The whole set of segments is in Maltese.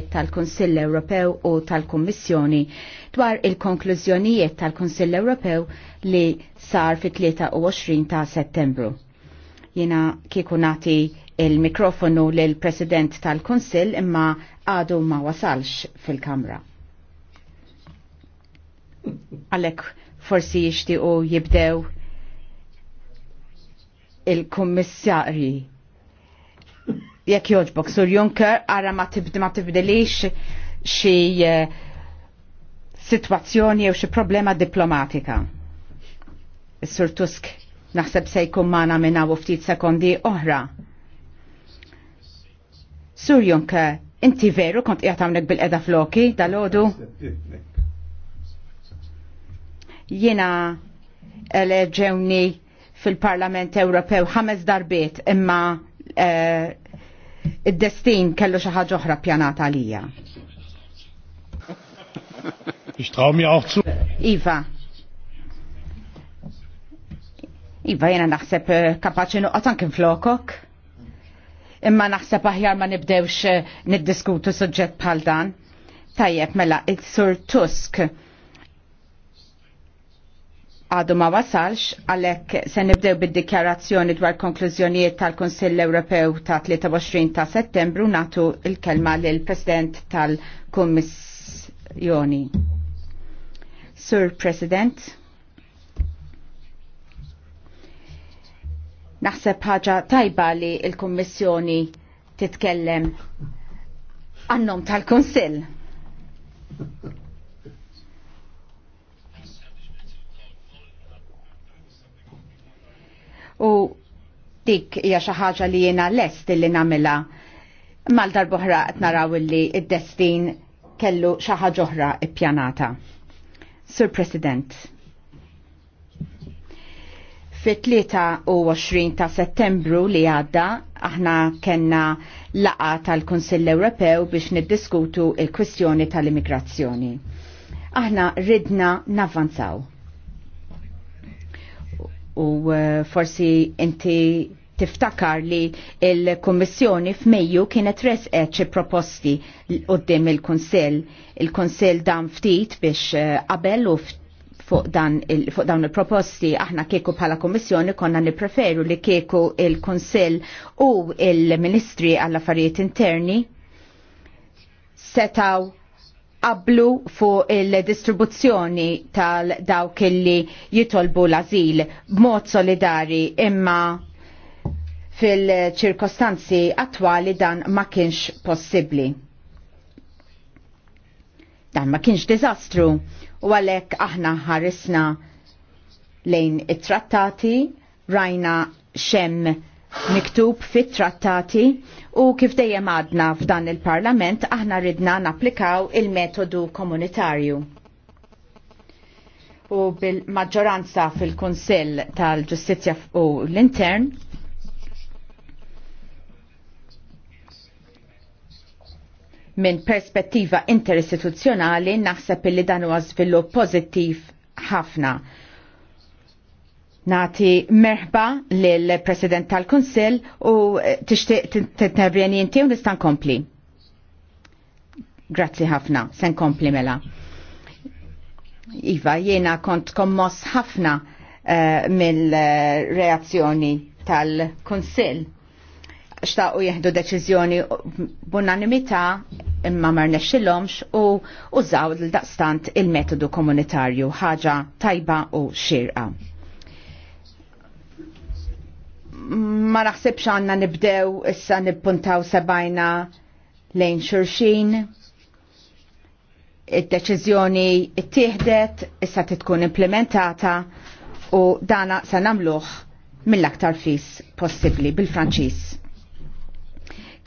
konklużjonijiet tal konsill Ewropew u tal-Kummissjoni dwar il-konklużjonijiet tal-Kunsill Ewropew li sar fit-23 ta' Settembru. Jina kieku nati il-mikrofonu l president tal-Kunsill imma għadu ma wasalx fil-Kamra. Għalek forsi jishtiqu jibdew il-Kummissarji jekk joġbok sur Juncker ara ma tibdi ma tibdilix xi eh, situazzjoni jew xi problema diplomatika. Is-Sur Tusk naħseb se jkun magħna minn hawn ftit sekondi oħra. Sur Juncker, inti veru kont qiegħed hawnhekk bil-qeda floki dal-għodu? Jiena eleġewni fil-Parlament Ewropew ħames darbiet imma eh, id-destin kellu xi ħaġa oħra pjanata għalija. Iva. Iva jena naħseb eh, kapaċi nuqqat anke flokok. Imma naħseb aħjar ma nibdewx eh, niddiskutu suġġett bħal dan. Tajjeb mela, il-Sur Tusk għadu ma wasalx, għalek se nibdew bid-dikjarazzjoni dwar konklużjonijiet tal-Konsill Ewropew ta' 23 ta' settembru natu il-kelma lil president tal-Kommissjoni. Sur President, naħseb ħaġa tajba li il-Kommissjoni titkellem għannom tal-Konsill. u dik hija xi ħaġa li jiena lest li nagħmilha. mal boħra qed naraw illi id-destin kellu xi ħaġa oħra ippjanata. Sur President, fit-23 ta' settembru li għadda aħna kenna laqa tal-Kunsill Ewropew biex niddiskutu il-kwistjoni tal-immigrazzjoni. Aħna ridna navvanzaw u eh, forsi inti tiftakar li il-Kommissjoni f'Mejju kienet resqet xi proposti qudiem il kunsell il kunsell dan ftit biex eh, qabel u fuq dan dawn il-proposti aħna kieku bħala Kommissjoni konna nippreferu li kieku il kunsell u il-Ministri għall affarijiet Interni setaw qablu fuq il-distribuzzjoni tal-dawk illi jitolbu l-azil b'mod solidari imma fil-ċirkostanzi attwali dan ma kienx possibbli. Dan ma kienx diżastru u għalhekk aħna ħarisna lejn it-trattati rajna xem miktub fit-trattati u kif dejjem għadna f'dan il-Parlament aħna ridna napplikaw il-metodu komunitarju. U bil-maġġoranza fil-Kunsill tal-Ġustizzja u l-Intern minn perspettiva interistituzzjonali naħseb illi dan huwa żvilupp pożittiv ħafna Nati merħba lil president tal kunsill u eh, tixtieq t inti u nista' nkompli? Grazzi ħafna, sen kompli mela. Iva, jena kont kommos ħafna eh, mill-reazzjoni tal-Konsil. Xtaqu jihdu deċizjoni b'unanimità imma mar nexxilhomx u użaw l-daqstant il-metodu komunitarju ħaġa tajba u xirqa ma naħsibx għanna nibdew issa nippuntaw sebajna lejn xurxin. Id-deċiżjoni ittieħdet issa titkun implementata u dana se nagħmluh mill-aktar fis possibbli bil-Franċiż.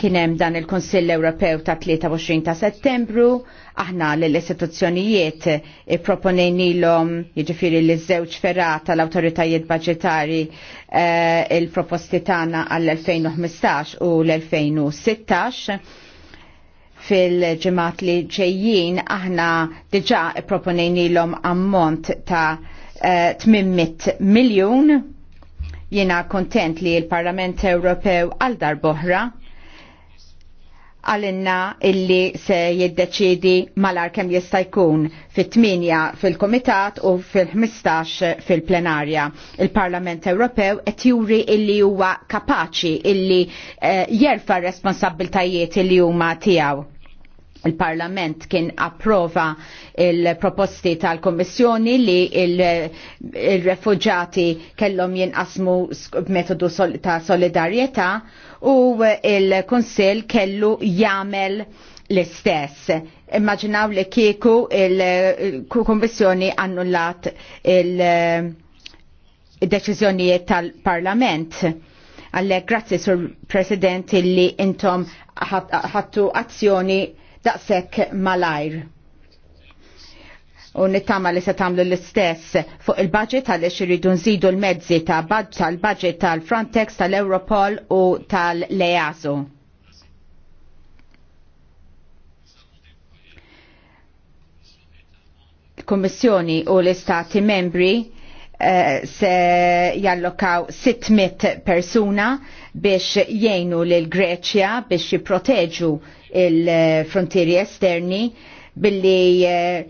Kienem dan il-Konsill Ewropew ta' 23 ta' settembru, aħna l-istituzzjonijiet proponejnilom jiġifiri l żewġ ferrat tal-autoritajiet budgetari eh, il-proposti tana għall-2015 u l-2016 fil-ġemat li ġejjin aħna diġa ipproponejnilhom ammont ta' 800 eh, miljon. Jiena kontent li l-Parlament Ewropew għal darboħra għalinna illi se jiddeċidi malar kem jista' jkun fit-8 fil-Komitat u fil-15 fil-Plenarja. Il-Parlament Ewropew qed juri illi huwa kapaċi illi eh, jerfa' responsabiltajiet illi huma tiegħu il-Parlament kien approva il-proposti tal-Kommissjoni li il-refugġati kellom kellhom jinqasmu b'metodu sol ta' solidarjetà u il-Kunsill kellu jagħmel l-istess. Immaġinaw li kieku il-Kommissjoni annullat il-deċiżjonijiet tal-Parlament. Għallek, grazzi, Sur President, li intom ħattu azzjoni daqshekk malajr. U nittama li se tagħmlu l-istess fuq il-budget għaliex iridu nżidu l-mezzi ta' tal-budget tal-Frontex, tal-Europol u tal-Leazo. Il-Kummissjoni u l-Istati membri eh, se jallokaw 600 persuna biex jgħinu l-Greċja biex jiproteġu il-frontieri esterni billi eh,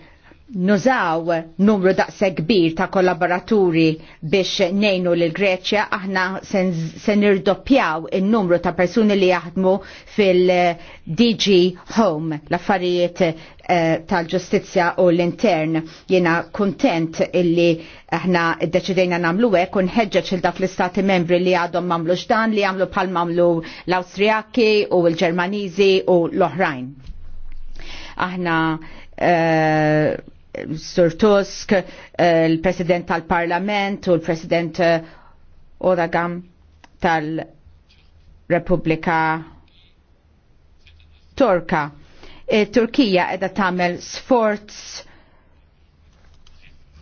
nużaw numru daqse kbir ta' kollaboraturi biex nejnu l greċja aħna se nirdoppjaw il-numru ta' persuni li jaħdmu fil-DG eh, Home, l-affarijiet eh, tal-ġustizja u l-intern. Jena kontent illi aħna deċidejna namlu hekk u nħeġġeġ il daf l-istati membri li għadhom mamlu dan li għamlu pal mamlu l-Awstrijaki u l-Ġermaniżi u l-oħrajn. Aħna uh, Sir Tusk, eh, il-President tal-Parlament u l-President eh, Oragam tal-Repubblika Torka. E, turkija edha tamel sforz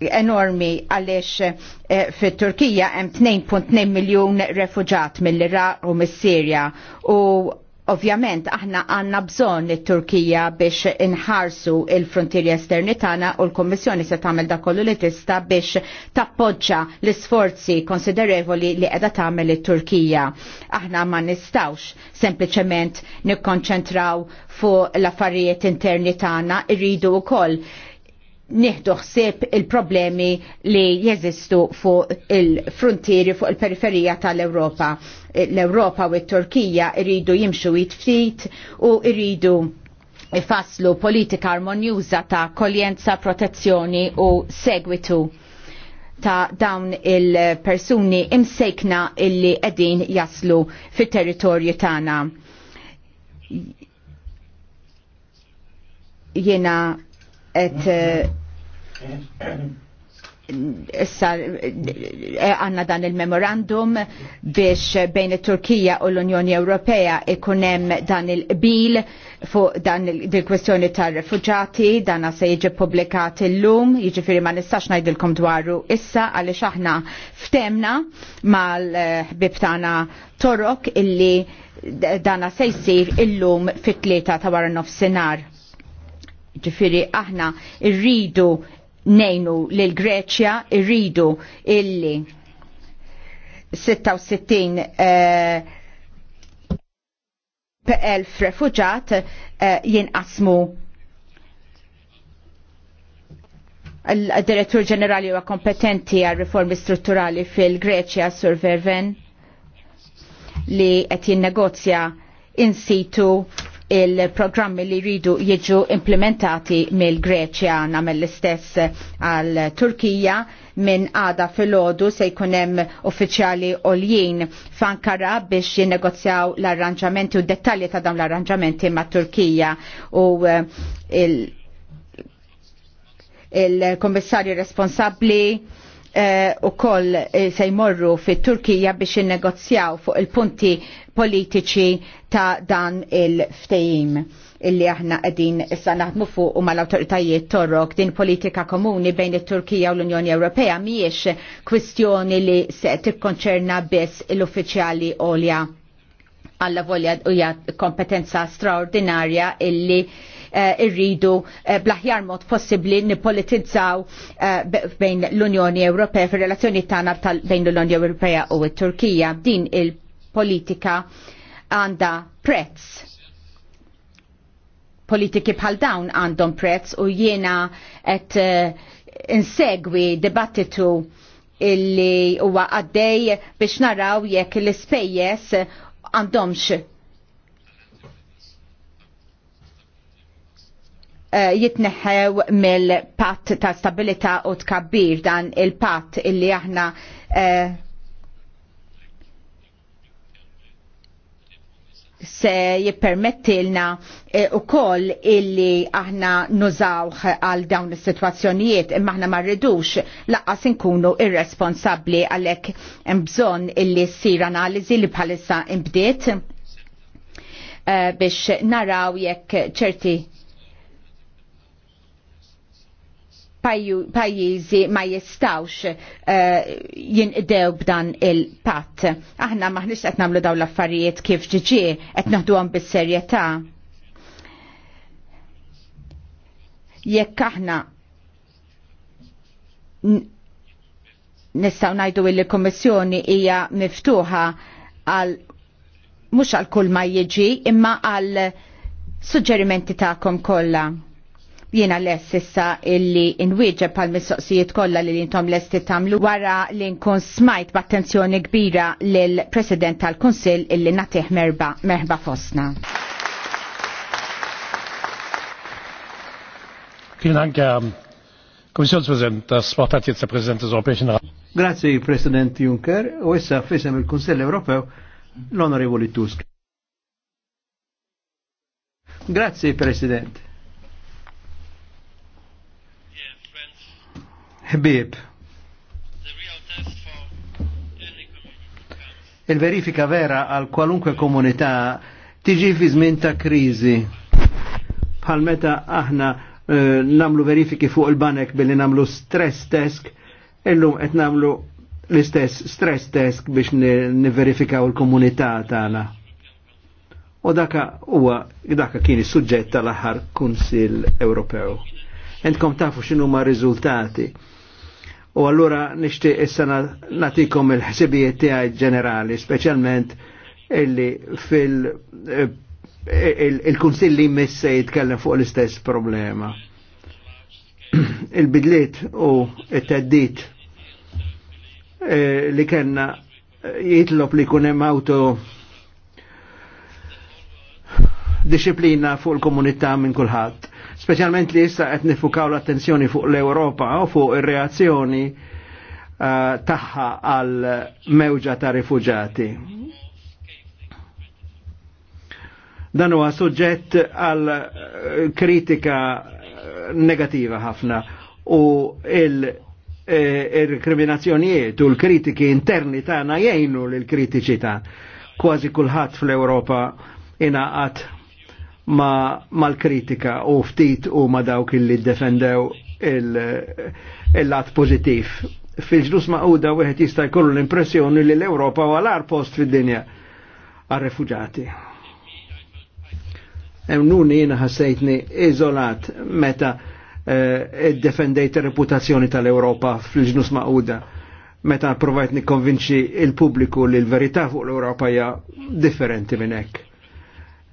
enormi għaliex fi eh, fit turkija hemm 2.2 miljun refuġat mill-Iraq u mis-Sirja u Ovvjament aħna għanna bżon li Turkija biex inħarsu il-frontieri esterni tagħna u l-Kommissjoni se tagħmel da kollu li tista' biex tappoġġa l-isforzi konsiderevoli li qiegħda tagħmel it-Turkija. Aħna ma nistawx sempliċement nikkonċentraw fuq l-affarijiet interni tagħna, irridu wkoll nieħdu ħsieb il-problemi li jeżistu fuq il-frontieri fuq il-periferija tal-Ewropa. L-Ewropa u t-Turkija iridu jimxu jitfit u iridu ifasslu politika armonjuża ta' koljenza, protezzjoni u segwitu ta' dawn il-persuni imsejkna illi edin jaslu fit territorju tagħna. Jena et issa eh, għanna dan il-memorandum biex bejn it-Turkija u l-Unjoni Ewropea ikunem dan il bil fuq dan il-kwestjoni tal-refugġati, dan se jiġi publikat il-lum, firri jiġifieri ma nistax najdilkom dwaru issa għalli aħna ftemna mal-ħbib tagħna Torok illi dana se jsir illum fit-tlieta ta' wara nofsinhar. Ġifiri aħna irridu nejnu l Greċja irridu illi 66 eh, elf refuġat eh, jinqasmu il-direttur ġenerali huwa kompetenti għal riformi strutturali fil-Greċja Sur Verven li qed jinnegozja in situ il-programmi li jridu jiġu implementati mill-Greċja namel l-istess għal-Turkija minn għada fil-ħodu se jkunem uffiċjali oljien f'Ankara biex jinnegozjaw l-arranġamenti u dettalji ta' dawn l-arranġamenti ma' Turkija u eh, il- il responsabli Eh, u koll eh, se jmorru fit turkija biex innegozjaw fuq il-punti politiċi ta' dan il-ftejim illi aħna qegħdin issa naħdmu fuq u mal-awtoritajiet torrok din politika komuni bejn it-Turkija u l-Unjoni Ewropea mhijiex kwistjoni li se tikkonċerna biss l-uffiċjali olja għalla volja kompetenza straordinarja illi Eh, irridu eh, blaħjar mod possibbli nippolitizzaw eh, bejn l-Unjoni Ewropea fir relazzjoni tagħna bejn l-Unjoni Ewropea u t-Turkija. Din il-politika għandha prezz politiki bħal dawn għandhom prezz u jiena qed insegwi dibattitu illi huwa għaddej biex naraw jekk l-ispejjeż għandhomx Eh, jitneħew mill-patt ta' stabilità u tkabbir dan il-patt illi aħna eh, se jippermettilna eh, u koll illi aħna nużawħ għal dawn is-sitwazzjonijiet imma aħna ma rridux laqqas inkunu irresponsabbli għalhekk hemm bżonn illi ssir analiżi li bħalissa imbdiet biex naraw jekk ċerti pajjiżi ma jistawx eh, jinqdew b'dan il-patt. Aħna maħniex qed nagħmlu dawn l-affarijiet kif ġiġi qed naħduhom bis-serjetà. Jekk aħna nistgħu ngħidu li l-Kummissjoni hija miftuħa għal mhux għal kull ma jiġi imma għal suġġerimenti tagħkom kollha. Jiena lest issa illi inwieġeb pal mistoqsijiet kollha li intom lesti tagħmlu wara li nkun smajt b'attenzjoni kbira lil President tal-Kunsill illi nagħtih merba merba fostna. Kien Dank, Herr Kommissionspräsident. Das Wort hat jetzt der Grazie, President Juncker. U issa fisem il-Kunsell Ewropew l-Onorevoli Tusk. Grazie, President. ħbieb. Il-verifika vera għal kwalunkwe komunità tiġi fi żmien ta' kriżi. Bħal meta aħna uh, namlu verifiki fuq il-banek billi namlu stress test, illum qed namlu l-istess stress test biex niverifikaw il-komunità tagħna. U daka huwa daka kien is-suġġett tal-aħħar Kunsill Ewropew. Entkom tafu x'inhuma r riżultati. U allura nishtiq issa natikom il-ħsibijiet tiegħi ġenerali, speċjalment illi fil- eh, il-Kunsill li jmiss se jitkellem fuq l-istess problema. Il-bidliet u it-teddit eh, li kellna eh, jitlob li kun hemm auto disciplina fuq il-komunità minn kulħadd Speċjalment li issa qed nifukaw l-attenzjoni fuq l europa u fuq ir-reazzjoni uh, tagħha għal mewġa ta' rifuġati. Dan huwa suġġett għal eh, kritika eh, negativa ħafna u il- il-kriminazzjonijiet u l-kritiki interni tagħna jgħinu l-kritiċità. Kważi kulħadd fl-Ewropa inaqat ma mal-kritika u ftit u ma dawk illi defendew il-lat il pozitif. Fil-ġlus maquda wieħed jista' jkollu l-impressjoni li l-Ewropa huwa l-ar post fid-dinja għar-refuġati. Emnuni jina ħassejtni izolat meta eh, id-defendejt reputazzjoni tal-Europa fil-ġnus maquda. Meta provajt nikkonvinċi il-pubbliku li l-verità fuq l-Europa hija differenti minn hekk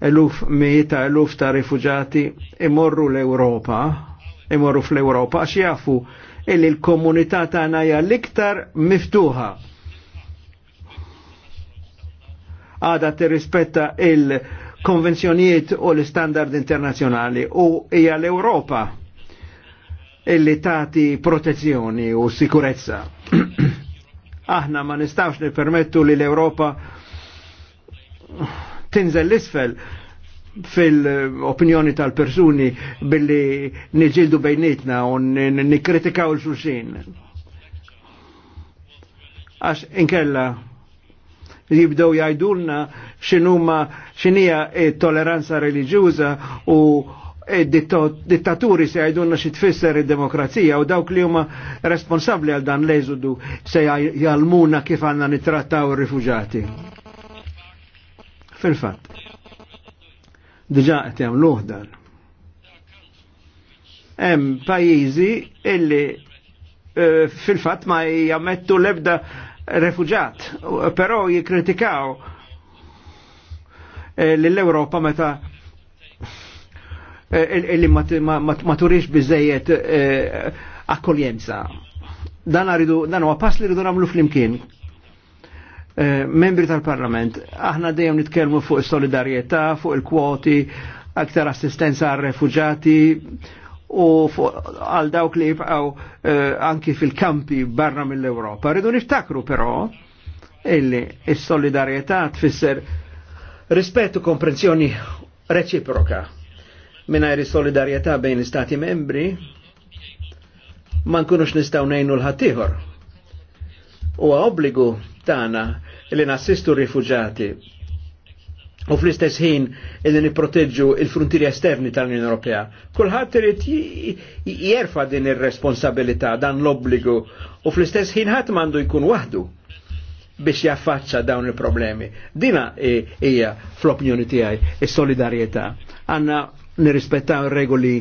eluf mi eluf ta' rifugjati imorru l-Europa, imorru fl-Europa, għax jafu illi l-komunità ta' hija l-iktar miftuħa. Għada t-rispetta il konvenzjoniet u l-standard internazjonali u hija l-Europa illi tati protezzjoni u sikurezza. Aħna ma nistawx nippermettu li l-Europa tinżel l-isfel fil-opinjoni tal-persuni billi niġildu bejnietna u nikritikaw l xuxin Għax inkella jibdow jajdulna xinuma xinija tolleranza religjuza u dittaturi se jajdulna xi tfisser id-demokrazija u dawk li huma responsabbli għal dan l eżudu se jgħalmuna kif għandna nittrattaw ir rifugġati Fil-fatt, diġa qed jagħmluh dan. Hemm pajjiżi illi eh, fil-fatt ma jammettu lebda refugġat, però jikritikaw eh, l-Europa meta eh, illi ma turix bizzejiet akkoljenza. Dan għaridu, dan huwa pass li rridu nagħmlu flimkien. Eh, membri tal-Parlament, aħna dejjem nitkellmu fuq is-solidarjetà, fuq il-kwoti, aktar assistenza għal refuġati u għal dawk li jibqaw eh, anki fil-kampi barra mill-Europa. Rridu niftakru però illi is-solidarjetà tfisser rispettu komprensjoni reċiproka minnajri solidarjetà bejn istati membri ma nkunux nistaw nejnu l-ħattijħor. U obbligu tana li nassistu rifuġati u fl-istess ħin li niproteġġu il-frontieri esterni tal-Unjoni Ewropea. Kulħadd irid jerfa' din ir-responsabilità, dan l-obbligu u fl-istess ħin ħadd m'għandu jkun waħdu biex jaffaċċa dawn il-problemi. Dina hija fl-opinjoni tiegħi is-solidarjetà. Għandna nirrispettaw ir regoli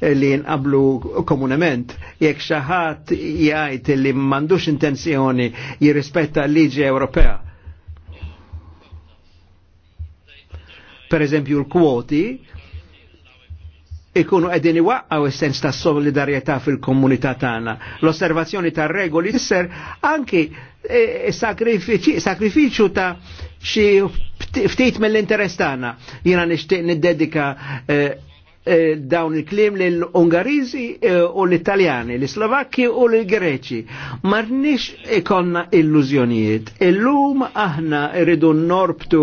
li nqablu komunement. Jekk xi ħadd jgħid li m'għandux intenzjoni jirrispetta l-liġi Ewropea. Per eżempju l-kwoti ikunu qegħdin iwaqqaw is-sens ta' solidarjetà fil-komunità tagħna. L-osservazzjoni tar regoli tisser anki e, e sakrifiċu ta' xi ftit mill-interess tagħna. Jiena nixtieq niddedika eh, Eh, dawn il-klim l-Ungarizi eh, u l-Italjani, l-Slovakki u l-Greċi. Marnix ikonna illużjonijiet. Illum aħna rridu norbtu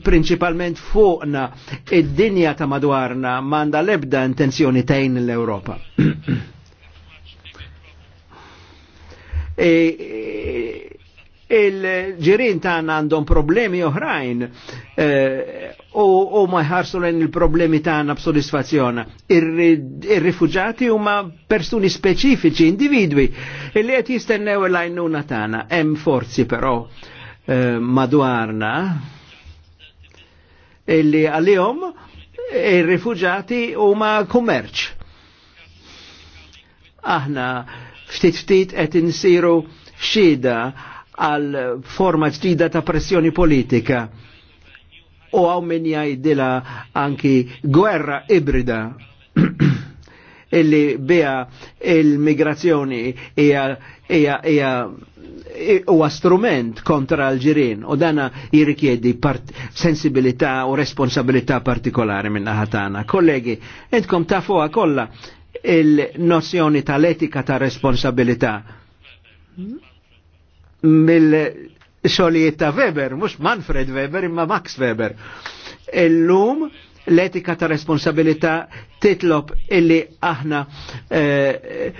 principalment fuqna id-dinja ta' madwarna manda lebda intenzjoni tajn l-Europa. e, e, il-ġirin ta' għandhom problemi oħrajn eh, u uh, ma jħarsu l il-problemi ta' tagħna b'sodisfazzjon. Ir-rifuġati huma persuni speċifiċi, individwi, li għet jistennew l-għajnuna ta' għanna, Hemm forzi però uh, madwarna illi għal-jom ir rifugġati huma kummerċ. Aħna ftit ftit qed insiru xhieda għal forma ġdida ta' pressjoni politika. U għaw min jajdila anki gwerra ibrida illi bija il-migrazzjoni hija strument kontra l-ġirin u dana jirrikjedi sensibilità u responsabilità partikolari minn ħatana. Kollegi, intkom tafuha kolla il-nozzjoni tal-etika ta' responsabilità mill-xogħlijiet ta' Weber, mhux Manfred Weber imma Max Weber. Illum l-etika ta' responsabilità titlob illi aħna eh,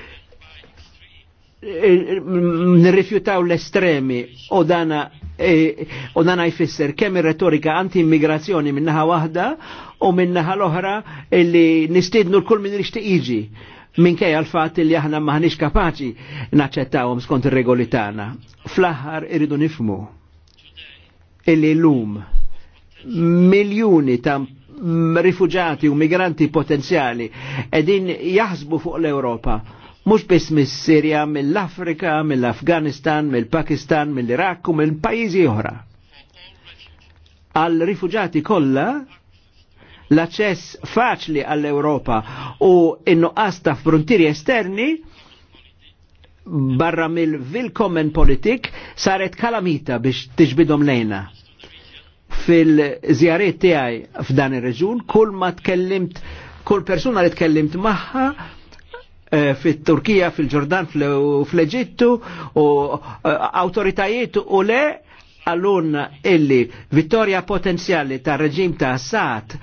nirrifjutaw l-estremi u dana eh, u dana jfisser kemm ir-retorika anti-immigrazzjoni minnaħa waħda u minnaħa l-oħra illi nistidnu l-kull minn rixtieq iġi minkejja għal fat li aħna maħniex kapaċi naċċettawhom skont ir-regoli tagħna. Fl-aħħar iridu nifmu illi llum miljuni ta' rifugjati u migranti potenzjali edin jaħsbu fuq l ewropa Mux biss mis sirja mill-Afrika, mill-Afganistan, mill-Pakistan, mill-Iraq u mill-pajizi oħra. Għal rifugjati kollha l-aċċess faċli għall-Europa u innuqqas ta' frontieri esterni barra mill-Willkommen Politik saret kalamita biex tiġbidhom lejna fil-żjariet tiegħi f'dan ir-reġun, kull ma tkellimt, kull persuna li tkellimt magħha eh, fit-Turkija, fil-Ġordan, fl-Eġittu, u eh, autoritajiet u le għallun illi vittoria potenzjali ta' reġim ta' Assad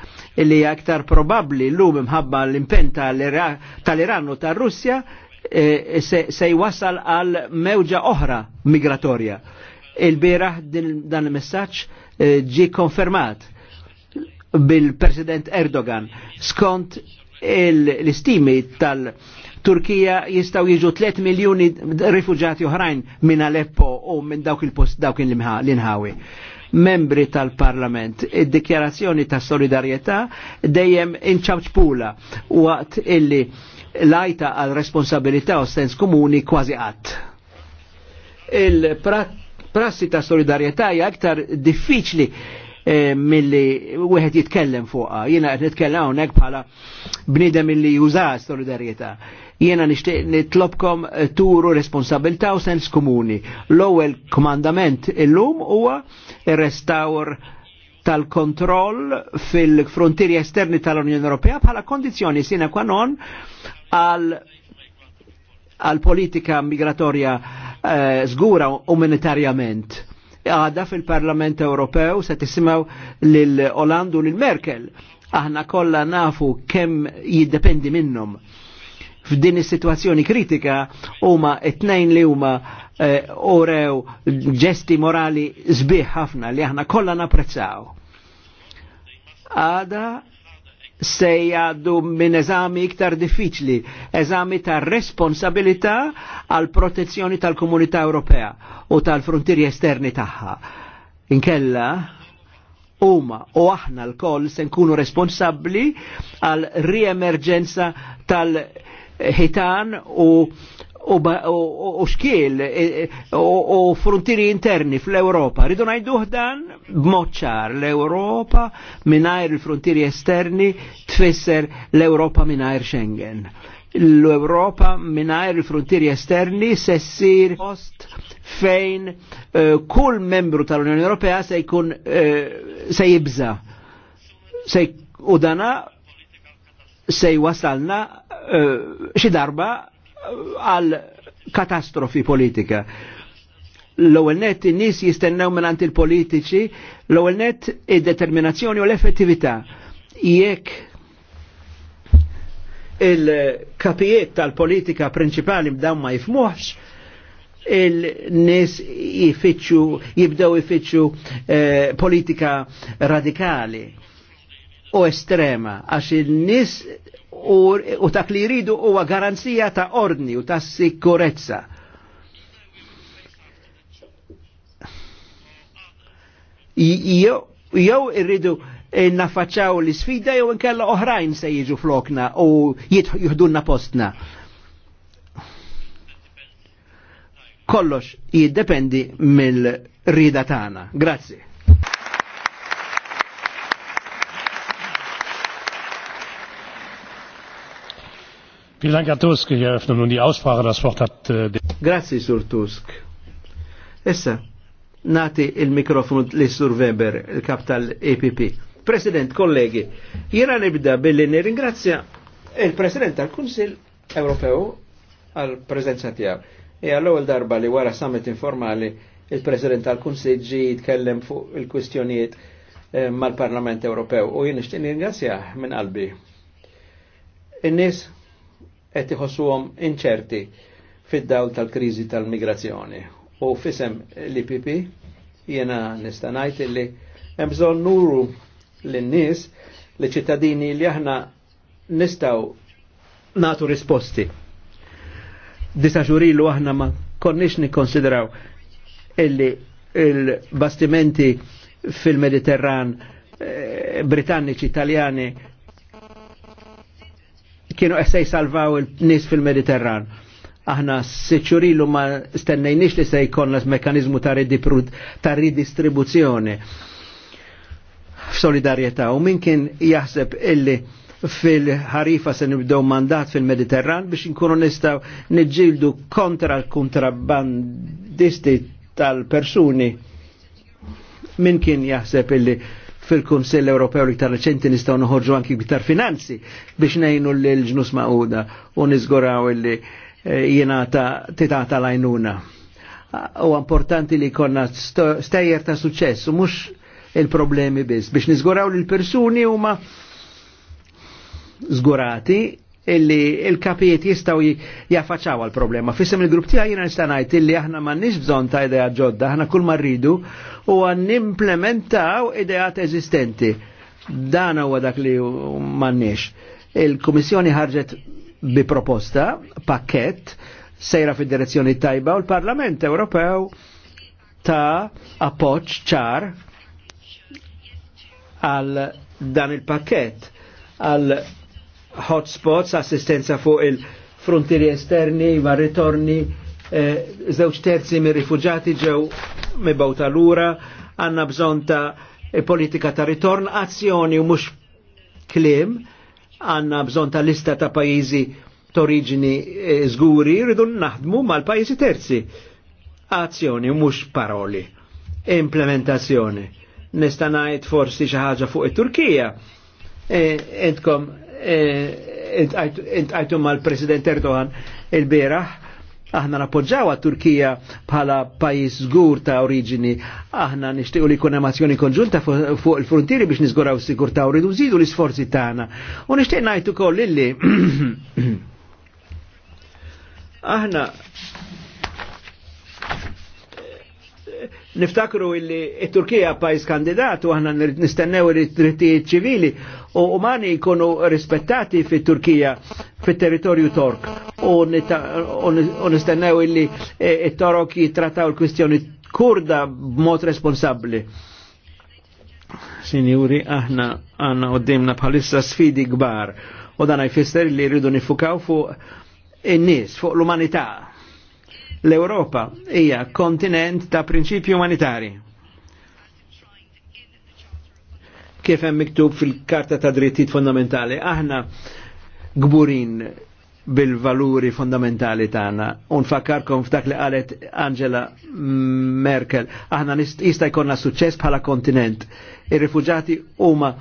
li aktar probabli l-lum imħabba l-impen tal-Iran u tal-Russja e, e, se, jwasal għal mewġa oħra migratorja. Il-biraħ dan il-messagġ e, ġi konfermat bil-President Erdogan skont l-istimi tal- Turkija jistaw jiġu 3 miljoni rifugjati oħrajn minn Aleppo u minn dawk il-post dawk l-inħawi membri tal-Parlament. Id-dikjarazzjoni ta' solidarjetà dejjem inċawċpula waqt illi lajta għal responsabilità u sens komuni kważi qatt. Il-prassi ta' solidarjetà hija aktar diffiċli Eh, milli wieħed jitkellem fuqha. Jiena qed nitkellem hawnhekk bħala bniedem milli juża solidarjetà. Jiena nixtieq nitlobkom eh, turu responsabilità u sens komuni. L-ewwel komandament illum huwa ir-restawr tal-kontroll fil-frontieri esterni tal-Unjoni Ewropea bħala kondizzjoni sine qua non għal għal politika migratorja eh, zgura umanitarjament għada fil-Parlament Ewropew se tisimaw l olandu lil-Merkel. Aħna kollha nafu kemm jiddependi minnhom. F'din is-sitwazzjoni kritika huma t-tnejn li huma eh, orew ġesti morali sbieħ ħafna li aħna kollha napprezzaw. Għada se jgħaddu minn eżami iktar diffiċli, eżami ta' responsabilità għal protezzjoni tal-Komunità Ewropea u tal-frontieri esterni tagħha. Inkella, huma u aħna l-koll se nkunu responsabbli għal riemerġenza tal-ħitan u u xkiel e, e, u frontieri interni fl-Europa. Ridu najdu dan b'moċċar l-Europa minnajr il-frontieri esterni tfisser l-Europa minnajr Schengen. L-Europa minnajr il-frontieri esterni sessir post fejn e, kull membru tal-Unjoni Ewropea se jkun se jibza. Se u dana se jwasalna xi darba għal katastrofi politika. L-ewwel net in-nies jistennew minn il-politiċi, l-ewwel net id-determinazzjoni u l-effettività. Jekk il-kapijiet tal-politika prinċipali b'dawn ma jifmuħx, il-nis jifittxu, jibdew jifittxu eh, politika radikali u estrema, għax il-nis u dak li jridu huwa garanzija ta' ordni u ta' sikurezza. Jew irridu eh, naffaċċaw l-sfida jew inkella oħrajn se jiġu flokna u jihdunna postna. Kollox jiddependi mill-rida tagħna. Grazzi. Vielen Dank, Herr Tusk. Ich eröffne nun die Aussprache. Das Wort hat... Äh, Grazie, Sur Tusk. Issa, nati il-mikrofonu li Sur Weber, il-kap tal-EPP. President, kollegi, jira nibda billi nirringrazzja il-President tal-Kunsil Ewropew għal-prezenza tijaw. E għall-ewwel darba li wara summit informali il-President tal-Kunsil ġi jitkellem fuq il-kwistjonijiet eh, mal-Parlament Ewropew u jien nixtieq nirringrazzjah minn qalbi. Innis, qed iħossuhom inċerti fid-dawl tal-kriżi tal-migrazzjoni. U fisem l-IPP jiena nista' ngħid li hemm bżonn nuru lin-nies li ċittadini li aħna nistgħu natu risposti. Disa xurilu aħna ma konniex nikkonsidraw illi il-bastimenti fil-Mediterran eh, britanniċi, italjani kienu essej salvaw il-nis fil-Mediterran. Aħna seċurilu ma stennejnix li se jkollna mekanizmu ta' ridistribuzzjoni f'solidarjetà u min kien jaħseb illi fil-ħarifa se nibdew mandat fil-Mediterran biex nkunu nistaw niġġieldu kontra l-kontrabbandisti tal-persuni min kien jaħseb illi fil-Kunsell Ewropew li ktar reċenti nistgħu noħorġu anki iktar finanzi biex ngħinu lil ġnus maquda u niżguraw illi eh, jiena titata lajnuna. Ah, u importanti li konna stejjer ta' suċess u mhux il-problemi biss biex niżguraw lill persuni huma żgurati illi il-kapijiet jistaw jaffaċaw għal-problema. Fissem il-grupp tija jina nistanajt illi aħna ma nix bżon ta' ideja ġodda, aħna kull marridu u għan implementaw idejat eżistenti. Dan huwa dak li mannix. Il-Komissjoni ħarġet bi proposta, pakket, sejra fid-direzzjoni tajba u l-Parlament Ewropew ta' appoċ ċar għal dan il-pakket għal hotspots, assistenza fuq il-frontieri esterni, ma ritorni, eh, zewċ terzi mir rifugiati ġew bawta l-ura, għanna bżon ta' e politika ta' ritorn, azzjoni u mux klim, għanna bżon ta' lista ta' pajizi t'oriġini eh, zguri, rridu naħdmu mal-pajizi terzi. Azzjoni u mux paroli. Implementazzjoni. Nistanajt forsi xaħġa fuq it-Turkija. Eh, entkom Eh, ma l president Erdogan il bira aħna nappoġġaw Turkija bħala pajis zgur ta' oriġini, aħna nixtiequ li jkun emazzjoni konġunta fuq il-frontieri biex niżguraw s ta' u rridu l-isforzi tagħna. U nixtieq ngħid ukoll li aħna niftakru illi il-Turkija pajis kandidat u għanna nistennew il rittijiet ċivili u umani jkunu rispettati fit turkija fit territorju tork u nistennew illi eh, il-Torok jitrattaw il-kwistjoni kurda b'mod responsabli. Sinjuri, aħna għanna għoddimna bħalissa sfidi gbar u dan jfisser li rridu nifukaw fuq in nis fuq l-umanità L-Europa hija kontinent ta' prinċipji umanitari. Kif hemm miktub fil-Karta ta' Drittijiet Fondamentali, aħna gburin bil-valuri fondamentali tagħna. Unfakarkom f'dak li qalet Angela Merkel, aħna jista' jkollna suċċess bħala kontinent. Ir-rifuġati huma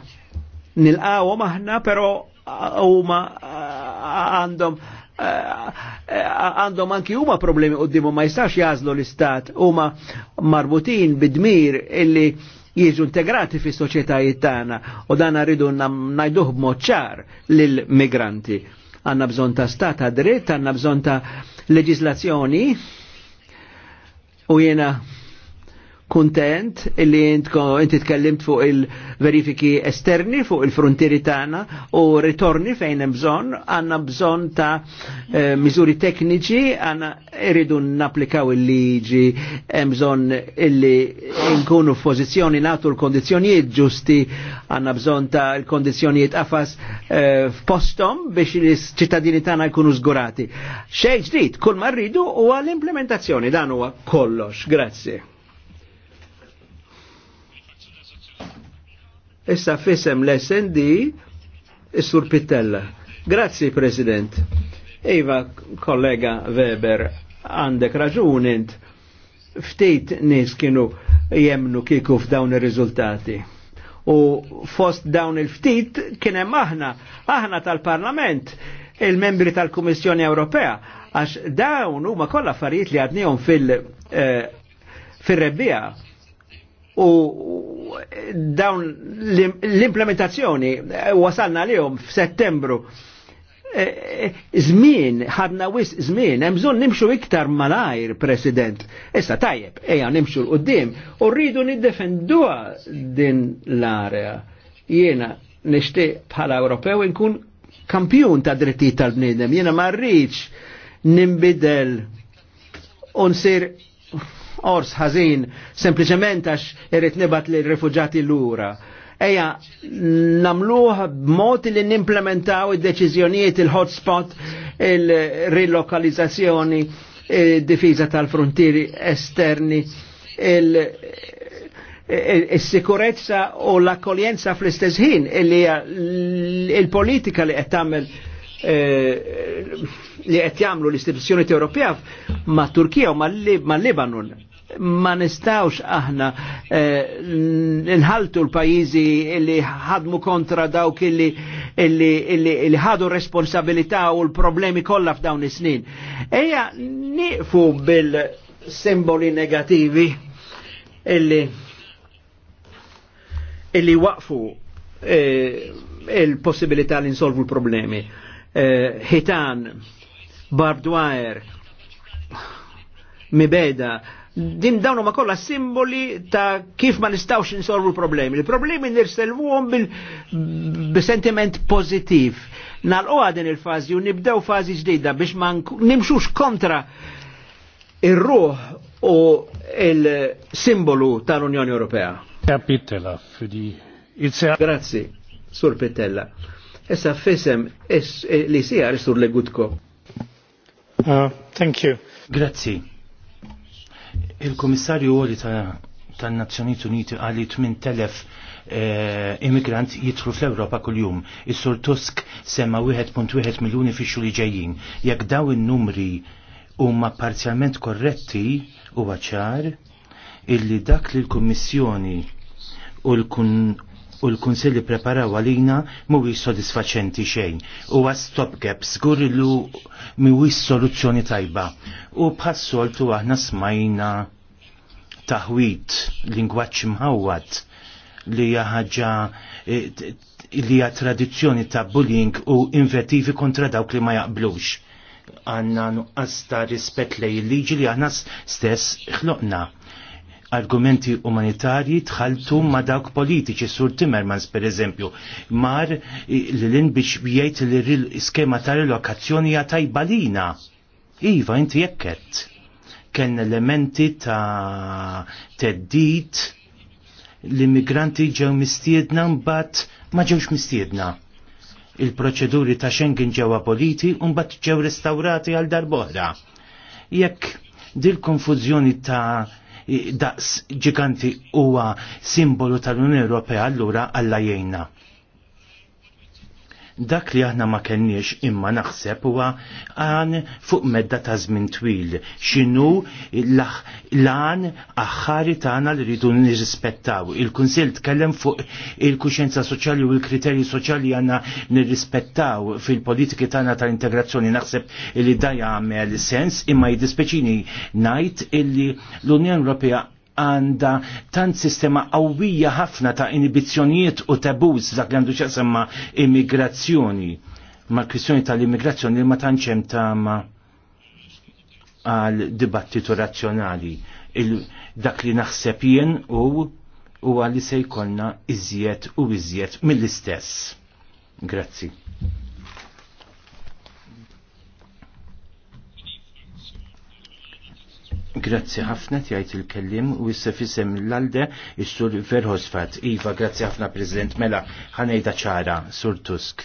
nilqgħu aħna, però huma għandhom uh, għandhom anki huma problemi qoddimhom ma jistax jażlu l-istat huma marbutin bidmir illi jiġu integrati fis soċjetajiet tagħna u dan rridu ngħiduh b'mod ċar lill-migranti. Għandna bżonn ta' stat ta' dritt, għandna bżonn ta' leġislazzjoni u jiena kuntent li inti tkellimt fuq il-verifiki esterni fuq il-frontieri tagħna u ritorni fejn hemm bżonn, għandna bżonn ta' eh, miżuri tekniċi, għandna irridu napplikaw il-liġi, hemm bżonn illi nkunu f'pożizzjoni nagħtu l-kondizzjonijiet ġusti, għandna bżonn ta' l-kondizzjonijiet qafas eh, f'postom biex il ċittadini tagħna jkunu żgurati. Xejn ġdid, kull ma rridu huwa l-implementazzjoni dan huwa kollox. Grazzi. Issa fisem l-SND Is-Sur Pittella. Grazzi, President. Iva, kollega Weber, għandek raġunint. Ftit nis kienu jemnu kiku f'dawn ir-riżultati. U fost dawn il-ftit kienem aħna, aħna tal-Parlament, il-membri tal-Kummissjoni Ewropea, għax dawn huma kollha affarijiet li għadnihom fil- eh, fil-rebbija u dawn l-implementazzjoni eh, wasalna lihom f'Settembru. Eh, eh, zmin, ħadna wis żmien, hemm bżonn nimxu iktar malajr, President. Issa tajjeb, ejja nimxu l qoddim u rridu niddefendua din l-area. Jiena nixtieq bħala Ewropew inkun kampjun ta' drittijiet tal-bniedem. Jiena ma rridx nimbidel u nsir ors ħażin sempliċement għax irrid nibat lill rifuġati lura. Eja, namluħ b'mod li nimplementaw id-deċiżjonijiet il-hotspot, il-rilokalizzazzjoni, il-difiża tal-frontieri esterni, il sikurezza u l-akkoljenza fl-istess ħin il-politika li qed tagħmel eh, li qed jagħmlu l-istituzzjoni Ewropea ma' Turkija u mal-Libanon ma nistawx aħna eh, nħaltu l-pajizi illi ħadmu kontra dawk illi illi ħadu responsabilità u l-problemi kollha f'dawn is-snin. Eja niqfu bil-simboli negativi illi illi waqfu eh, il-possibilità li nsolvu l-problemi. Eh, hitan, barbed wire, mibeda, din dawnu ma kolla simboli ta' kif ma nistawx insolvu problemi. Il-problemi nirselvuhom bil-sentiment pozitiv. Nal-qoa din il-fazi u nibdew fazi ġdida biex ma nimxux kontra il-ruħ u il-simbolu tal-Unjoni Ewropea. Kapitella fidi. Grazie, Sur Pittella. Essa fesem li sija sur Legutko. Uh, thank you. Grazie. Il-Komissarju għoli tan-Nazzjonijiet Uniti għalli 8000 eh, immigrant jitru fl europa kull-jum. Is-Sur Tusk semma 1.1 miljoni fix li ġejjin. Jekk daw in-numri huma parzjalment korretti huwa ċar illi dak li l-Kummissjoni u u l-Kunsilli preparaw għalina mhuwiex sodisfaċenti xejn. U għas-stopgap żgur lu mhuwiex soluzzjoni tajba. U bħas-soltu aħna smajna taħwit lingwaġġ mħawwad li ħaġa e, li hija tradizzjoni ta' bullying u invettivi kontra dawk li ma jaqblux għanna nuqqas ta' rispet lej il-liġi li għanna stess xloqna argumenti umanitarji tħaltu ma dawk politiċi sur Timmermans per eżempju mar l-lin biex bjajt li skema ta' relokazzjoni għataj balina Iva inti jekket kien elementi ta' teddit l-immigranti ġew mistiedna mbagħad ma ġewx mistiedna il-proċeduri ta' Schengen ġew aboliti u mbagħad ġew restaurati għal darbohra jekk dil konfużjoni ta' daqs ġiganti huwa simbolu tal-Unjoni Ewropea allura alla jgħinna. Dak li aħna ma kenniex imma naħseb huwa għan fuq medda ta' żmien twil. X'inhu l-għan aħħari tagħna li rridu nirrispettaw. Il-Kunsill tkellem fuq il-kuxjenza soċjali u l-kriterji soċjali għandna nirrispettaw fil-politiki tagħna tal-integrazzjoni naħseb li da jagħmel sens imma jiddispeċini ngħid illi l-Unjoni Ewropea għanda tant sistema qawwija ħafna ta' inibizzjonijiet u tabuż dak li għandu ċasemma immigrazzjoni. Ma' kwistjoni tal-immigrazzjoni li ma tantx hemm tama għal dibattitu razzjonali. dak li naħseb jien u u għalli se jkollna iżjed u iżjed mill-istess. Grazzi. Grazzi ħafna tgħid il-kellim u issa fisem l-alde il-sur Verhosfat. Iva, grazzi ħafna President Mela, ħanejda ċara, sur Tusk.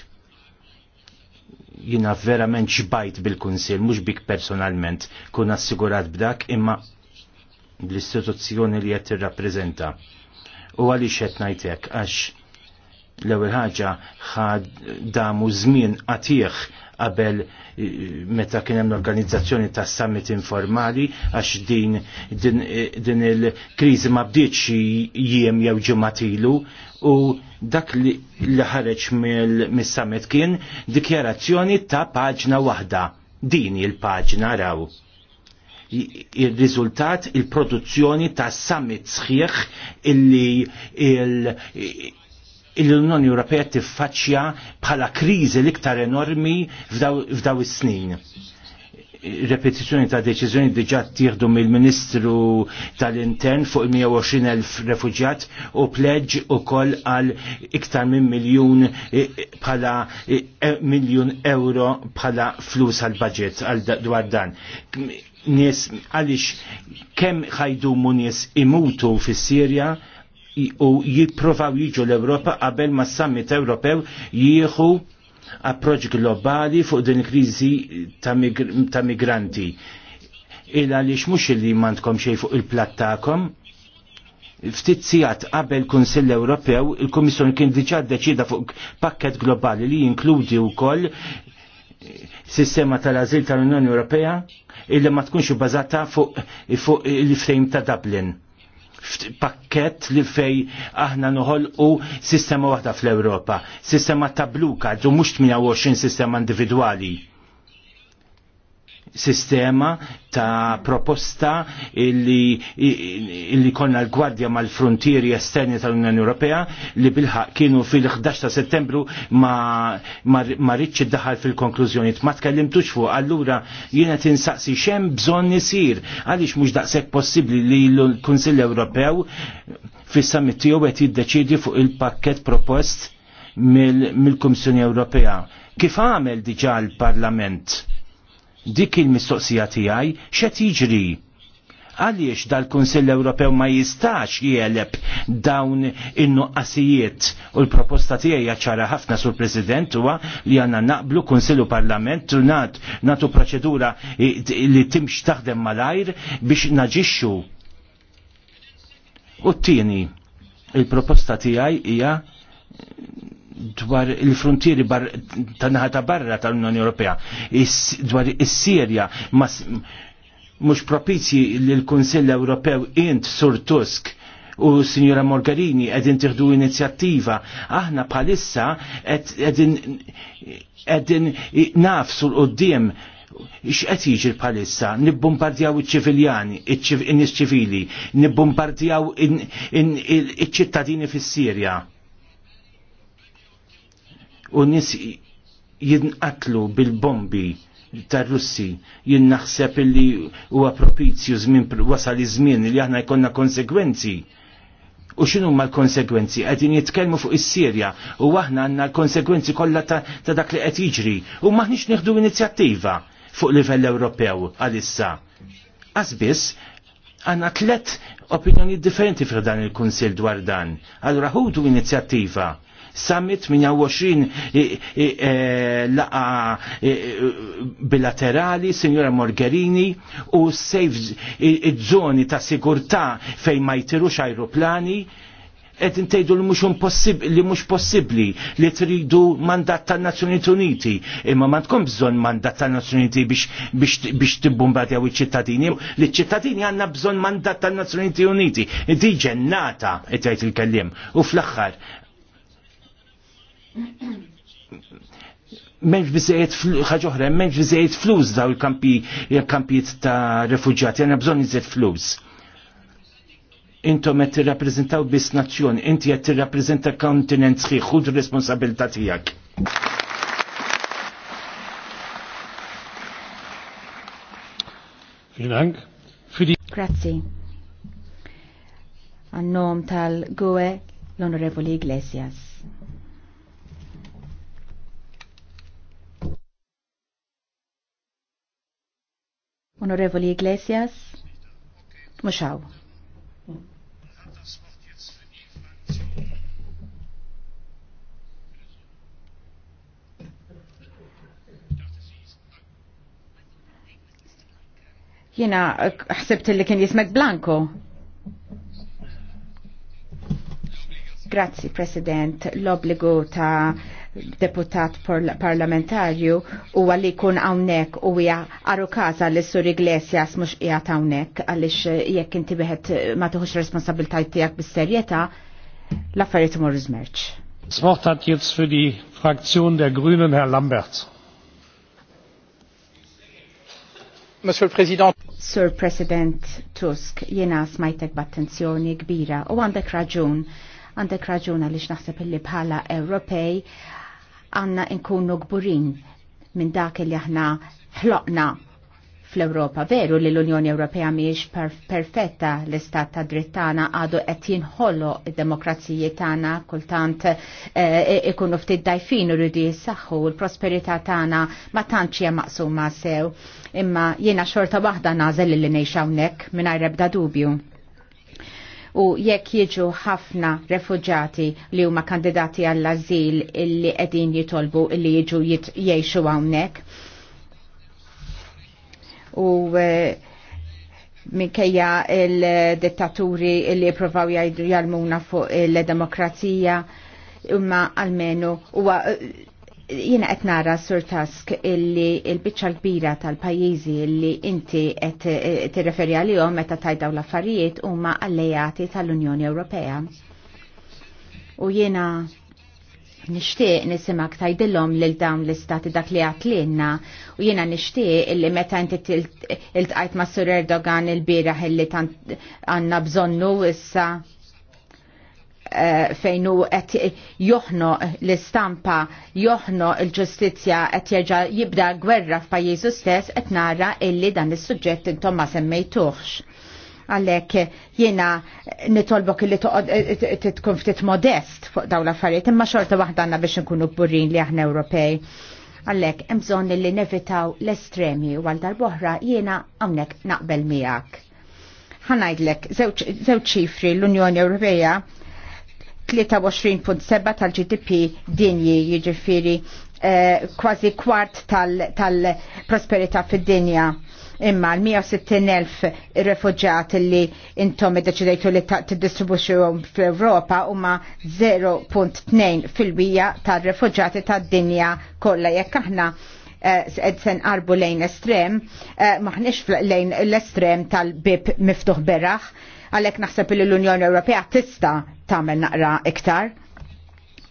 Jina verament ġbajt bil-Kunsil, mux bik personalment, kun assigurat b'dak imma l-istituzzjoni li jett rappresenta U għalli xet najtek, għax l-ewel ħaġa ħad damu zmin għatieħ qabel eh, meta kien hemm l-organizzazzjoni ta' summit informali għax din, din, eh, din il-kriżi ma bdietx jiem jew ġimatilu u dak li, ħareġ mis-summit kien dikjarazzjoni ta' paġna waħda. Din il-paġna raw il-riżultat il-produzzjoni ta' summit sħiħ illi il l-Unjoni Ewropea tiffaċċja bħala kriżi l-iktar enormi f'daw is-snin repetizjoni ta' deċiżjoni diġà tieħdu mill-Ministru tal-Intern fuq 120.000 refuġjat u pledġ ukoll għal iktar minn miljun e, bħala e, e, miljun euro bħala flus għal budget għal dwar dan. Nies għaliex kemm ħajdu nies imutu fis-Sirja u jiprofaw jiġu l-Ewropa qabel ma summit Ewropew jieħu approċ globali fuq din il-kriżi ta, migranti. Illa li mhux li mandkom xej fuq il-plattakom, ftit sigħat qabel Kunsill Ewropew, il-Kummissjoni kien diġà ddeċida fuq pakket globali li jinkludi wkoll sistema tal-azil tal-Unjoni Ewropea illi ma tkunx bbażata fuq, fuq il-frame ta' Dublin pakket li fej aħna noħol u sistema waħda fl-Europa, sistema ta' blue u mux 28 sistema individuali sistema ta' proposta illi, illi konna l-gwardja mal-frontieri esterni tal-Unjoni Ewropea li bilħaq kienu fil-11 ta' settembru ma, ma, ma rridx daħal fil-konklużjoni. Ma tkellimtux fuq, allura jiena tinsaqsi xem bżonn isir għaliex mhux daqshekk possibbli li l-Kunsill Ewropew fis-summit tiegħu qed jiddeċidi fuq il-pakkett propost mill-Kummissjoni mil Ewropea. Kif għamel diġà l-Parlament? dik il-mistoqsija tiegħi xet jiġri għaliex dal-Kunsill Ewropew ma jistax jieleb dawn in-nuqqasijiet u l-proposta tiegħi ċara ħafna sur President huwa li għandna naqblu Kunsill u Parlament u nat natu proċedura li timx taħdem malajr biex naġixxu. U t-tieni il-proposta tiegħi hija dwar il-frontieri bar tanħa ta' barra tal-Unjoni Ewropea dwar is-Sirja mhux propizji lill-Kunsill Ewropew int Sur Tusk u Signora Morgarini edin tiħdu inizjattiva. Aħna palissa edin, edin nafsu l-qoddim x'qed jiġri bħalissa, nibbombardjaw iċ-ċiviljani, iċ ċivili, nibbombardjaw iċ-ċittadini fis-Sirja u nis jinqatlu bil-bombi tar russi jien naħseb illi huwa propizju żmien wasal iż-żmien li aħna jkollna konsekwenzi. U x'inhu ma l-konsekwenzi? Qegħdin jitkellmu fuq is-Sirja u aħna għandna l-konsekwenzi kollha ta, dak li qed jiġri u maħniex nieħdu inizjattiva fuq livell Ewropew għalissa. Għazbis, għandna tlet opinjoni differenti fir dan il-Kunsill dwar dan. Allura ħudu inizjattiva summit 28 e, laqa e, bilaterali, Signora Morgherini, u sejf iż-żoni ta' sigurta fejn ma jtirux ajruplani, qed intejdu li mhux li mhux possibbli li tridu mandat tan-Nazzjonijiet Uniti. Imma ma tkun bżonn mandat tan-Nazzjonijiet Uniti biex biex tibbombardjaw iċ-ċittadini. Li ċittadini għandna bżonn mandat tan-Nazzjonijiet Uniti. Di ġennata qed jgħid il-kelliem. U fl-aħħar menx bizzejiet ħagħuħra, menx bizzejiet flus daw il-kampijiet ta' refugġati, għanna bżon iżjed flus. Intom qed rappresentaw bis nazzjon, inti qed rappresenta kontinent sħiħ, ħud Finank, fidi. Grazzi. Għannom tal-GUE l-Onorevoli Iglesias. Onorevoli Iglesias, Mushaw. Jena, ħsebt li kien jismek Blanco. Grazie, President, L'obbligo ta' deputat parlamentarju u għalli kun għawnek u għja għaru kaza li sur Iglesias mux jgħat għawnek għalix eh, jekk inti biħet eh, ma tuħux responsabiltajt tijak bis-serjeta l mor zmerċ. Das Wort hat jetzt für die Fraktion der Grünen Herr Lambert. Monsieur le Président. Sir President Tusk, jena smajtek b'attenzjoni kbira u għandek raġun għandek raġun li naħseb li bħala Ewropej għanna nkunu gburin minn dak li aħna ħloqna fl-Europa. Veru li l-Unjoni Ewropea miex perfetta l-istat ta' drittana għadu qed jinħollu id-demokrazija tagħna kultant eh, ikunu ftit dajfin u rridu jissaħħu l-prosperità tagħna ma tantx hija maqsuma sew. Imma jiena xorta waħda nażel li ngħix hawnhekk mingħajr ebda dubju u jekk jiġu ħafna refugjati li huma kandidati għall-azil illi qegħdin jitolbu illi jiġu jgħixu hawnhekk. U e, minkejja il-dittaturi li jipprovaw jgħidu jalmuna fuq il-demokrazija imma għalmenu u Jiena qed nara sur task illi l-biċċa kbira tal-pajjiżi illi inti qed eh, eh, tirreferi għalihom meta tajdaw l-affarijiet huma allejati tal-Unjoni Ewropea. U jiena nixtieq nisimak tajdillom lil dawn l-istati dak li għatlilna u jiena nixtieq illi meta inti iltqajt ma' Sur Erdogan il-bieraħ illi tant għandna bżonnu issa Eh, fejn hu qed joħno l-istampa, joħno l-ġustizzja qed jerġa' jibda gwerra f'pajjiżu stess qed nara illi dan is-suġġett intom ma semmejtuhx għalek jena nitolbok li eh, tkun ftit modest fuq dawla l-affarijiet, imma xorta waħda għanna biex nkunu burin li aħna Ewropej. Għalek, imżon li nevitaw l-estremi u għal darboħra jena għamnek naqbel miegħek. Ħanajdlek, zewċ ċifri l-Unjoni Ewropeja 23.7 tal-GDP dinji jiġifieri eh, kważi kwart tal-prosperità tal fid-dinja imma l-160.000 refugjat li intom id deċidajtu li t-distribuċu fl-Europa huma 0.2 fil-bija tal-refugjati tad-dinja kollha jekk aħna eh, ed sen arbu lejn estrem, eh, maħnix lejn l-estrem tal-bib miftuħ berraħ, għalek naħseb li l-Unjoni Ewropea tista tamel naqra iktar.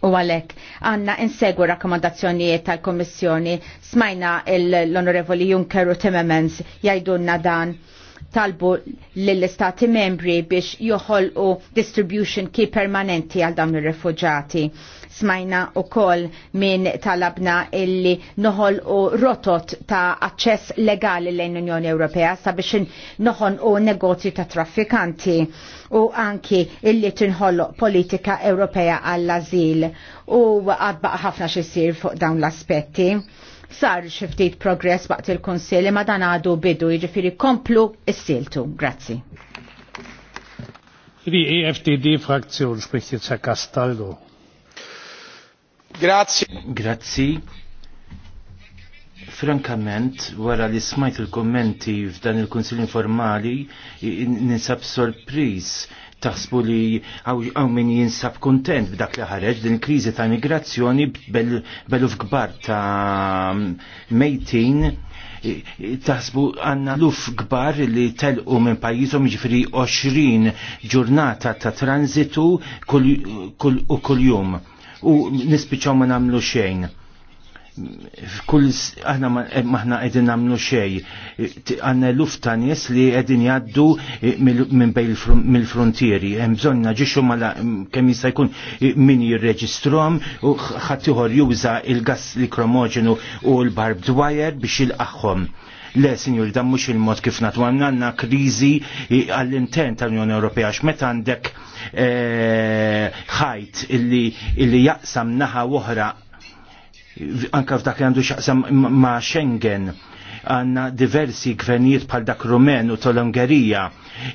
U għalek, għanna insegu rakkomandazzjonijiet tal-Komissjoni, smajna l-Onorevoli Juncker u Timmermans jajdunna dan talbu l-istati membri biex joħolqu distribution key permanenti għal dawn ir-refuġati Smajna u kol minn talabna illi noħol u rotot ta' aċċess legali lejn Unjoni Ewropea sabiex noħon u negozju ta' traffikanti u anki illi tinħolloq politika Ewropea għall-azil u għadbaq ħafna xisir fuq dawn l-aspetti sar xiftit progress waqt il konsili ma dan għadu bidu jiġifieri komplu s-siltu. Grazzi. Die EFDD-Fraktion spricht jetzt Herr Castaldo. Grazzi. Grazzi. Frankament, wara li smajt il-kommenti f'dan il konsil informali, ninsab sorpriz, taħsbu li għaw min jinsab kontent b'dak li ħareġ din kriżi ta' migrazzjoni beluf gbar ta' mejtin taħsbu għanna luf gbar li telqu minn pajizom ġifri 20 ġurnata ta' transitu u kull jum u nispiċaw ma namlu xejn f'kull aħna eh, maħna qegħdin nagħmlu xejn. Għandna luf ta' nies li qegħdin jgħaddu eh, minn bejn mill-frontieri. Hemm bżonn naġixxu mala kemm jista' jkun eh, min jirreġistrom u ħadd juża il-gass li u l-barbed wire biex ilqaħħom. Le, sinjur, dan mhux il-mod kif natu għandna kriżi għall-intent tal-Unjoni Ewropea x'meta għandek ħajt illi jaqsam naħa uħra anka f'dak li għandu xaqsam ma' Schengen għanna diversi gvernijiet bħal dak Rumen u tal-Ungerija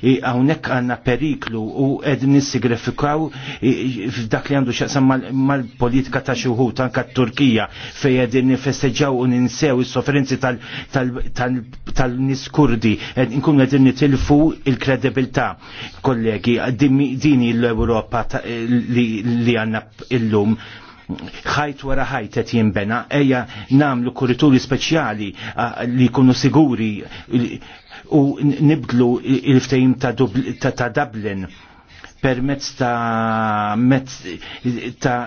għawnek għanna periklu u ed nissigrifikaw f'dak li għandu xaqsam mal-politika ta' xuhu tanka t-Turkija fej ed nifesteġaw u ninsew il sofrenzi tal-niskurdi ed nkun ed nitilfu il-kredibilta kollegi dini l-Europa li għanna illum ħajt wara ħajt qed jinbena, ejja namlu kurituri speċjali li jkunu siguri u nibdlu il-ftehim ta' Dublin permezz ta' mezz ta'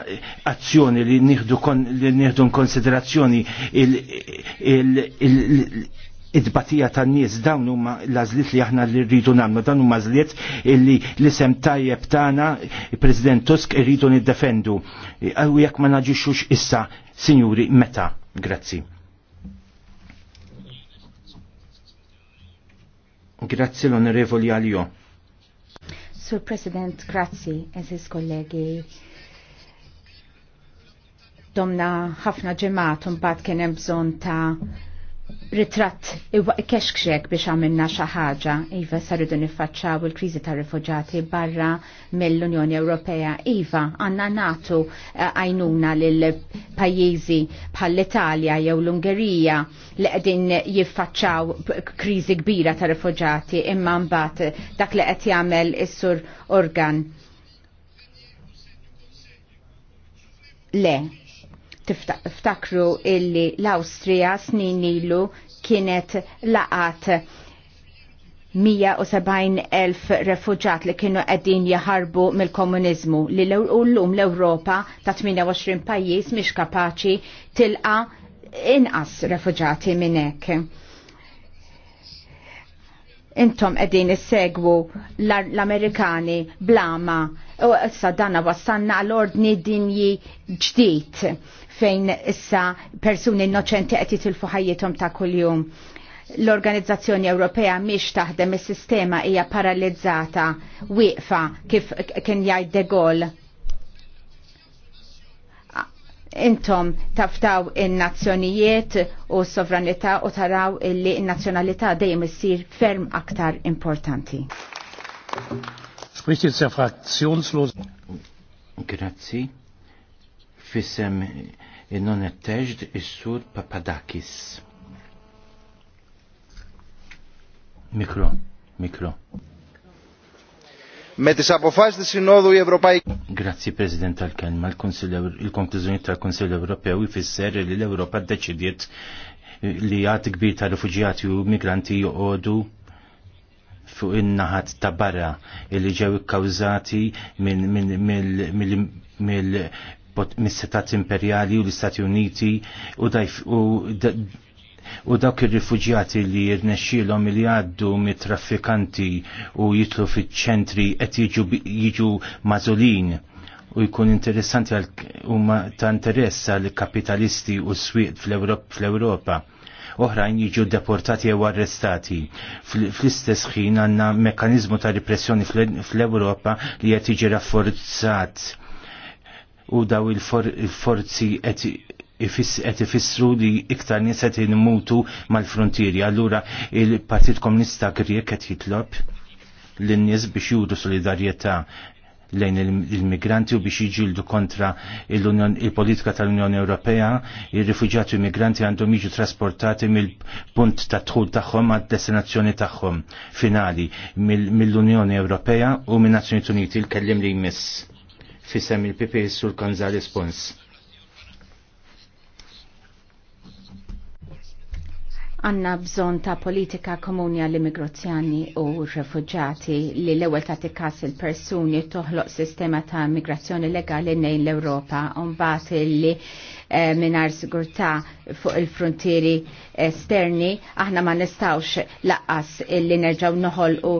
azzjoni li nieħdu kon, li nieħdu konsiderazzjoni il, il, il, id-batija tan-nies dawn huma l azliet li aħna li rridu nagħmlu dan huma żliet illi l-isem tajjeb tagħna President Tusk irridu niddefendu. U jekk ma naġixux issa, sinjuri, meta? Grazzi. Grazzi l-Onorevoli Alio. Sur President, grazzi, eżis kollegi domna ħafna ġemat un bat kienem bżon ta' ritratt kexkxek biex għamilna xi ħaġa iva sarudu niffaċċaw il-kriżi tar rifuġati barra mill-Unjoni Ewropea. Iva għandna natu eh, għajnuna lil pajjiżi bħall-Italja jew l-Ungerija li qegħdin jiffaċċaw kriżi kbira tar rifuġati imma mbagħad eh, dak li qed jagħmel is-sur Organ. Le, tiftakru illi l-Austria snin ilu kienet laqat 170.000 refugġat li kienu għedin jaharbu mill-komunizmu li l ullum l-Europa ta' 28 pajjiż mhix kapaċi tilqa inqas refugġati minn hekk. Intom qegħdin issegwu l-Amerikani blama u issa danna wassanna l ordni dinji ġdid fejn issa persuni innoċenti qed jitilfu ħajjithom ta' kuljum. L-Organizzazzjoni Ewropea miex taħdem is-sistema hija paralizzata, wieqfa kif kien jgħid de Gaulle intom taftaw in-nazzjonijiet u s-sovranità u taraw illi n nazzjonalità dejjem issir ferm aktar importanti. Spricht jetzt der Grazzi. Fissem il-non e etteġd il-sur Papadakis. Mikro, mikro. Με τις αποφάσεις της Συνόδου η Ευρωπαϊκή... Grazie President tal-kelma. Il-konklużjoni tal-Konsil Ewropew ifisser li l-Ewropa ddeċidiet li għad kbir ta' rifuġjati u migranti joqogħdu fuq in-naħat ta' barra e li ġew ikkawżati mill mis-setat imperjali u l-Istati Uniti u dajf u u dawk ir-rifuġjati li jirnexxielhom li għaddu mit-traffikanti u jitlu fiċ-ċentri qed jiġu mażulin u jkun interessanti għal huma ta' interess għal kapitalisti u s-swieq fl-Ewropa. Oħrajn jiġu deportati jew arrestati. Fl-istess ħin għandna mekkaniżmu ta' repressjoni fl-Ewropa li qed jiġi rafforzat u daw il-forzi qed ifissru li iktar nies qed inmutu mal-frontieri. Allura il-Partit Komunista Grek qed jitlob lin-nies biex juru solidarjetà lejn il-migranti u biex jiġildu kontra il-politika tal-Unjoni Ewropea, il-rifugjati u migranti għandhom jiġu trasportati mill-punt ta' tħul tagħhom għad destinazzjoni tagħhom finali mill-Unjoni Ewropea u minn nazzjonijiet Uniti il-kellim li jmiss. Fissem il-PP sul kanza Respons. Għanna bżon ta' politika komuni għall-immigrazzjani u refugġati li l-ewel ta' tikas il-persuni toħloq sistema ta' migrazzjoni legali nejn l-Europa un bat li eh, minar sigurta' fuq il-frontieri esterni, aħna ma nistawx laqqas li nerġaw noħol u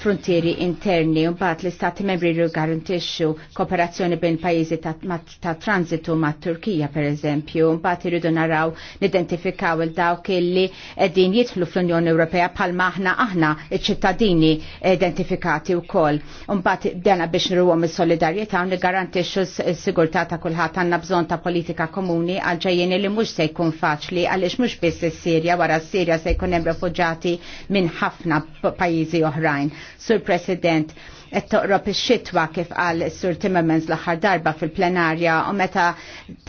frontieri interni, un bat l-istati membri garantisġu kooperazzjoni bejn pajizi ta', transitu ma' Turkija per eżempju, un bat irridu naraw nidentifikaw il-dawk illi edin jitflu fl-Unjoni Ewropea palma aħna aħna iċ-ċittadini identifikati u kol. Un bat dana biex nruwom il-solidarieta un garantixxu s-sigurta ta' kullħat għanna bżon ta' politika komuni għalġajjeni li mux se jkun tkun faċli għaliex mhux biss is-Sirja wara s-Sirja se jkun hemm refuġati minn ħafna pajjiżi oħrajn. Sur President, qed toqrob ix-xitwa kif qal Sur Timmermans l-aħħar darba fil-plenarja u meta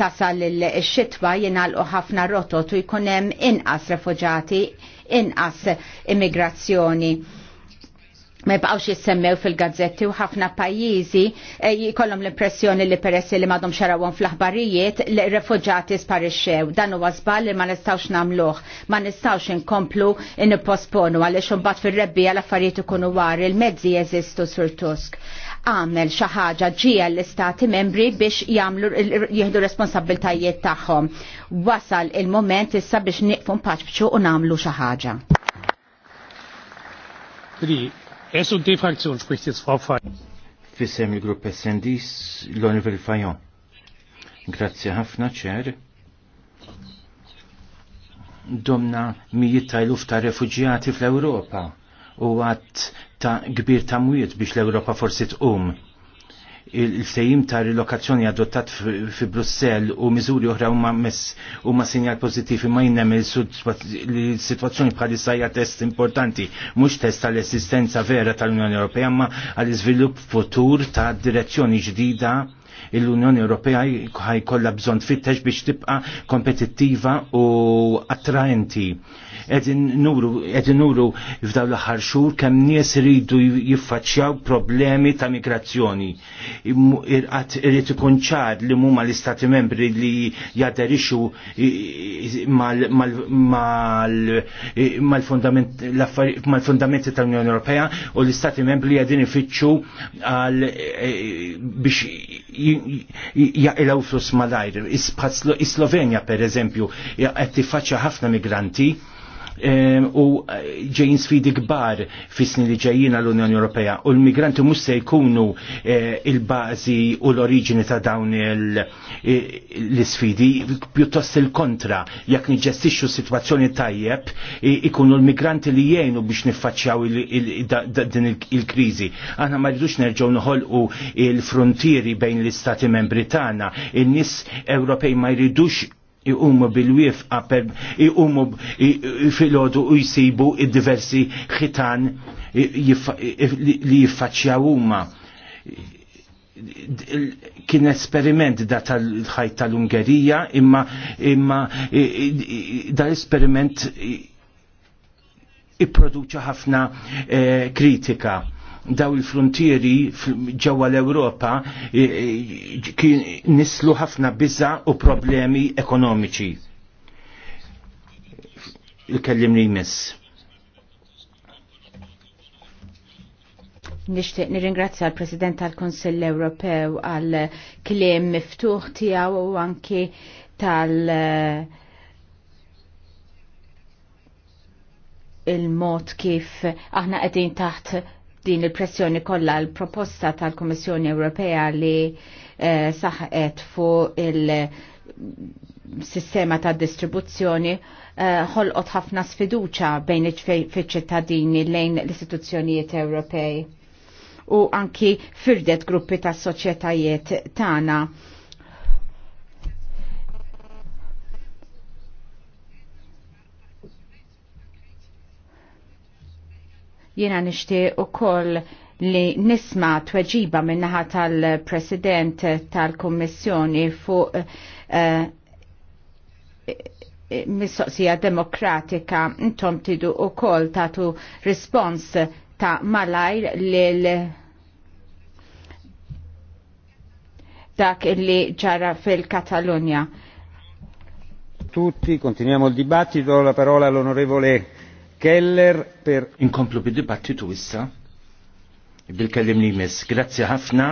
tasal ix-xitwa jingħalqu ħafna rotot u jkun hemm inqas refuġati, inqas immigrazzjoni ma jibqawx jissemmew fil-gazzetti u ħafna pajjiżi eh, jkollhom l-impressjoni li peressi li m'għadhom xarawhom fl-aħbarijiet li refuġati sparixxew. Dan huwa żball li ma nistgħux nagħmluh, ma nistgħux inkomplu nipposponu għaliex imbagħad fir-rebbija l-affarijiet ikunu war il-mezzi jeżistu sur Tusk. Għamel xi ħaġa ġija l-istati membri biex jagħmlu jieħdu responsabiltajiet tagħhom. Wasal il-moment issa biex nieqfu mpaċċu u nagħmlu xi ħaġa. S&D Fraktion spricht jetzt Frau Fajon. Fissem il-grupp S&D l-Oliver Fajon. Grazie ħafna Cher. Domna mi ta' iluf ta' refugjati fl-Europa u għat ta' kbir ta' mwiet biex l-Europa forsi tqum. -um il-sejim ta' rilokazzjoni adottat fi Brussel u miżuri oħra huma mess u ma' sinjal pozittiv imma jinnem il-situazzjoni bħalissa hija test importanti, mhux test tal-esistenza vera tal-Unjoni Ewropea ma għall-iżvilupp futur ta' direzzjoni ġdida l-Unjoni Ewropea ħajkollha bżonn tfittex biex tibqa' kompetittiva u attraenti edin nuru, edin f'daw l-aħħar xhur kemm nies iridu jiffaċċjaw problemi ta' migrazzjoni. Irqat irid ikun ċar li huma l-istati membri li jaderixxu mal-fundamenti tal-Unjoni Ewropea u l-istati membri li qegħdin ifittxu e, e, biex jaqilaw flus malajr. Islovenja per eżempju qed tiffaċċja ħafna migranti u eh, ġejjin sfidi kbar fis-snin li ġejjin għall-Unjoni Ewropea u l-migranti mhux se jkunu eh, il-bażi u l-oriġini ta' dawn l-isfidi, pjuttost il-kontra, jekk niġġestixxu sitwazzjoni tajjeb, ikunu l-migranti li jgħinu biex niffaċċjaw din il-kriżi. Aħna ma rridux nerġgħu noħolqu il-frontieri bejn l-Istati Membri tagħna, in-nies Ewropej ma jridux iqumu bil-wifqa iqumu fil-ħodu u jisibu id-diversi xitan li jiffaċċjaw huma. Kien esperiment da tal-ħajt tal-Ungerija imma imma da esperiment i ħafna eh, kritika daw il-frontieri ġewwa l-Ewropa nislu ħafna biża u problemi ekonomiċi. Il-kellimni jmiss. Nishtiq nirringrazzja l-President tal-Konsill Ewropew għal kliem miftuħ tiegħu u anki tal- il-mod kif aħna qegħdin taħt din il-pressjoni kollha l-proposta tal-Kummissjoni Ewropea li eh, saħqet fuq il-sistema ta' distribuzzjoni eh, ħolqot ħafna sfiduċa bejn iċ-ċittadini lejn l-istituzzjonijiet Ewropej u anki firdet gruppi ta' soċjetajiet tagħna Jena nishti u koll li nisma tweġiba minnaħa tal-President tal-Kommissjoni fuq mis eh, eh, mistoqsija demokratika intom tidu u koll tatu respons ta' malajr l dak li ġara fil-Katalunja. Tutti, continuiamo il dibattito, la parola all'onorevole Keller per. Inkomplu bid-dibattitu issa bil-kellim li jmiss. Grazzi ħafna.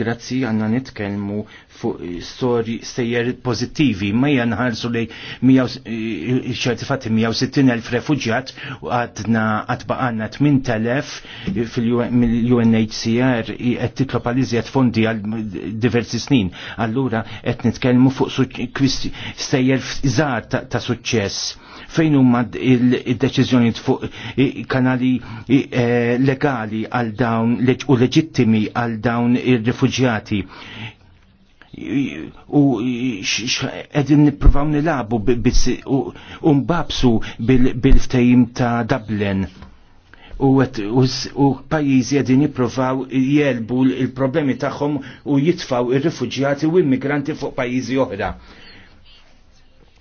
Grazzi għanna nitkelmu fuq stori sejjer pozittivi, ma janħarsu li eh, ċertifati 160.000 refugjat u għadna għanna 8.000 fil-UNHCR għed titlob għalizjat fondi għal diversi snin. Allura għed nitkelmu fuq sejjer zaħar ta' suċċess fejn huma id-deċiżjoni fuq kanali eh, legali għal dawn u leġittimi għal dawn ir-rifuġjati u edin niprofaw nilabu u mbabsu bil ftajim ta' Dublin u pajizi għedin jiprofaw jelbu il-problemi tagħhom u jitfaw ir refugjati u immigranti fuq pajizi oħra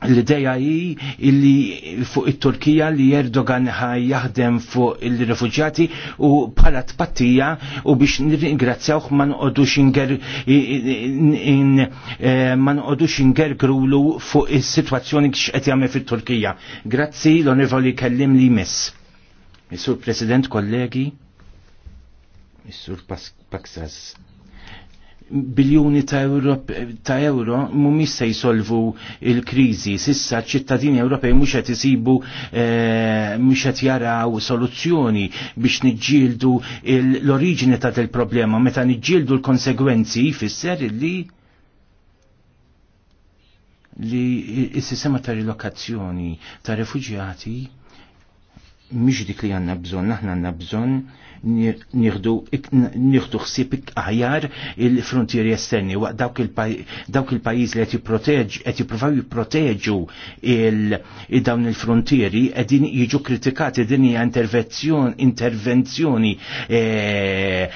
l-ideja hi e illi fuq it-Turkija li Erdogan ħaj jaħdem fuq il-refuġjati u bħala tpattija u biex nirringrazzjawh ma nqodux inger eh, ma nqodux ingergrulu fuq is-sitwazzjoni qed jagħmel fit-Turkija. Grazzi l-onorevoli kellim li miss. Missur President, kollegi, Missur Paksas biljuni ta' euro, ta euro mu se jisolvu il-krizi. Sissa ċittadini Ewropej mux qed isibu eh, mhux mux qed jaraw soluzzjoni biex niġġieldu l-oriġini ta' del problema meta niġġieldu l-konsegwenzi jfisser li li s-sistema ta' rilokazzjoni ta' refugjati mhix dik li għandna bżonn, aħna għandna bżonn nieħdu ħsieb aħjar il-frontieri esterni waqt dawk il-pajjiż li qed jipproteġ qed jippruvaw jipproteġu dawn il-frontieri qegħdin jiġu kritikati din hija intervenzjoni eh,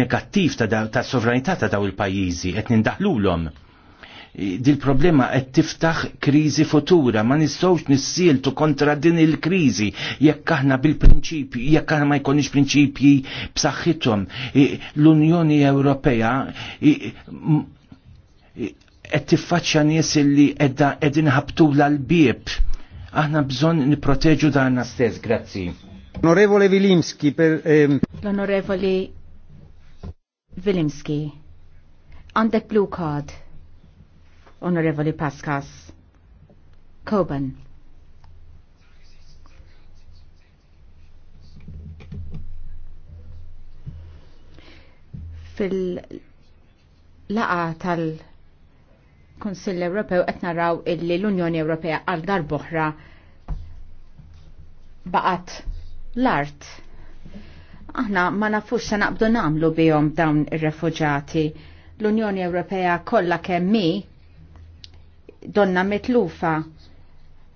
negattiv ta' sovranità ta' daw il-pajjiżi qed nindaħlulhom dil-problema qed tiftaħ kriżi futura, ma nistgħux nissieltu kontra din il-kriżi jekk aħna bil-prinċipji, jekk aħna ma jkunx prinċipji b'saħħithom. L-Unjoni Ewropea qed tiffaċċja nies illi qegħdin ħabtu l-bieb. Aħna bżonn nipproteġu dan stess, grazzi. Onorevole Vilimski per ehm, L'onorevole L-Onorevoli Vilimski. Għandek blue card. Onorevoli Paskas. Coben. Fil-laqa tal-Konsill Ewropew qed naraw illi l-Unjoni Ewropea għal darboħra baqat l-art. Aħna ma nafux se naqbdu namlu bihom dawn ir-refuġati. L-Unjoni Ewropea kollha kemm mi donna mitlufa.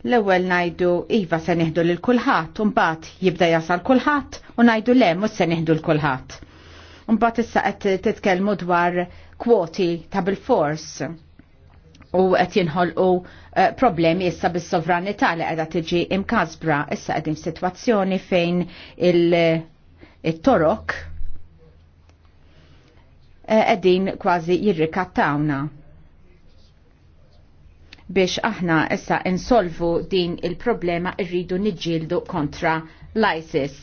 L-ewwel ngħidu iva se nieħdu lil kulħadd, u mbagħad jibda jasal kulħadd u ngħidu le mhux se nieħdu l kulħadd. Mbagħad issa qed titkellmu dwar kwoti ta' bil-fors u qed jinħolqu eh, problemi issa bis-sovranità li qiegħda tiġi imkasbra issa qegħdin f'sitwazzjoni fejn il-torok eh, qegħdin kważi jirrikattawna biex aħna issa insolvu din il-problema irridu niġġieldu kontra l-ISIS.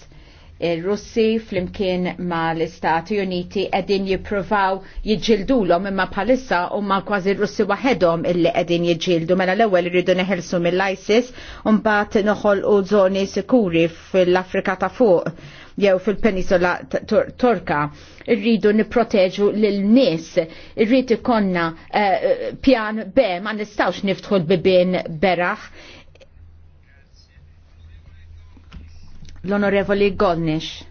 Il-Russi flimkien ma l-Istati Uniti edin jiprofaw l-om imma palissa u ma kważi russi waħedhom illi edin jġildu mela l-ewel rridu neħelsu mill-ISIS un bat noħol u zoni sikuri fil-Afrika ta' fuq jew fil-penisola Torka. Irridu niproteġu lil-nies, irrid konna eh, pjan B, ma nistawx niftħu l-bibin beraħ. L-Onorevoli Golnish.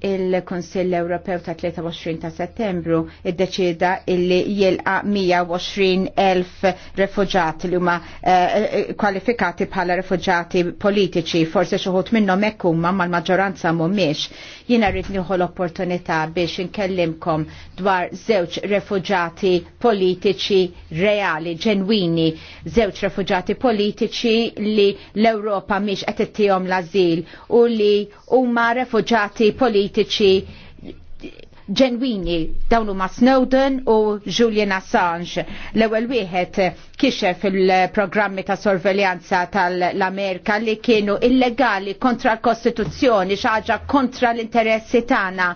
il-Konsill Ewropew ta' 23 ta' settembru id-deċida illi jilqa 120.000 refugjati li huma eh, eh, kwalifikati bħala refugjati politiċi, forse xoħut minnhom hekk huma mal-maġġoranza mhumiex. Jiena rrid nieħu l-opportunità biex inkellimkom dwar żewġ refugjati politiċi reali, ġenwini, żewġ refugjati politiċi li l-Ewropa mhix qed ittihom l-ażil u li huma refugjati politiċi politiċi ġenwini dawnu ma' Snowden u Julian Assange. L-ewel wieħed kixef il-programmi ta' sorveljanza tal-Amerika li kienu illegali kontra l-Kostituzzjoni, xaġa kontra l-interessi tagħna.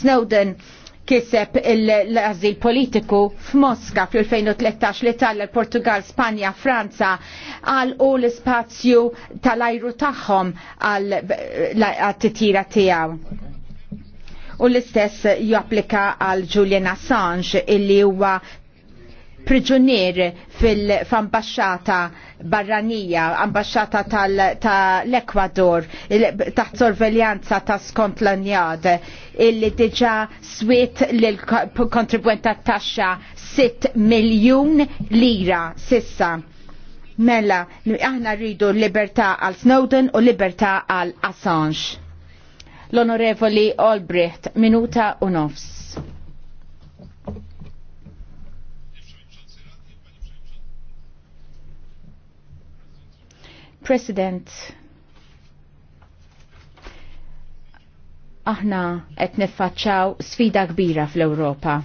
Snowden kiseb l-azil politiku f'Mosca fl-2013 li tal portugal Spanja, Franza għal u l-spazju tal-ajru tagħhom għal titira tiegħu u l-istess japplika għal Julian Assange illi huwa priġunier fil-ambasċata barranija, ambasċata tal-Ekwador, taħt sorveljanza ta' Skont Yard, illi diġa swiet l kontribwenta ta' taxxa 6 miljun lira sissa. Mela, aħna rridu libertà għal Snowden u libertà għal Assange l-Onorevoli Olbrecht, minuta u nofs. President, aħna qed niffaċċaw sfida kbira fl-Ewropa.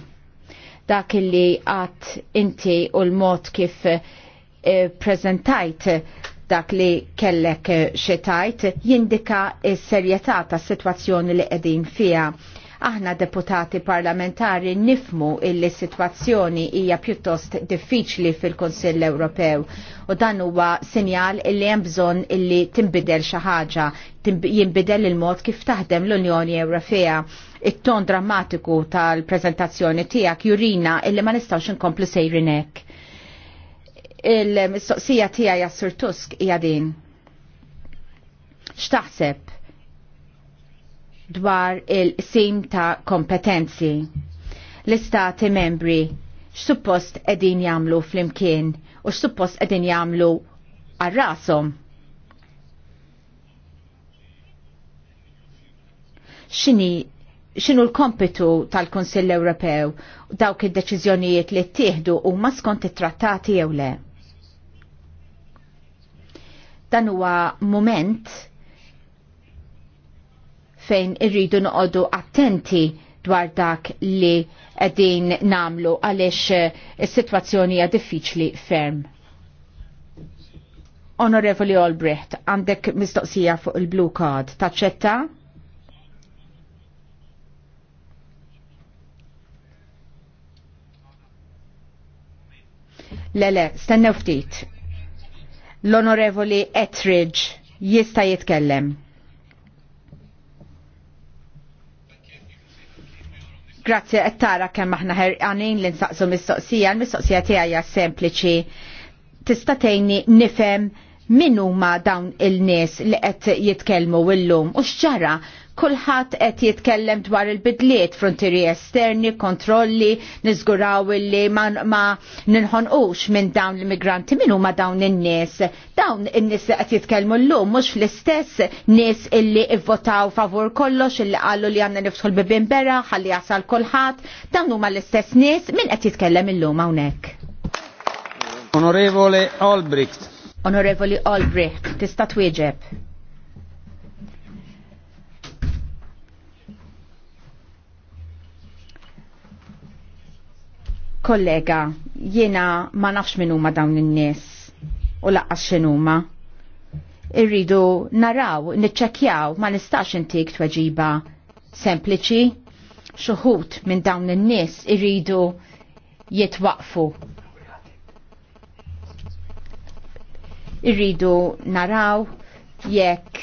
Dak li għat inti u l-mod kif eh, prezentajt dak li kellek eh, xetajt jindika s-serjetà tas-sitwazzjoni li qegħdin fiha aħna deputati parlamentari nifmu illi situazzjoni hija pjuttost diffiċli fil-Konsill Ewropew u dan huwa sinjal illi hemm bżonn illi tinbidel xi ħaġa, jinbidel il-mod kif taħdem l-Unjoni Ewropea. It-ton drammatiku tal-preżentazzjoni tiegħek jurina illi ma nistgħux inkomplu sejrinek il-mistoqsija tiegħi għas-Sur Tusk hija din. X'taħseb dwar il-sim ta' kompetenzi? L-istati membri x'suppost qegħdin jagħmlu flimkien u x'suppost qegħdin jagħmlu għal rashom. X'inhi xinu l-kompitu tal-Konsill Ewropew dawk id-deċiżjonijiet li ttieħdu u skont it-trattati jew le? Dan huwa moment fejn irridu noqogħdu attenti dwar dak li qegħdin namlu għaliex eh, is-sitwazzjoni hija diffiċli ferm. Onorevoli Olbrecht, għandek mistoqsija fuq il-Blue Card, taċċetta? Le, le, stennew ftit l-Onorevoli Etridge jista jitkellem. Grazie, qed tara kemm aħna ħerqanin li nsaqsu mistoqsija, l-mistoqsija tiegħi hija sempliċi. Tista' tgħinni nifhem min huma dawn il-nies li qed jitkellmu illum u x'ġara kulħadd qed jitkellem dwar il-bidliet frontieri esterni, kontrolli, nizguraw li ma, ma ninħonqux minn dawn l-immigranti min huma dawn in-nies. Dawn in-nies li qed jitkellmu llum mhux fl-istess nies illi ivvotaw favur kollox illi qalu li għandna niftħu l-bibin bera ħalli jasal kulħadd, dawn huma l-istess nies min qed jitkellem illum hawnhekk. Onorevole Albrecht. Onorevoli Albrecht, tista' twieġeb. Kollega, jiena ma nafx minn huma dawn in-nies u laqqas x'inhuma. Irridu naraw, niċċekkjaw ma nistax intik tweġiba sempliċi. Xuħut minn dawn in-nies irridu jitwaqfu irridu naraw jekk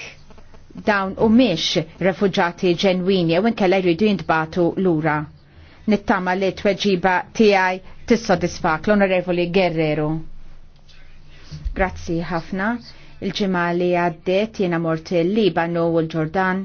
dawn u mish refugġati ġenwini u nkella jridu jintbatu lura nittama li tweġiba tiegħi tissodisfak l-Onorevoli Guerrero. Grazzi ħafna. Il-ġimgħa li għaddiet jiena mort il-Libanu u l-Ġordan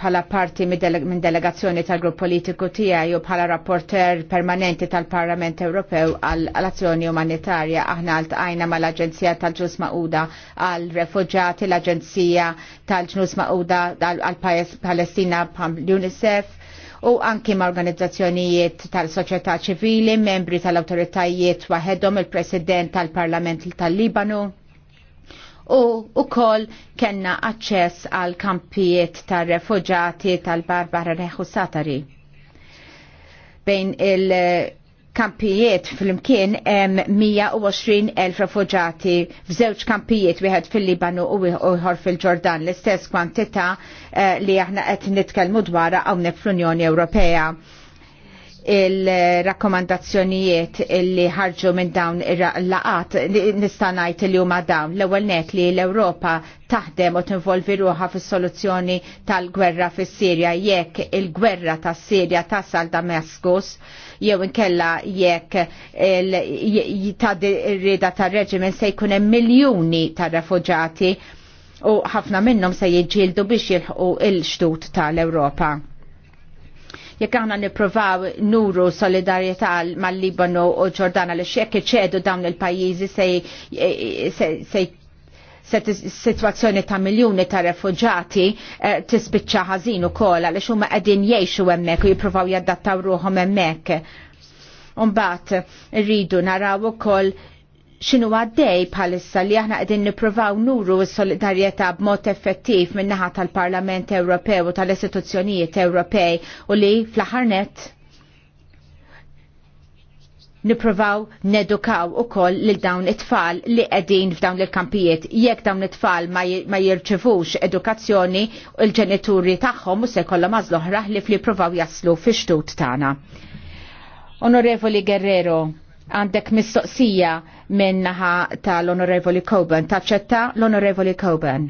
bħala parti minn delegazzjoni tal-grupp politiku tiegħi u bħala rapporter permanenti tal-Parlament Ewropew għall-azzjoni umanitarja aħna għaltqajna mal-Aġenzija tal-Ġus Mauda għal-Refuġati, l-Aġenzija tal-Ġnus Mauda għal-Palestina l-UNICEF u anki ma' organizzazzjonijiet tal-soċjetà ċivili, membri tal-autoritajiet waħedhom il-President tal-Parlament tal-Libanu u ukoll kena aċċess għal kampijiet tar refugjati tal-Barbara Reħu Satari. Bejn il- kampijiet fl-imkien 120.000 refugjati f'żewġ kampijiet wieħed fil-Libanu u ieħor fil-Ġordan l-istess kwantità eh, li aħna qed nitkellmu dwarha hawnhekk fl-Unjoni Ewropea il-rakkomandazzjonijiet li ħarġu minn dawn il-laqat nistanajt li huma dawn l-ewwel net li l-Ewropa taħdem u tinvolvi ruħa fis soluzzjoni tal-gwerra fis sirja jekk il-gwerra tas sirja tasal Damaskus jew inkella jekk ta' rida tar-reġimen se jkun hemm miljuni ta' refuġati u ħafna minnhom se jiġġieldu biex jilħu il-xtut tal-Ewropa Jekk aħna nippruvaw nuru solidarjetà mal libano u Ġordana li xiekk ċedu dawn il-pajjiżi se situazzjoni ta' miljoni ta' refugġati eh, tispiċċa ħażin ukoll għaliex huma qegħdin jgħixu hemmhekk u jippruvaw jaddattaw ruhom hemmhekk. Umbat, rridu naraw ukoll xinu għaddej bħalissa li aħna qegħdin nippruvaw nuru s-solidarjetà b'mod effettiv min-naħa tal-Parlament Ewropew u tal-istituzzjonijiet Ewropej u li fl ħarnet nippruvaw nedukaw ukoll lil dawn it-tfal li qegħdin f'dawn il-kampijiet. Jekk dawn it-tfal ma jirċivux edukazzjoni, il-ġenituri tagħhom u se jkollhom għażl oħra li fli jippruvaw jaslu fi xtut tagħna. Onorevoli Guerrero, għandek mistoqsija minnaħa tal-Onorevoli Coburn. Taċċetta l-Onorevoli Coburn.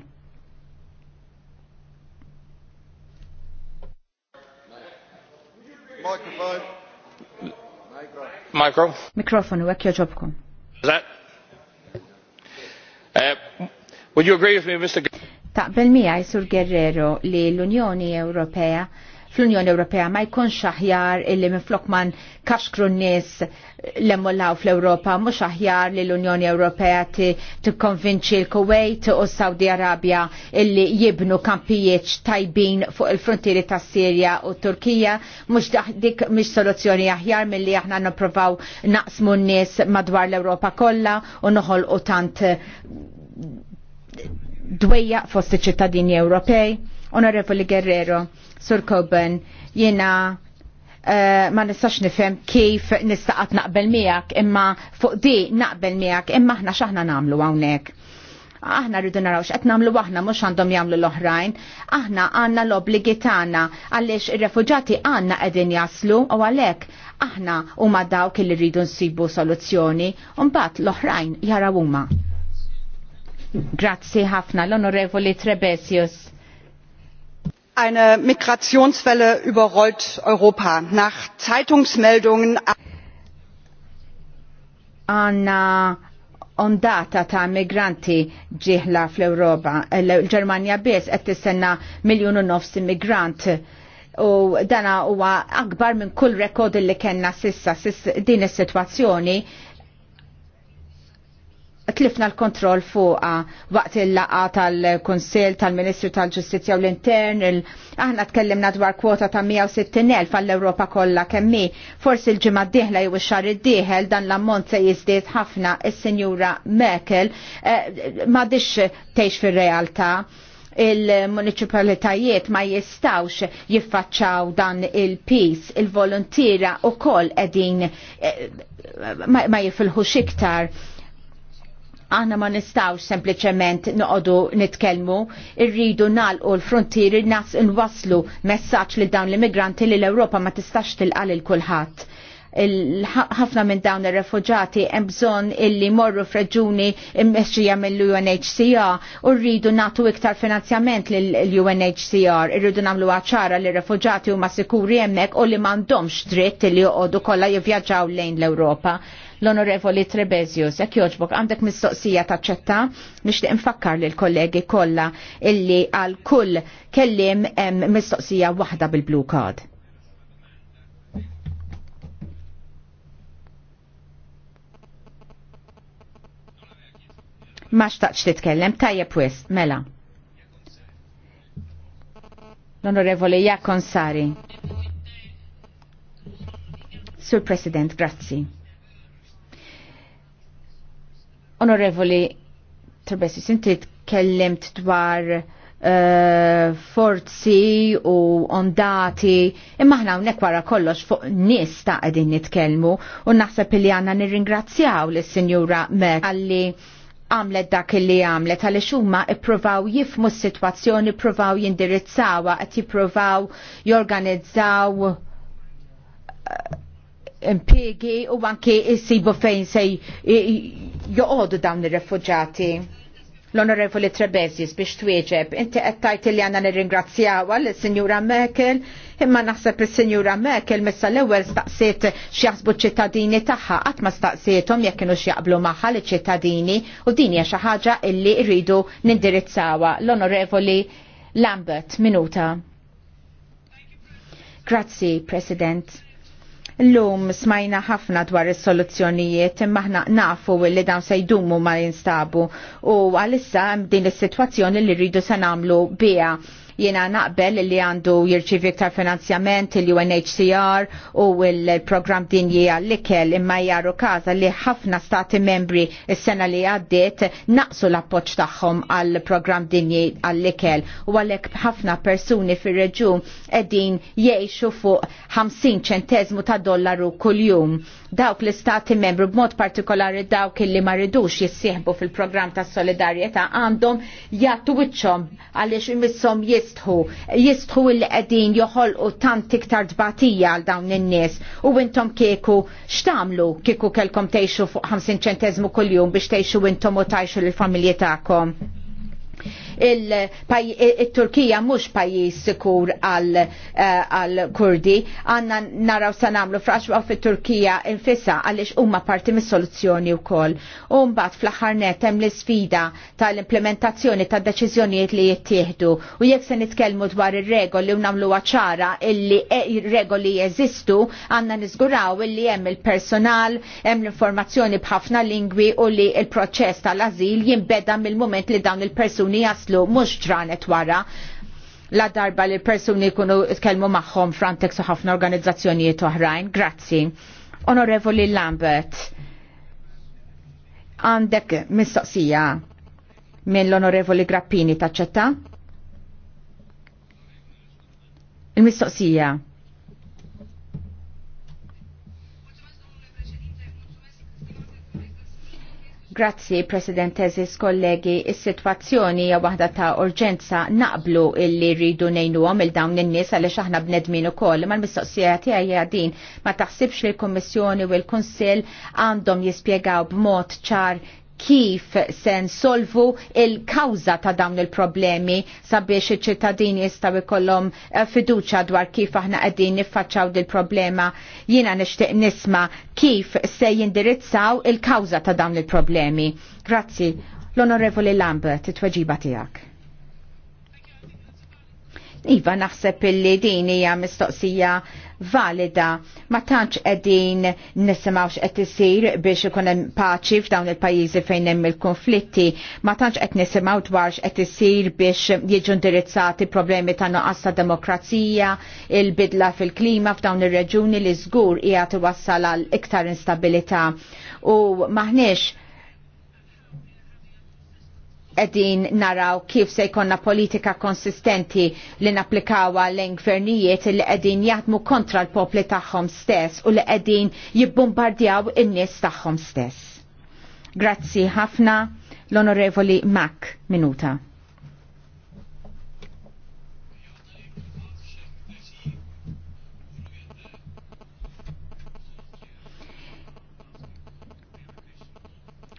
Micro. Mikrofonu, għek joġobkom. Uh, would you agree with me, Mr. bel-mija, Sur Guerrero, li l-Unjoni Ewropea fl-Unjoni Ewropea ma jkunx aħjar illi minflok man kaxkru n-nies l-emmollaw fl-Ewropa, mhux aħjar li l-Unjoni Ewropea tikkonvinċi l-Kuwait u s-Saudi Arabja illi jibnu kampijiet tajbin fuq il-frontieri tas Sirja u Turkija, mhux dik mhix soluzzjoni aħjar milli aħna nipprovaw naqsmu n-nies madwar l-Ewropa kollha u noħolqu tant eh, dwejja fost ċittadini Ewropej. Onorevoli Guerrero, Sur Coben, jena uh, ma nistax nifhem kif nistaqat naqbel miegħek imma fuq di naqbel miegħek imma aħna x'aħna nagħmlu hawnhekk. Aħna rridu naraw x'qed nagħmlu aħna mhux għandhom jagħmlu l-oħrajn. Aħna għandna l-obligi tagħna għaliex ir-refuġati għandna qegħdin jaslu u għalhekk aħna huma dawk li rridu nsibu soluzzjoni u mbagħad l-oħrajn jaraw huma. Grazzi ħafna l-Onorevoli Trebesius eine migrationswelle überrollt europa nach zeitungsmeldungen għanna ondata ta' migranti ġihla fl-Europa. l germania biss qed tistenna miljun u nofs immigrant u dana huwa akbar minn kull rekord li kellna sissa, sissa din is-sitwazzjoni tlifna l-kontroll fuqa waqt il-laqa tal-Konsil tal-Ministru tal-Ġustizja u l-Intern. Aħna tkellimna dwar kwota ta' 160.000 għall-Europa kollha kemmi. Forsi l-ġimgħa d-dieħla jew ix-xahar id-dieħel dan l-ammont se jiżdied ħafna is-Sinjura Merkel eh, m'għadix tgħix fir-realtà il-municipalitajiet ma jistawx jiffaċċaw dan il-pis, il-volontira u kol edin eh, ma jifilħu xiktar Aħna ma nistawx sempliċement noqogħdu nitkellmu, irridu nagħlqu l-frontieri nas inwaslu messaġġ li dawn l-immigranti li l-Ewropa ma tistax tilqa' lil kulħadd ħafna minn dawn ir-refuġati hemm bżonn illi morru f'reġuni mmexxija mill-UNHCR u rridu nagħtu iktar finanzjament lill-UNHCR, irridu nagħmlu ċara li refuġati huma sikuri hemmhekk u li m'għandhomx dritt li joqogħdu kollha jivvjaġġaw lejn l-Ewropa. L-Onorevoli Trebezius, jekk jogħġbok għandek mistoqsija taċċetta, nixtieq infakkar l kollegi kollha illi għal kull kellim mistoqsija waħda bil-Blue Card. ma xtaqx titkellem, tajjeb wis, mela. L-Onorevoli Jakon Sari. Sur President, grazzi. Onorevoli Trebessi, inti tkellimt dwar uh, forzi u ondati, imma ħna unnek wara kollox fuq nies ta' qegħdin nitkellmu u naħseb li għandna nirringrazzjaw lis-Sinjura Mek għalli għamlet dak li għamlet għaliex huma ippruvaw jifmu s-sitwazzjoni, ippruvaw jindirizzawa, qed jippruvaw jorganizzaw eh, impiegi u anke jisibu fejn se joqogħdu dawn ir refugġati l-Onorevoli Trebezis biex twieġeb. Inti għettajt li għanna nirringrazzjawa l-Sinjura Merkel, imma naħseb il-Sinjura Merkel missa l-ewel staqsiet xjaħsbu ċittadini taħħa, għatma staqsietom jek kienu xjaqblu maħħa li ċittadini u din hija xi ħaġa illi rridu nindirizzawa. L-Onorevoli Lambert, minuta. Grazzi, President. L-lum smajna ħafna dwar is-soluzzjonijiet imma ħna nafu li dawn se jdumu ma jinstabu u għalissa din is-sitwazzjoni li rridu se nagħmlu biha Jena naqbel li għandu jirċivi iktar finanzjament il-UNHCR u il-program dinji għall-ikel imma jaru kaza li ħafna stati membri s-sena li għaddiet naqsu l-appoċ tagħhom għall-program dinji għall-ikel u għalek ħafna persuni fir-reġun edin jiexu fuq 50 ċentezmu ta' dollaru kuljum. Dawk l-istati membri b'mod partikolari dawk li ma ridux jissieħbu fil-program ta' solidarieta għandhom jattu wiċċom għaliex imissom jiss jistħu, jistħu il joħol joħolqu tant iktar dbatija għal dawn in-nies u intom kieku xtamlu kieku kelkom tgħixu fuq 50 ċentezmu kuljum biex tgħixu intom u tajxu lill-familji tagħkom il-Turkija mhux pajjiż sikur għal-Kurdi, eh, għandna naraw sanamlu nagħmlu fraxwa fit-Turkija infissa għaliex huma parti mis-soluzzjoni wkoll. U mbagħad fl-aħħar net hemm l-isfida tal-implementazzjoni tad deċiżjonijiet li jittieħdu u jekk se nitkellmu dwar ir-regoli u nagħmluha ċara illi e, regoli jeżistu għandna niżguraw illi hemm il-personal, hemm l-informazzjoni b'ħafna lingwi u li l proċess tal-ażil jinbeda mill-moment li dawn il-persuni persuni jaslu mux ġranet wara la darba li persuni jkunu tkellmu magħhom frantex u ħafna organizzazzjonijiet oħrajn. Grazzi. Onorevoli Lambert, għandek mistoqsija minn l-Onorevoli Grappini taċċetta? Il-mistoqsija. Grazzi, President Eżis, kollegi, il sitwazzjoni hija waħda ta' urġenza naqblu illi rridu għom il dawn in-nies għaliex aħna bnedmin ukoll. Ma l-mistoqsija tiegħi din ma taħsibx li l-Kummissjoni u l-Kunsill għandhom jispjegaw b'mod ċar kif se nsolvu il-kawza ta' dawn il-problemi sabiex iċ-ċittadini jistgħu jkollhom eh, fiduċja dwar kif aħna qegħdin niffaċċaw dil problema jiena nixtieq nisma' kif se jindirizzaw il-kawza ta' dawn il-problemi. Grazzi, l-Onorevoli Lambert, it-tweġiba tiegħek. Iva naħseb illi din hija mistoqsija valida ma tantx qegħdin nisimgħu x'qed isir biex ikun hemm paċi f'dawn il-pajjiżi fejn hemm il-konflitti, ma tantx qed nisimgħu dwar x'qed isir biex jiġu indirizzati problemi ta' nuqqas ta' demokrazija, il-bidla fil-klima f'dawn ir-reġuni li żgur hija tiwassal għal iktar instabilità u maħniex edin naraw kif se jkonna politika konsistenti li naplikawa l-ingvernijiet li edin jaħdmu kontra l-popli tagħhom stess u li edin jibbombardjaw in-nies tagħhom stess. Grazzi ħafna l-Onorevoli Mac Minuta.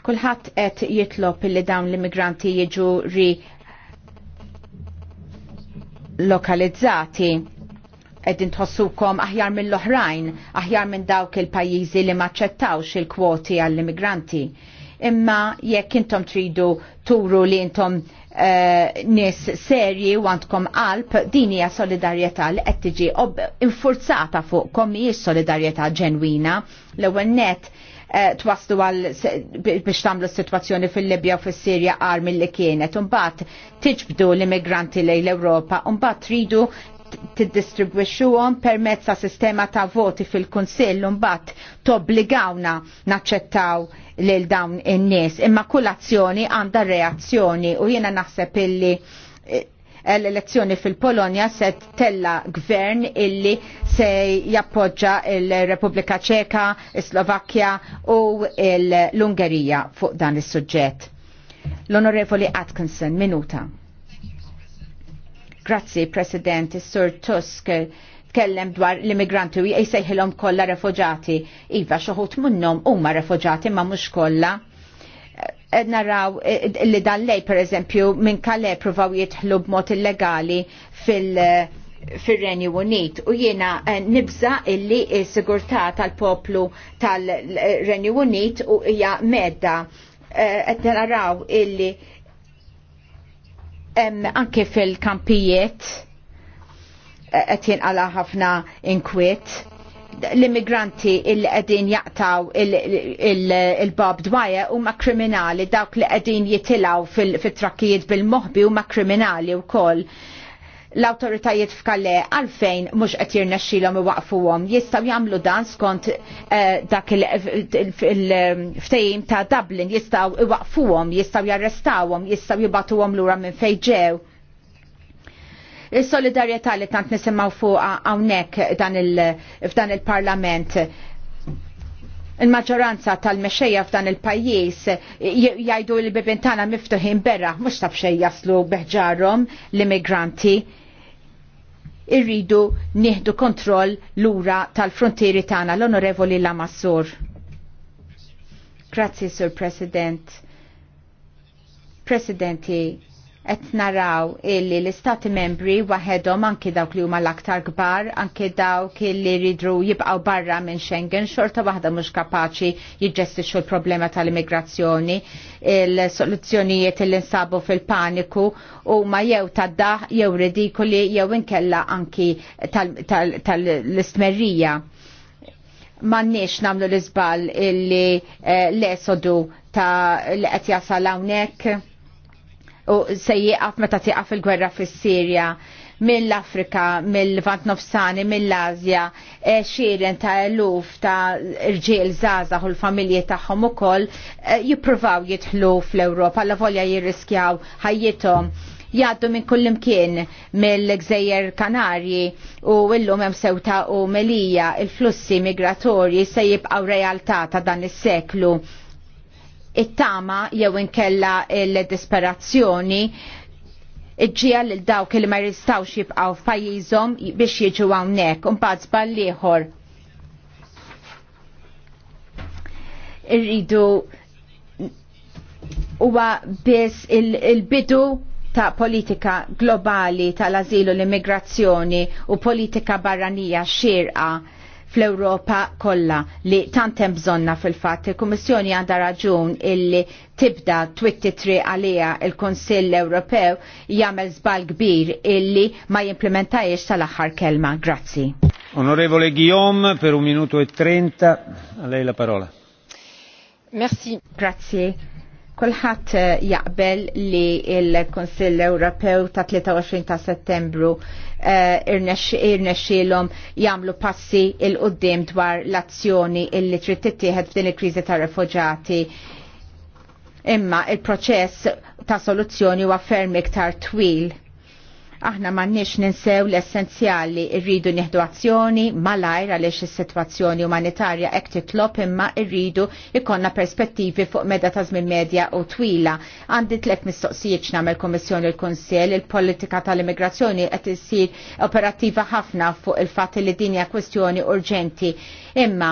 Kulħadd qed jitlob li dawn l-immigranti jiġu ri lokalizzati qegħdin tħossukom aħjar mill-oħrajn, aħjar minn dawk il-pajjiżi li maċċettawx il-kwoti għall-immigranti. Imma jekk intom tridu turu li intom uh, eh, nis serji u għandkom qalb, din hija solidarjetà li qed tiġi infurzata fuqkom mhijiex solidarjetà ġenwina. L-ewwel net Eh, twaslu għal biex tamlu s-situazzjoni fil-Libja u fil-Sirja armi li kienet. Umbat tiġbdu l-immigranti lejn l-Europa, umbat tridu tiddistribwixxuhom permezz ta' sistema ta' voti fil-Kunsill t tobbligawna naċċettaw lil dawn in-nies. Imma kull azzjoni għandha reazzjoni u jiena naħseb illi eh, l-elezzjoni fil-Polonja se tella gvern illi se jappoġġa il-Repubblika Ċeka, slovakkja u l-Ungerija fuq dan is suġġett L-Onorevoli Atkinson, minuta. Grazzi, President, Sir Tusk tkellem dwar l-immigranti u jisejħilhom kollha refuġati. Iva, xoħut munnom huma refuġati ma mux kollha naraw e, e, li dan lej per eżempju minn Kalle provaw jitħlu b'mod illegali fil- e, fil-Renju Unit u jiena nibza illi s-sigurtà tal-poplu tal-Renju Unit u hija medda qed naraw illi anke fil-kampijiet qed jinqala ħafna inkwiet l-immigranti il qedin jaqtaw il-Bob u huma kriminali dawk li qegħdin jitilgħu fit-trakkijiet bil u huma kriminali wkoll l-autoritajiet f'Kalle għalfejn mhux qed jirnexxilhom għom jistgħu jagħmlu dan skont eh, dak il ftejim ta' Dublin jistgħu iwaqfuhom, jistgħu jarrestawhom, jistgħu jibatuhom lura minn fejn ġew il-solidarieta li tant nisimaw fuq għawnek f'dan il-parlament. Il-maġġoranza tal-mexxejja f'dan il-pajjiż jgħidu l-bibin tagħna miftuħin berra mhux taf xejn jaslu beħġarhom l-immigranti irridu nieħdu kontroll lura tal-frontieri tagħna l-Onorevoli Lamassur. Grazzi, Sur President. Presidenti, qed naraw illi l-istati membri waħedhom anki dawk li huma l-aktar kbar, anki dawk li jridru jibqgħu barra minn Schengen, xorta waħda mhux kapaċi jiġġestixxu l-problema tal-immigrazzjoni, il-soluzzjonijiet li nsabu fil-paniku huma jew tad-daħ jew ridikoli jew inkella anki tal-istmerrija. M'għandniex namlu l-izbal illi eh, l-esodu ta' li qed jasal hawnhekk u se jieqaf meta tieqaf il-gwerra fis-Sirja mill-Afrika, mill-Vant Nofsani, mill-Azja, xirien xiren ta' eluf ta' irġiel zazax u l-familji tagħhom ukoll e, jippruvaw jitħlu fl-Ewropa, la volja jirriskjaw ħajjithom jgħaddu minn kullimkien mill-Gżejjer Kanarji u illum hemm sewta u Melija il-flussi migratorji se jibqgħu realtà ta' dan is-seklu it-tama jew inkella l-disperazzjoni iġġija lil dawk li ma jistawx jibqaw f'pajjiżhom biex jiġu hawnhekk u mbagħad żball ieħor. Irridu huwa biss il-bidu ta' politika globali tal-azilu l-immigrazzjoni u politika barranija xirqa fl-Europa kollha li tantem bżonna fil-fatt il-Kummissjoni għandha raġun illi tibda twittitri għalija il-Konsill Ewropew jagħmel żball kbir illi ma jimplementajiex tal-aħħar kelma. Grazzi. Onorevole Guillaume, per un minuto e trenta, a lei la parola. Merci. Grazie Kulħadd eh, jaqbel li il-Konsill Ewropew ta' 23 ta' settembru eh, irnexxilhom jagħmlu passi il qudiem dwar l-azzjoni illi trid tittieħed f'din il-kriżi ta' refuġati. Imma il-proċess ta' soluzzjoni huwa ferm iktar twil Aħna m'għandniex ninsew l-essenzjali rridu nieħdu azzjoni malajr għaliex is-sitwazzjoni umanitarja hekk titlob imma rridu ikonna perspettivi fuq meda ta' żmien medja u twila. Għandi tlet mistoqsijiet nagħmel Kommissjoni l-Kunsell il-politika tal-immigrazzjoni qed issir operattiva ħafna fuq il-fatt li din hija kwestjoni urġenti. Imma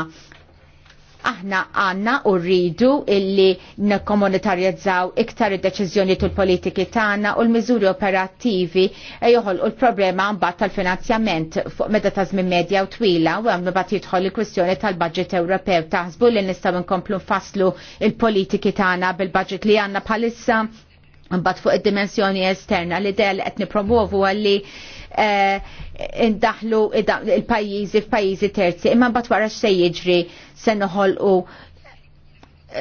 aħna għanna u rridu illi n iktar id-deċizjoni tul politiki tagħna u l-miżuri operattivi e, joħol u l-problema mbagħad tal-finanzjament fuq meta ta' żmien medja u twila u hemm mbagħad jidħol il-kwistjoni tal-budget Ewropew taħsbu li nistgħu nkomplu nfasslu il-politiki tagħna bil-budget li għandna bħalissa Mbatt fuq id-dimensjoni esterna li idea li qed nipromuovu għalli eh, indaħlu il-pajjiżi f'pajjiżi terzi, imma mbagħad wara x'se jiġri se u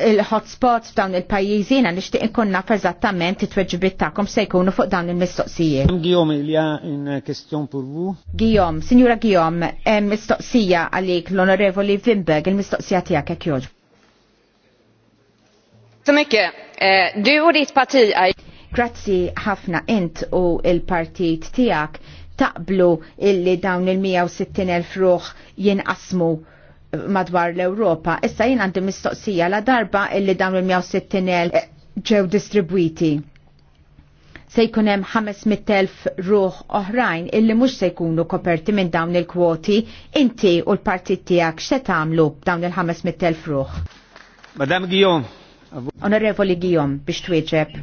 il-hotspots f'dawn il-pajjiżi jiena nixtieq inkun naf eżattament it tweġibit tagħkom se jkunu fuq dawn il-mistoqsijiet. Guillaume ilja in kestjon pour vous. Guillaume, Sinjura Guillaume, eh, mistoqsija għalik l-Onorevoli Vimberg, il-mistoqsija tiegħek hekk Eh, Grazzi ħafna int u il-partit tijak taqblu illi dawn il-160.000 ruħ jinqasmu madwar l-Europa. Issa jien għandi mistoqsija la darba illi dawn il-160.000 eh, ġew distribwiti. Se jkun hemm 500.000 ruħ oħrajn illi mhux se jkunu koperti minn dawn il-kwoti, inti u l-partit tiegħek x'se tagħmlu dawn il-500.000 ruħ. Madam Guillaume, Onorevoli Gijom, biex twieġeb.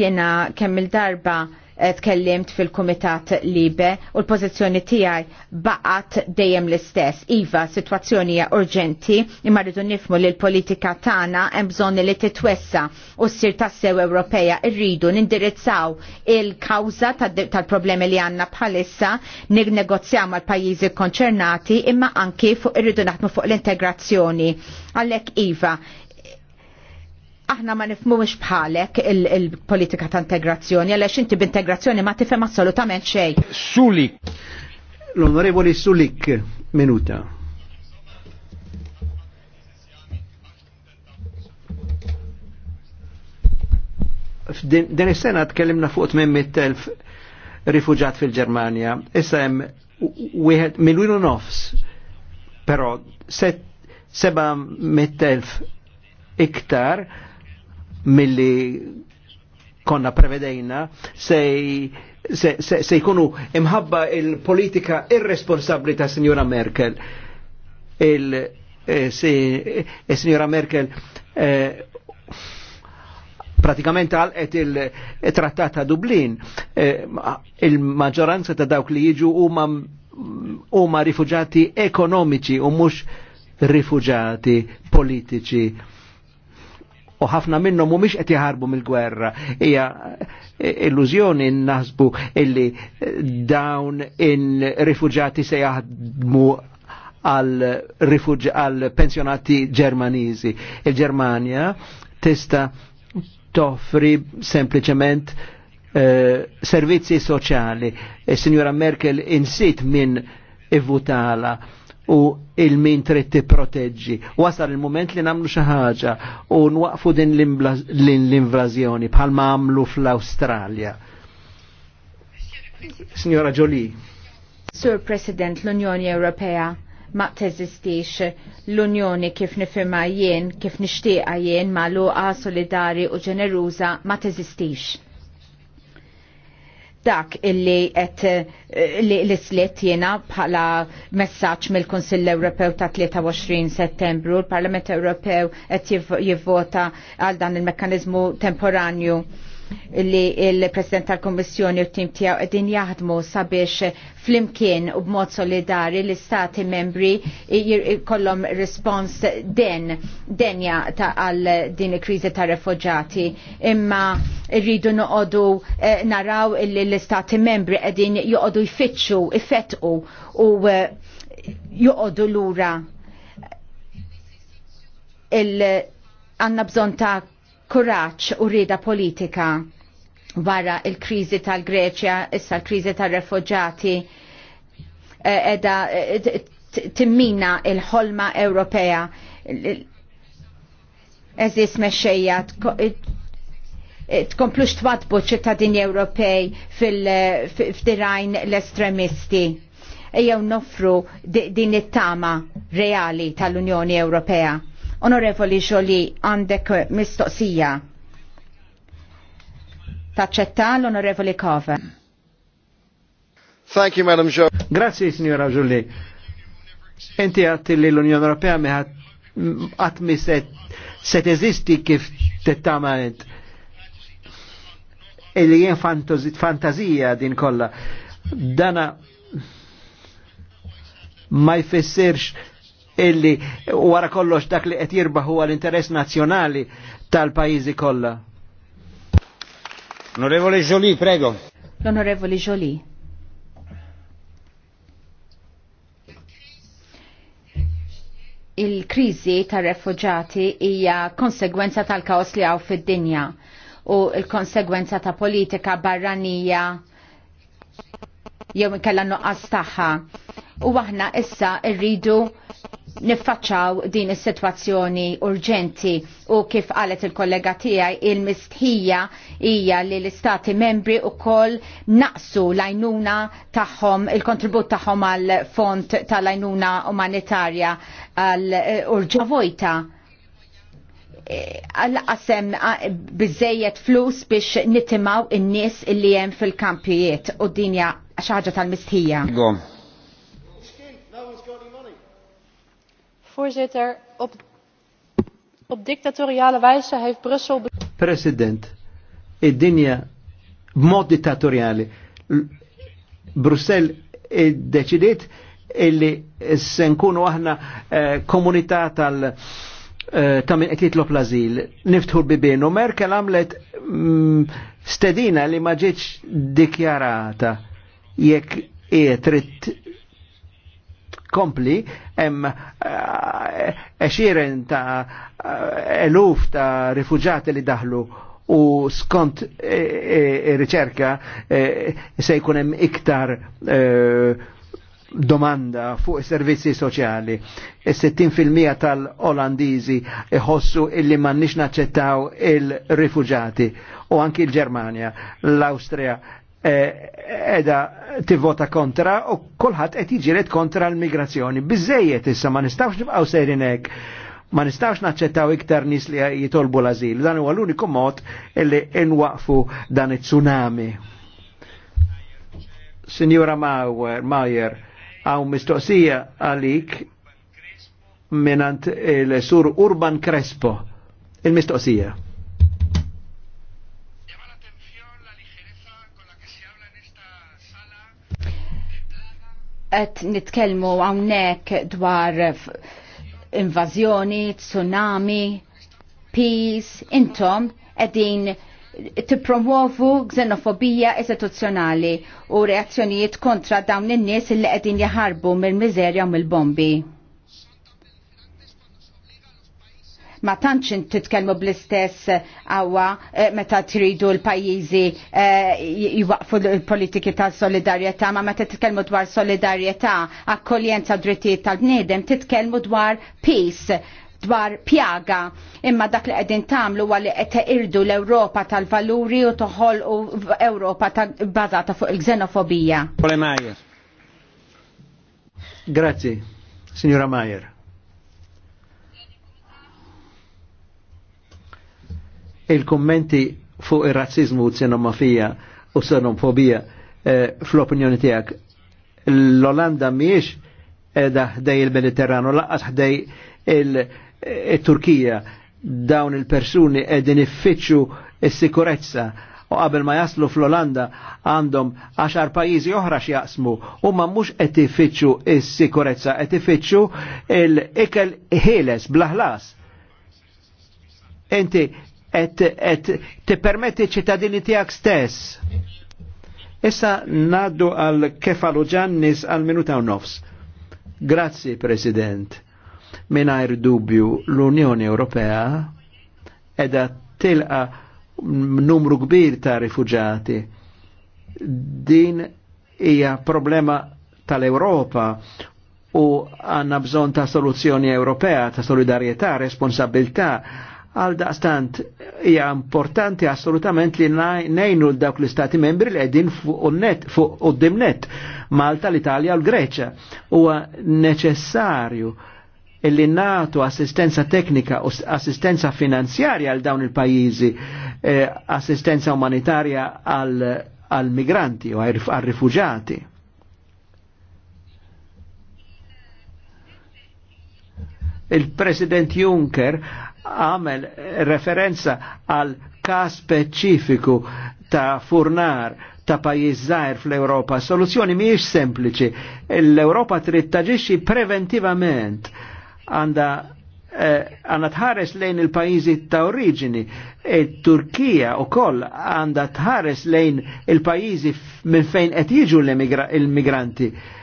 Jena kemm il-darba Eh, tkellimt fil-Kumitat Libe u l-pożizzjoni tiegħi baqgħet dejjem l-istess. Iva, sitwazzjoni hija urġenti imma rridu nifmu li l-politika tagħna hemm bżonn li titwessa u ssir tassew Ewropeja rridu nindirizzaw il-kawża tal-problemi li għandna bħalissa nignegozjaw mal-pajjiżi konċernati imma anki fuq irridu naħdmu fuq l-integrazzjoni. Għalhekk iva, aħna ma nifmux bħalek il-politika il ta' integrazzjoni, għalax inti b'integrazzjoni ma tifhem assolutament xej. Sulik. L-onorevoli Sulik, minuta. Din is-sena tkellimna fuq 800.000 rifuġat fil-Ġermanja. Issa hemm wieħed milwinu nofs, però 700.000 iktar milli konna prevedejna se, se, se, se jkunu imħabba il-politika irresponsabli ta' signora Merkel. Il, eh, eh, signora Merkel eh, pratikament għalqet il-trattat eh, ta' Dublin, eh, il-maġġoranza ta' dawk li jiġu huma huma ekonomiċi u mhux rifugjati politiċi u ħafna minnhom mhumiex qed jaħarbu mill-gwerra. Hija eh, illużjoni naħsbu illi eh, dawn in-rifuġati se jaħdmu għal pensjonati ġermaniżi. il germania tista' toffri sempliċement eh, servizzi soċjali. E Signora Merkel insit minn ivvutala u il-min trid tipproteġġi. Wasal il-moment li namlu xi ħaġa u nwaqfu din l-invażjoni bħalma għamlu fl-Awstralja. Signora Jolie. Sur President, l-Unjoni Ewropea ma teżistix l-Unjoni kif nifirma jien, kif nixtieqa jien ma luqa solidari u ġeneruża ma teżistix dak illi qed eh, li slet jiena bħala messaġġ mill-Kunsill Ewropew ta' 23 Settembru, l-Parlament Ewropew qed jivvota għal dan il mekanizmu temporanju li il-President tal-Kommissjoni u tim tiegħu qegħdin jaħdmu sabiex flimkien u b'mod solidari l-istati membri kollom respons den denja għal din il-kriżi ta' refugġati. imma rridu noqogħdu eh, naraw li l-istati membri qegħdin joqogħdu jfittxu ifettqu u eh, joqogħdu lura il għanna bżon ta' kuraċ u rida politika wara il-krizi tal-Greċja, issa l-krizi tal-refugġati eh, edha eh, timmina il-ħolma Ewropea. Eżis meċxejja, eh, tkomplux twadbu ċittadini Ewropej fil-dirajn l-estremisti. ejja nofru din it-tama reali tal-Unjoni Ewropea. Onorevoli Xoli, għandek eh, mistoqsija. Taċċetta l-Onorevoli Kove. Thank you, Madam Joe. Grazie, signora Jolie. Enti għatti li l-Unjoni Ewropea għatmi set eżisti kif tettamanet illi e jen fantazija din kolla. Dana ma jfessirx illi wara kollox dak li qed jirbaħ huwa l-interess nazzjonali tal-pajjiżi kollha. Onorevole Jolie, prego. L'onorevole Jolie. il-krizi tar refugjati hija konsegwenza tal-kaos li għaw fid-dinja u l konsegwenza ta' politika barranija jew inkella nuqqas tagħha. U aħna issa rridu niffaċċaw din is-sitwazzjoni urġenti u kif qalet il-kollega tiegħi il-mistħija hija li l-istati membri wkoll naqsu l-għajnuna tagħhom il-kontribut tagħhom għal fond tal-għajnuna umanitarja għal eh, urġenti vojta eh, għal-qasem eh, bizzejiet flus biex nittimaw in-nies illi hemm fil-kampijiet u dinja xaħġa tal-mistħija. Voorzitter, op, op dictatoriale wijze heeft Brussel... President, het dinja mod dictatoriale. Brussel id-deċidiet e illi e senkunu aħna eh, komunità tal- eh, ta' min qed jitlob l-azil. Niftħu bibienu. Merkel għamlet mm, stedina li ma ġietx dikjarata jekk e trid kompli hemm eh, eċiren ta' eh, eluf ta' rifugjati li daħlu u skont eh, riċerka se jkun hemm iktar domanda fuq servizzi soċjali. Is-60% tal-Olandiżi iħossu illi m'għandniex naċċettaw il-rifuġati u anki l germania l-Awstrija Eh, edha tivota kontra u kulħadd qed jiġiret kontra l-migrazzjoni. Biżejjed issa ma nistawx nibqgħu sejrin hekk. Ma nistawx naċċettaw iktar nis li jitolbu l-azil. Dan huwa l-uniku mod illi nwaqfu dan it-tsunami. Signora Mauer, Mauer, għaw mistoqsija għalik minant il-sur Urban Crespo. Il-mistoqsija. qed nitkellmu hawnhekk dwar invażjoni, tsunami, peace, intom qegħdin tippromovu xenofobija istituzzjonali u reazzjonijiet kontra dawn in-nies li qegħdin jaħarbu mill-miżerja u mill-bombi. ma tantx titkellmu bl-istess eh, għawa eh, meta tridu l-pajjiżi eh, jwaqfu l-politiki ta' solidarjetà, ma meta titkellmu dwar solidarjetà, akkoljenza drittijiet tal-bniedem, titkellmu dwar peace, dwar pjaga imma dak li qegħdin tagħmlu huwa li qed irdu l-Ewropa tal-valuri u toħolqu Ewropa bbażata fuq il-xenofobija. Grazie, signora Mayer. il-kommenti fuq ir-razzizmu u xenomafija u xenomfobija eh, fl-opinjoni tiegħek l-Olanda miex edha ħdej il-Mediterranu laqqas ħdej eh, il-Turkija dawn il-persuni edin iffiċu il sikurezza u qabel ma jaslu fl-Olanda għandhom għaxar pajjiżi oħra x'jaqsmu u ma mhux qed ifittxu s-sikurezza qed ifittxu l-ikel ħieles blaħlas. Inti et tippermetti ċittadini tiegħek stess. Issa naddu għal kefalu ġannis għal minuta u nofs. Grazzi, President. Minajr dubju l-Unjoni Ewropea edha tilqa numru kbir ta' rifugjati. Din hija problema tal-Europa u għanna bżon ta' soluzzjoni Ewropea, ta' solidarietà, responsabilità Għal daqstant, hija importanti assolutament li nejnu dawk l-istati membri li għedin fuq net, fuq dimnet Malta, l-Italja u l-Greċa. Huwa neċessarju illi natu assistenza teknika u assistenza finanzjarja għal dawn il-pajizi, eh, assistenza umanitarja għal migranti u għal rifugjati. il-President Juncker għamel referenza għal kas specifiku ta' furnar ta' pajiz zaħir fl europa Soluzjoni mhijiex sempliċi. l europa trid taġixxi preventivament. għanda eh, għanda tħares lejn il-pajizi ta' oriġini. E Turkija u koll għanda tħares lejn il-pajizi minn fejn qed jiġu l immigranti -migra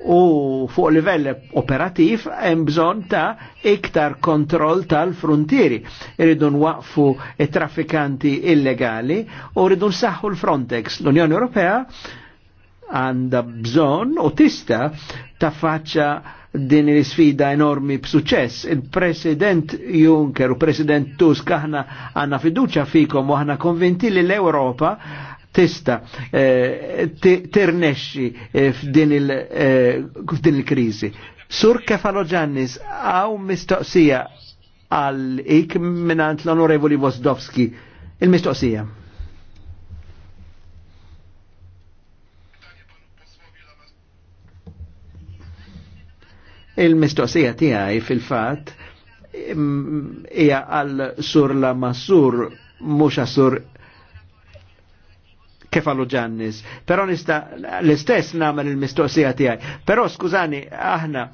u fuq livell operativ hemm bżonn ta' iktar kontroll tal-frontieri. Irridu nwaqfu traffikanti illegali u rridu nsaħħu l-Frontex. L-Unjoni Ewropea għandha bżonn u tista' ta' faċċa din l-sfida enormi b'suċċess. Il-President Juncker u President Tusk aħna għandna fiduċa fikom u aħna konvinti li l-Ewropa tista eh, tirnexxi eh, f'din il eh, krizi Sur Kefalo Ġannis, għaw mistoqsija għal ik minnant l-onorevoli Wosdowski. Il-mistoqsija. Il-mistoqsija tiegħi fil-fatt mm, hija għal sur la massur mhux sur kif għallu ġannis. Pero nista l-istess namel il-mistoqsija tijaj. Pero skużani, aħna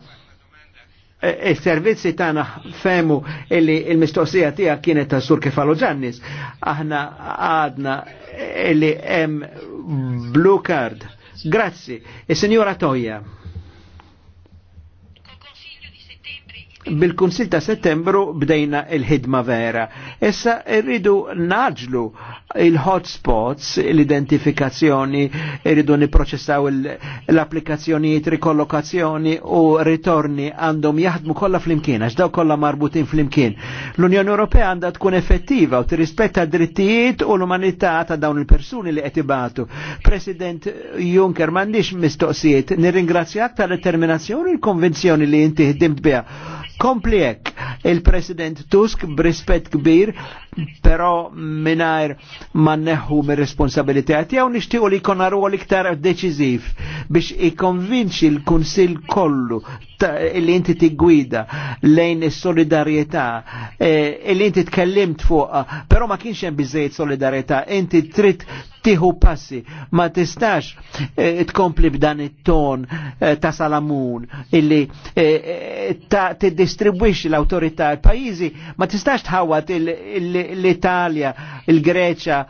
il-servizzi e, e tana femu illi il-mistoqsija tijak kienet ta' sur kefalu ġannis. Aħna għadna illi em blue card. Grazzi. il e, signora Toja. bil-Kunsil ta' settembru bdejna il-ħidma vera. Issa rridu naġlu il-hotspots, l-identifikazzjoni, rridu niproċessaw l-applikazzjonijiet, rikollokazzjoni u ritorni għandhom jaħdmu kollha flimkien, għax daw kollha marbutin flimkien. L-Unjoni Ewropea għandha tkun effettiva u tirrispetta drittijiet u l-umanità ta' dawn il-persuni li qed ibatu. President Juncker m'għandix mistoqsijiet, nirringrazzjak tal-determinazzjoni u l-konvenzjoni li inti ħdimt biha hekk. il-President Tusk brispet kbir, pero mingħajr ma neħu mir responsabilità tiegħu nixtiequ li jkun rwol iktar deċiżiv biex ikonvinċi l-Kunsill kollu li inti tiggwida lejn is-solidarjetà eh, li inti tkellimt fuq, però ma kienx hemm biżejjed solidarjetà, inti trid tiħu passi, ma tistax eh, tkompli b'dan it-ton eh, ta' salamun illi eh, ta' tiddistribwix l-autorità l-pajizi, ma tistax tħawat l-Italja, il-Greċa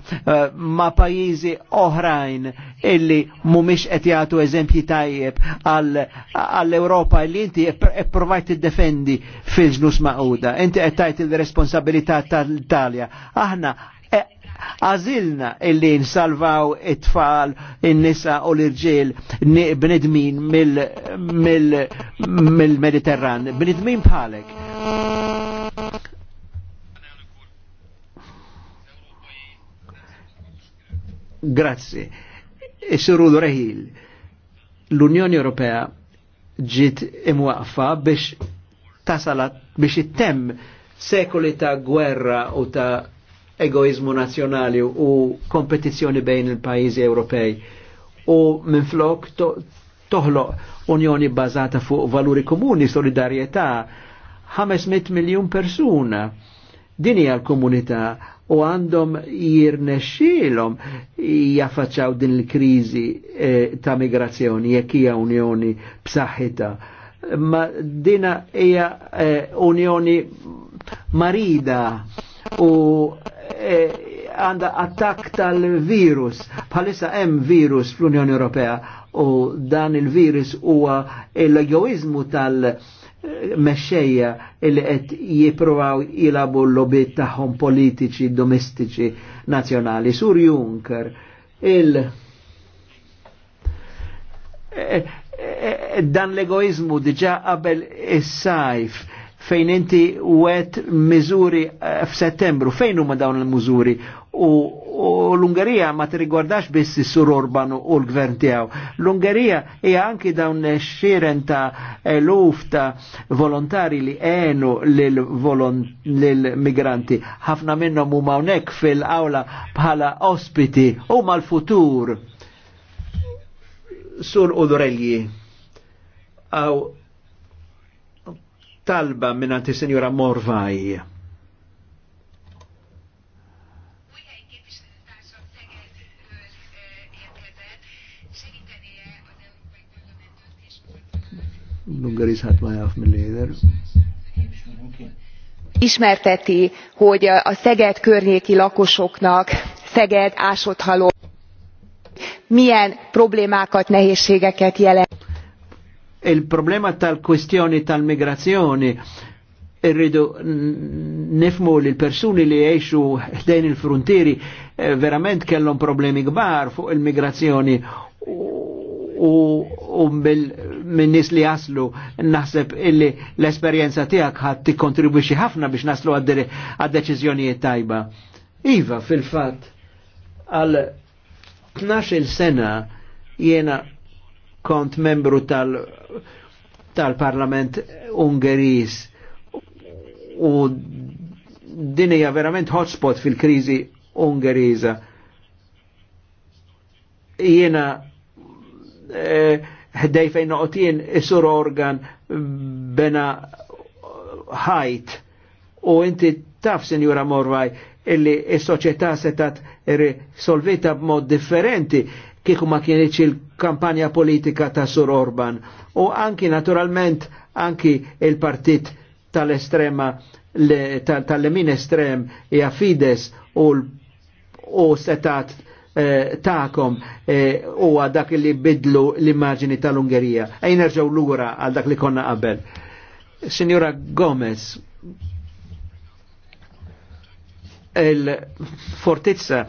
ma' pajizi oħrajn illi mumiex qed jagħtu eżempji tajjeb għall ewropa illi inti provajt tiddefendi fil-ġnus ma'uda. Inti qed tajt il-responsabilità tal-Italja. Aħna għazilna illi nsalvaw it-tfal, in-nisa u l-irġiel bnedmin mill-Mediterran, mil, mil bnedmin bħalek. Grazzi. Isuru Reħil, l-Unjoni Ewropea ġiet imwaqfa biex tasalat biex ittemm sekoli ta' gwerra u ta' egoizmu nazjonali u kompetizzjoni bejn il pajizi Ewropej u minflok toħloq unjoni bazata fuq valuri komuni, solidarietà. 500 miljun persuna. Din hija l-komunità u għandhom jirnexxielhom jaffaċċaw din il-kriżi e, ta' migrazzjoni jekk hija unjoni b'saħħitha. Ma dina hija e, unjoni marida u eh, għanda e, attak tal-virus, bħalissa hemm virus fl-Unjoni Ewropea u dan il-virus huwa l-egoizmu tal- mexxejja li qed jippruvaw jilabu l lobiet tagħhom politiċi domestiċi nazzjonali. Sur Juncker il eh, eh, dan l-egoizmu diġà qabel is-sajf fejn inti wet miżuri eh, f'Settembru, fejn huma dawn il-mużuri u l-Ungerija ma tirrigwardax bissi sur Orban u l-gvern tijaw. L-Ungerija hija anki dawn xiren ta' eluf ta' volontari li għenu l migranti Ħafna minnhom huma hawnhekk fil-awla bħala ospiti u l-futur. Sur Udorelji. Aw talba minnanti Senjora Morvaj. L-Ungaris hát ma jaf mill-léder. Ismerteti, hogy a Szeged környéki lakosoknak Szeged ásotthaló milyen problémákat, nehézségeket jelent il-problema tal-kwestjoni tal-migrazzjoni irridu nifmu li l-persuni li jiexu ħdejn il-frontieri eh, verament kellhom problemi kbar fuq il-migrazzjoni u minn li jaslu naħseb illi l-esperienza tijak ħat kontribwixi ħafna biex naslu għad-deċizjonijiet tajba. Iva, fil-fat, għal 12 sena jena kont membru tal- tal-Parlament Ungeris u din hija verament hotspot fil krizi Ungeriża. Jiena eh, ħdej fejn noqtien isur organ bena ħajt u inti taf, Sinjura Morvaj, illi s-soċieta setat solvita b'mod differenti kieku ma kienieċ il-kampanja politika ta' Sur Orban u anki naturalment anki il-partit tal-estrema tal-lemin estrem ja e Fides u, u setat eh, ta'kom eh, u dak li bidlu l-immagini tal-Ungerija. Ejn nerġaw lura għal dak li konna qabel. Signora Gomez, il-fortizza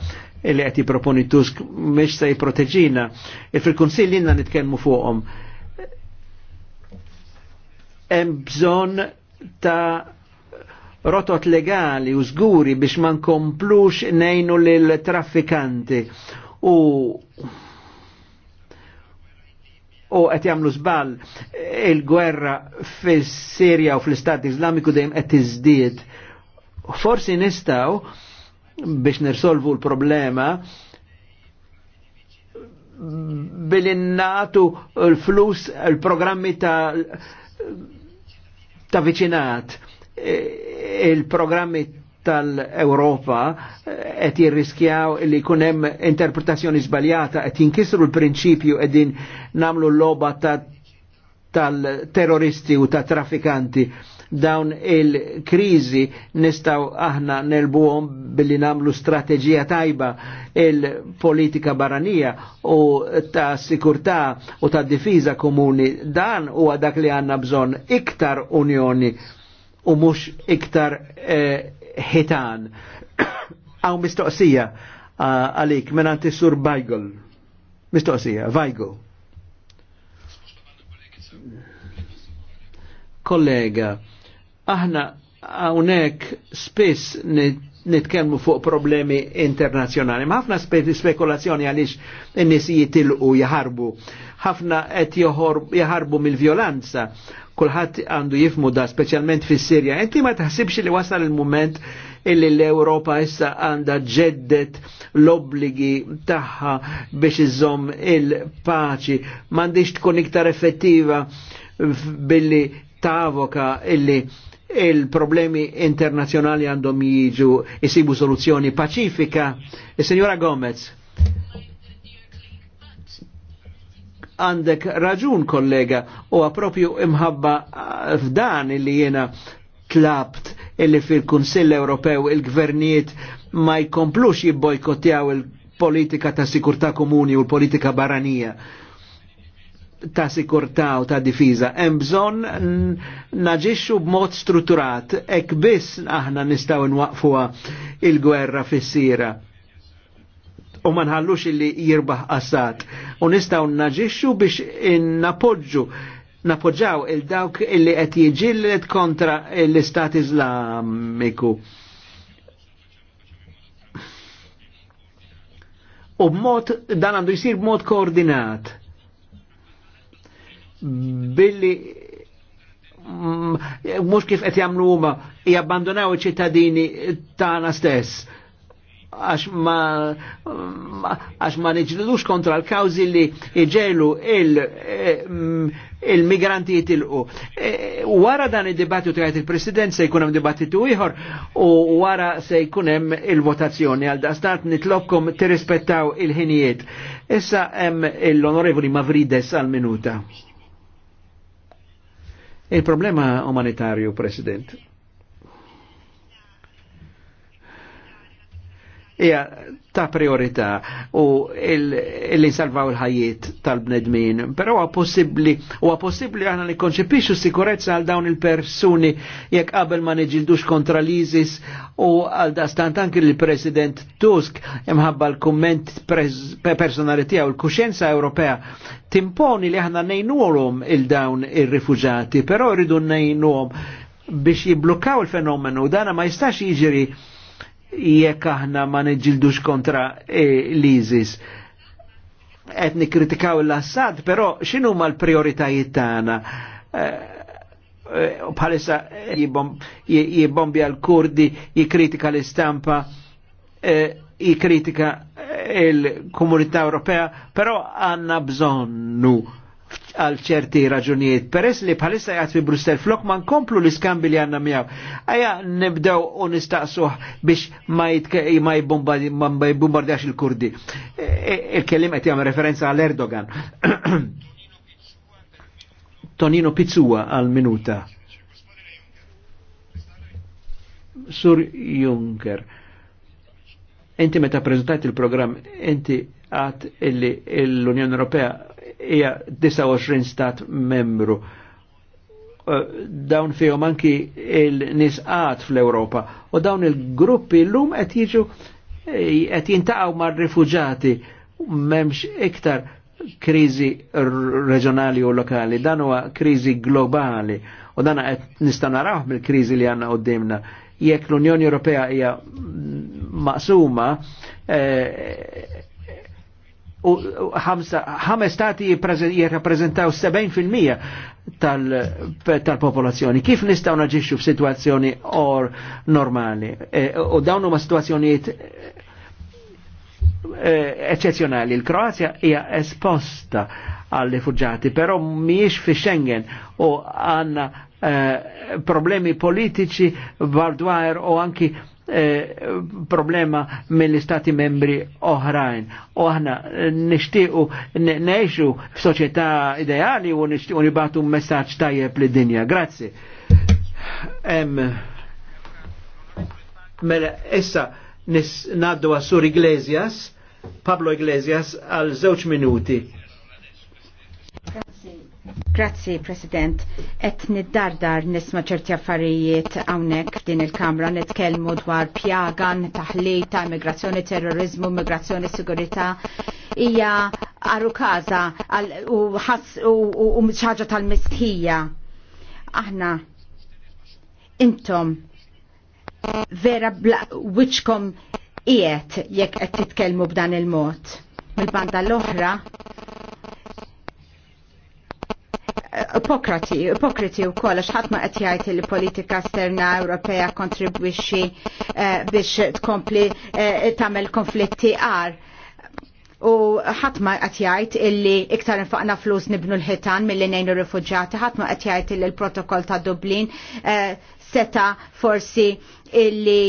li qed proponi Tusk mhix se jiproteġina Il-fil-Kunsill e jinnna nitkellmu fuqhom. Hemm bżonn ta' rotot legali u żguri biex ma nkomplux nejnu lil traffikanti u u qed jagħmlu żball il-gwerra fis-Sirja u fl-Istat Islamiku dejjem qed iżdied. Forsi nistgħu biex nirsolvu l-problema billi natu l-flus l-programmi ta' ta' viċinat e, il-programmi tal-Europa e, et jirriskjaw li jkun hemm interpretazzjoni zbaljata, et jinkisru l-prinċipju qegħdin namlu l-loba tal-terroristi u ta' trafikanti dawn il-krizi nistaw aħna nelbuhom billi namlu strategija tajba il-politika barranija u ta' sikurtà u ta' difiza komuni dan u dak li għanna bżon iktar unjoni u mux iktar eh, hitan. Għaw mistoqsija għalik uh, menanti sur Bajgol. Mistoqsija, Vajgol. kollega Aħna hawnhekk spiss nitkellmu fuq problemi internazzjonali. Ma spe spekulazzjoni għaliex n-nies jitilqu jaħarbu. Ħafna qed jaħarbu mill violanza Kulħadd għandu jifmu da speċjalment fis-Sirja. Enti ma taħsibx li wasal il-mument illi l-Europa issa għanda ġeddet l-obligi taħħa biex iżom il-paċi. Mandiġ tkun iktar effettiva billi tavoka illi il-problemi internazjonali għandhom jiġu jisibu soluzzjoni paċifika. E, signora Gomez, għandek raġun kollega u għapropju imħabba f'dan li jena tlabt illi fil-Kunsill Ewropew il-gvernijiet ma jkomplux jibbojkottjaw il-politika ta' sikurta komuni u l-politika barranija ta' sikurtà u ta' difiza. Hemm bżonn naġixxu b'mod strutturat hekk biss aħna nistgħu nwaqfuha il-gwerra fis-sira u ma nħallux illi jirbaħ Assad. U nistgħu naġixxu biex innapoġġu napoġġaw il-dawk illi qed jiġillet kontra l-Istat Islamiku. U b'mod dan għandu jsir b'mod koordinat billi mux mm, kif qed jagħmlu huma jabbandonaw iċ-ċittadini tagħna stess għax ma għax ma niġlidux kontra l-kawzi li iġelu eh, mm, il-migranti il jitilqu. Eh, wara dan id-dibattu tajt il-President se jkun hemm dibattitu ieħor u wara se jkun hemm il-votazzjoni għal daqstant nitlobkom tirrispettaw il-ħinijiet. Issa hemm l-Onorevoli Mavrides għal-minuta. Il-problema umanitarju, President, hija ta' priorità u l-insalvaw il-ħajiet tal-bnedmin. Però huwa possibbli huwa possibbli aħna nikkonċepixxu sikurezza għal dawn il-persuni jekk qabel ma niġildux kontra l-ISIS u għal dastant anki l-President Tusk imħabba l komment personali tiegħu l-kuxenza Ewropea timponi li aħna nejnuhom il-dawn ir-rifuġati, però rridu nejnuhom biex jibblukkaw il-fenomenu dana ma jistax jiġri jekk aħna ma neġildux kontra e, l-ISIS. Qed nikkritikaw l-Assad, però x'inhu ma l prijoritajiet tagħna? E, e, bħalissa jibbombja l-Kurdi, jikritika l-istampa, jikritika il-Komunità Ewropea, però għanna bżonnu għal ċerti raġunijiet. Peress li bħalissa jgħat fi Brussel flok ma nkomplu l-iskambi li għanna miegħu. Aja nibdew u nistaqsuh biex ma jibombardax il-Kurdi. E, e, il-kellim għet jgħam referenza għal Erdogan. Tonino Pizzua għal minuta. Sur Juncker, inti meta prezentajt il-programm, inti għat illi l-Unjoni Ewropea hija 29 stat membru. Eh, dawn fihom anki il-nisqat fl-Ewropa u dawn il-gruppi l-lum qed jiġu eh, qed jintaqgħu mar-rifuġati m'hemmx iktar kriżi reġjonali u lokali, dan huwa kriżi globali u dan qed nista' naraw mill-kriżi li għandna qudiemna jekk l-Unjoni Ewropea hija maqsuma, eh, u ħames stati jirrappreżentaw 70% tal-popolazzjoni. Kif nistgħu naġixxu f'sitwazzjoni or normali? E, u dawn huma sitwazzjonijiet eccezjonali. Il-Kroazja hija esposta għal rifugjati, però miex fi Schengen u għanna e, problemi politiċi bardwajr u anki E, problema mill-istati membri oħrajn. U aħna nishtiqu neħxu f'soċjetà ideali u nishtiqu nibatu messaċ tajjeb li dinja. Grazzi. Mela, issa nis naddu għassur Iglesias, Pablo Iglesias, għal żewġ minuti. Grazzi, President. Et niddardar nisma ċerti affarijiet għawnek din il-Kamra nitkelmu dwar pjagan, taħlita, immigrazzjoni, terrorizmu, immigrazzjoni, sigurita. Ija għarru kaza u ċaġa tal-mistħija. Aħna, intom, vera wiċkom ijet jekk qed titkellmu b'dan il-mod. Mil-banda l-oħra, ipokrati, ipokriti u koll, xħat ma għetjajt il-politika sterna Ewropea kontribwixi eh, biex tkompli eh, tamel konflitti għar. U ma għatjajt illi iktar infaqna flus nibnu l-ħitan mill-li nejnu rifugġati, ma għatjajt illi l-protokoll ta' Dublin eh, seta forsi illi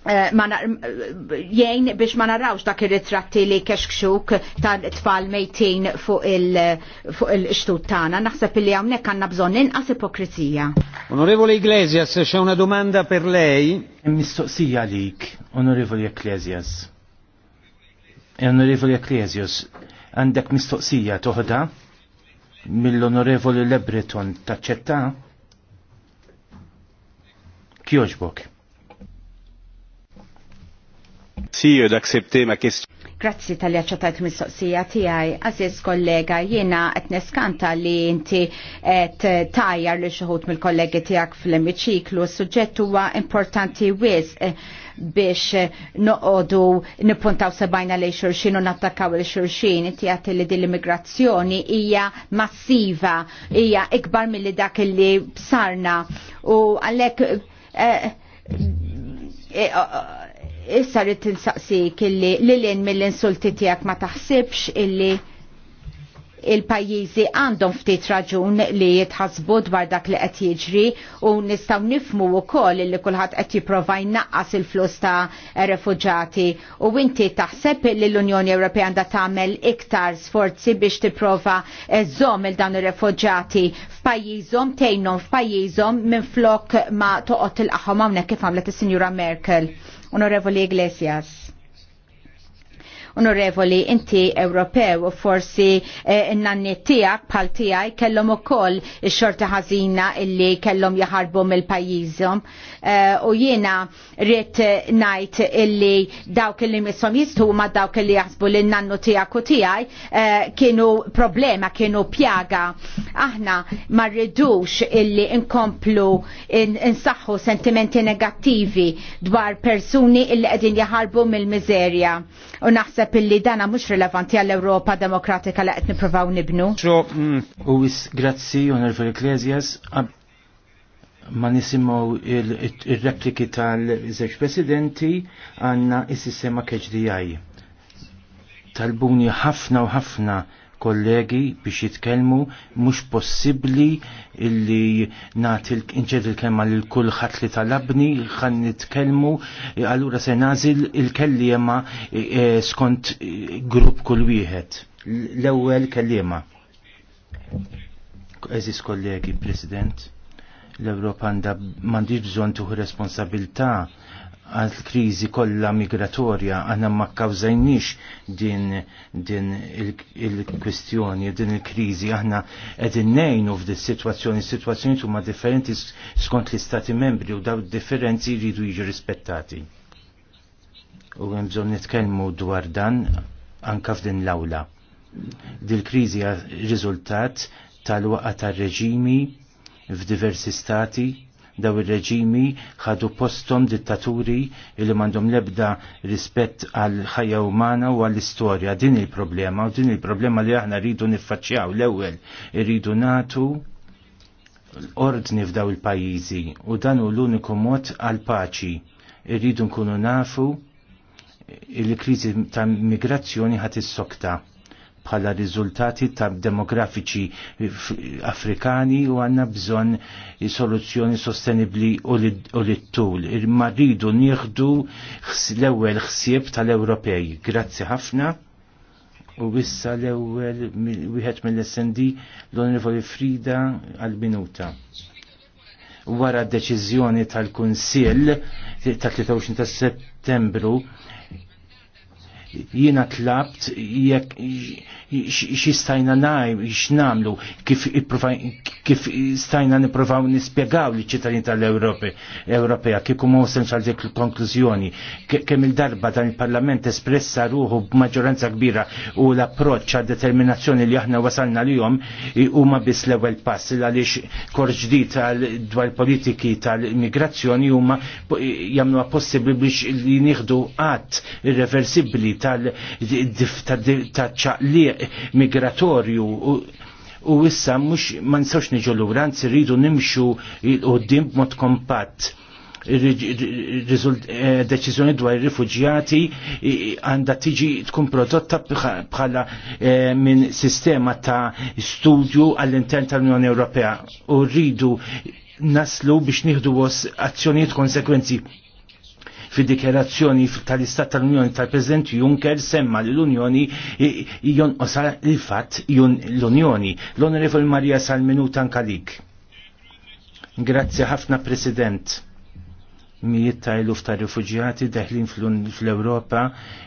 Eh, jgħin biex ma narawx dak ir-ritratti li kexkxuk ta' tfal mejtin fuq il-xtut tagħna. Naħseb li hawnhekk għandna bżonn inqas ipokrizija. Onorevole Iglesias, c'è una domanda per lei. Mistoqsija għalik, Onorevole Ecclesias. Eh, Onorevole Ecclesias, għandek mistoqsija toħda mill-Onorevoli Lebreton taċċetta? Kjoġbok. Si, euh, d'accepter ma question. Grazzi tal-li għacċatajt mis-soqsija tijaj. Aziz kollega, jena għet neskanta li inti għet tajjar li xuħut mill-kollegi tijak fl-emiċiklu. Suġġett huwa importanti wis eh, biex eh, noqodu nipuntaw sebajna li xurxin u nattakaw li xurxin. Inti għet li l immigrazzjoni hija massiva, hija ikbar mill-li dak li sarna. U għallek eh, issa rrid tinsaqsik illi lilin mill-insulti tiegħek ma taħsibx illi il-pajjiżi għandhom ftit raġun li jitħasbu dwar dak li qed jiġri u nistgħu nifmu wkoll li kulħadd qed jipprova jnaqqas il-flus ta' refuġati u inti taħseb li l-Unjoni Ewropea għandha tagħmel iktar sforzi biex tipprova żomm il dawn ir-refuġati f'pajjiżhom tgħinhom f'pajjiżhom minflok ma toqgħod tilqahom hawnhekk kif għamlet is-Sinjura Merkel. Onorevoli Iglesias. Onorevoli, inti Ewropew u forsi eh, n-nanni tijak pal tijaj kellom u koll xorta ħazina illi kellom jaharbu mill-pajizom eh, u jiena rrit eh, najt illi dawk illi misom jistu ma dawk illi jasbu li n-nannu tijak u tijaj kienu problema, kienu pjaga. Aħna ma rridux illi nkomplu insaħħu sentimenti negattivi dwar persuni illi qegħdin jaħarbu mill-mizerja. U naħseb naħseb illi dana mhux rilevanti għall-Ewropa demokratika li qed nippruvaw nibnu. Mm. U grazzi onorevoli Ecclesias ma nisimaw il-repliki tal-żewġ presidenti għanna is-sistema KHDI. Talbuni ħafna u ħafna kollegi biex jitkellmu mhux possibbli illi nagħti inċed il-kelma lil kulħadd li talabni ħan nitkellmu e, allura se nażil il-kelliema e, e, skont grupp kull wieħed. L-ewwel kelliema. Eżis kollegi, President, l-Ewropa għandha m'għandix bżonn tuħu responsabilità għal kriżi kollha migratorja għanna ma kkawżajniex din din il-kwistjoni, din il-kriżi aħna qegħdin ngħinu f'din sitwazzjoni, sitwazzjoni huma differenti skont l-istati membri u daw differenzi jridu jiġu rispettati. U hemm bżonn nitkellmu dwar dan anka f'din l-awla. Dil-kriżi riżultat tal-waqa tar-reġimi f'diversi stati daw ir-reġimi ħadu postom dittaturi li m'għandhom lebda rispett għal ħajja umana u għall istorja Din il-problema u din il-problema li aħna rridu niffaċċjaw l-ewwel irridu natu ordni f'daw il-pajjiżi u dan hu l-uniku mod għal paċi. Irridu nkunu nafu il-kriżi ta' migrazzjoni ħat is-sokta bħala riżultati ta' demografiċi afrikani u għanna bżon soluzzjoni sostenibli u l-tul. il rridu nieħdu l-ewwel ħsieb tal-Ewropej. Grazzi ħafna. U wissa l-ewwel wieħed mill-SND l-Onorevoli Frida għal-minuta wara d-deċiżjoni tal-Kunsill ta' 23 ta' Settembru jiena tlabt jekk xi stajna najm x'namlu kif kif stajna nippruvaw nispjegaw li ċittadin tal europe Europea, kiku huma wasen għal dik il-konklużjoni kemm il-darba dan il-Parlament espressa ruħu b'maġġoranza kbira u l-approċċ għad determinazzjoni li aħna wasalna lihom huma biss l-ewwel pass għaliex korġ ġdid dwar politiki tal-immigrazzjoni huma jagħmluha possibbli biex li nieħdu qatt irreversibbli tal-ċaqliq migratorju u issa mux ma nistgħux niġu lura, anzi rridu nimxu l-qoddim b'mod kompatt eh, deċiżjoni dwar ir-rifuġjati għandha tiġi tkun prodotta bħala eh, minn sistema ta' studju għall-intern tal-Unjoni Ewropea u rridu naslu biex nieħdu azzjonijiet konsekwenzi fi dikjerazzjoni tal-Istat tal-Unjoni tal-President Juncker semma li l-Unjoni li fat fatt l-Unjoni. l onorevol Marija Salmenu tankalik. Grazie ħafna President mijiet ta' iluf ta' rifugjati deħlin fl-Europa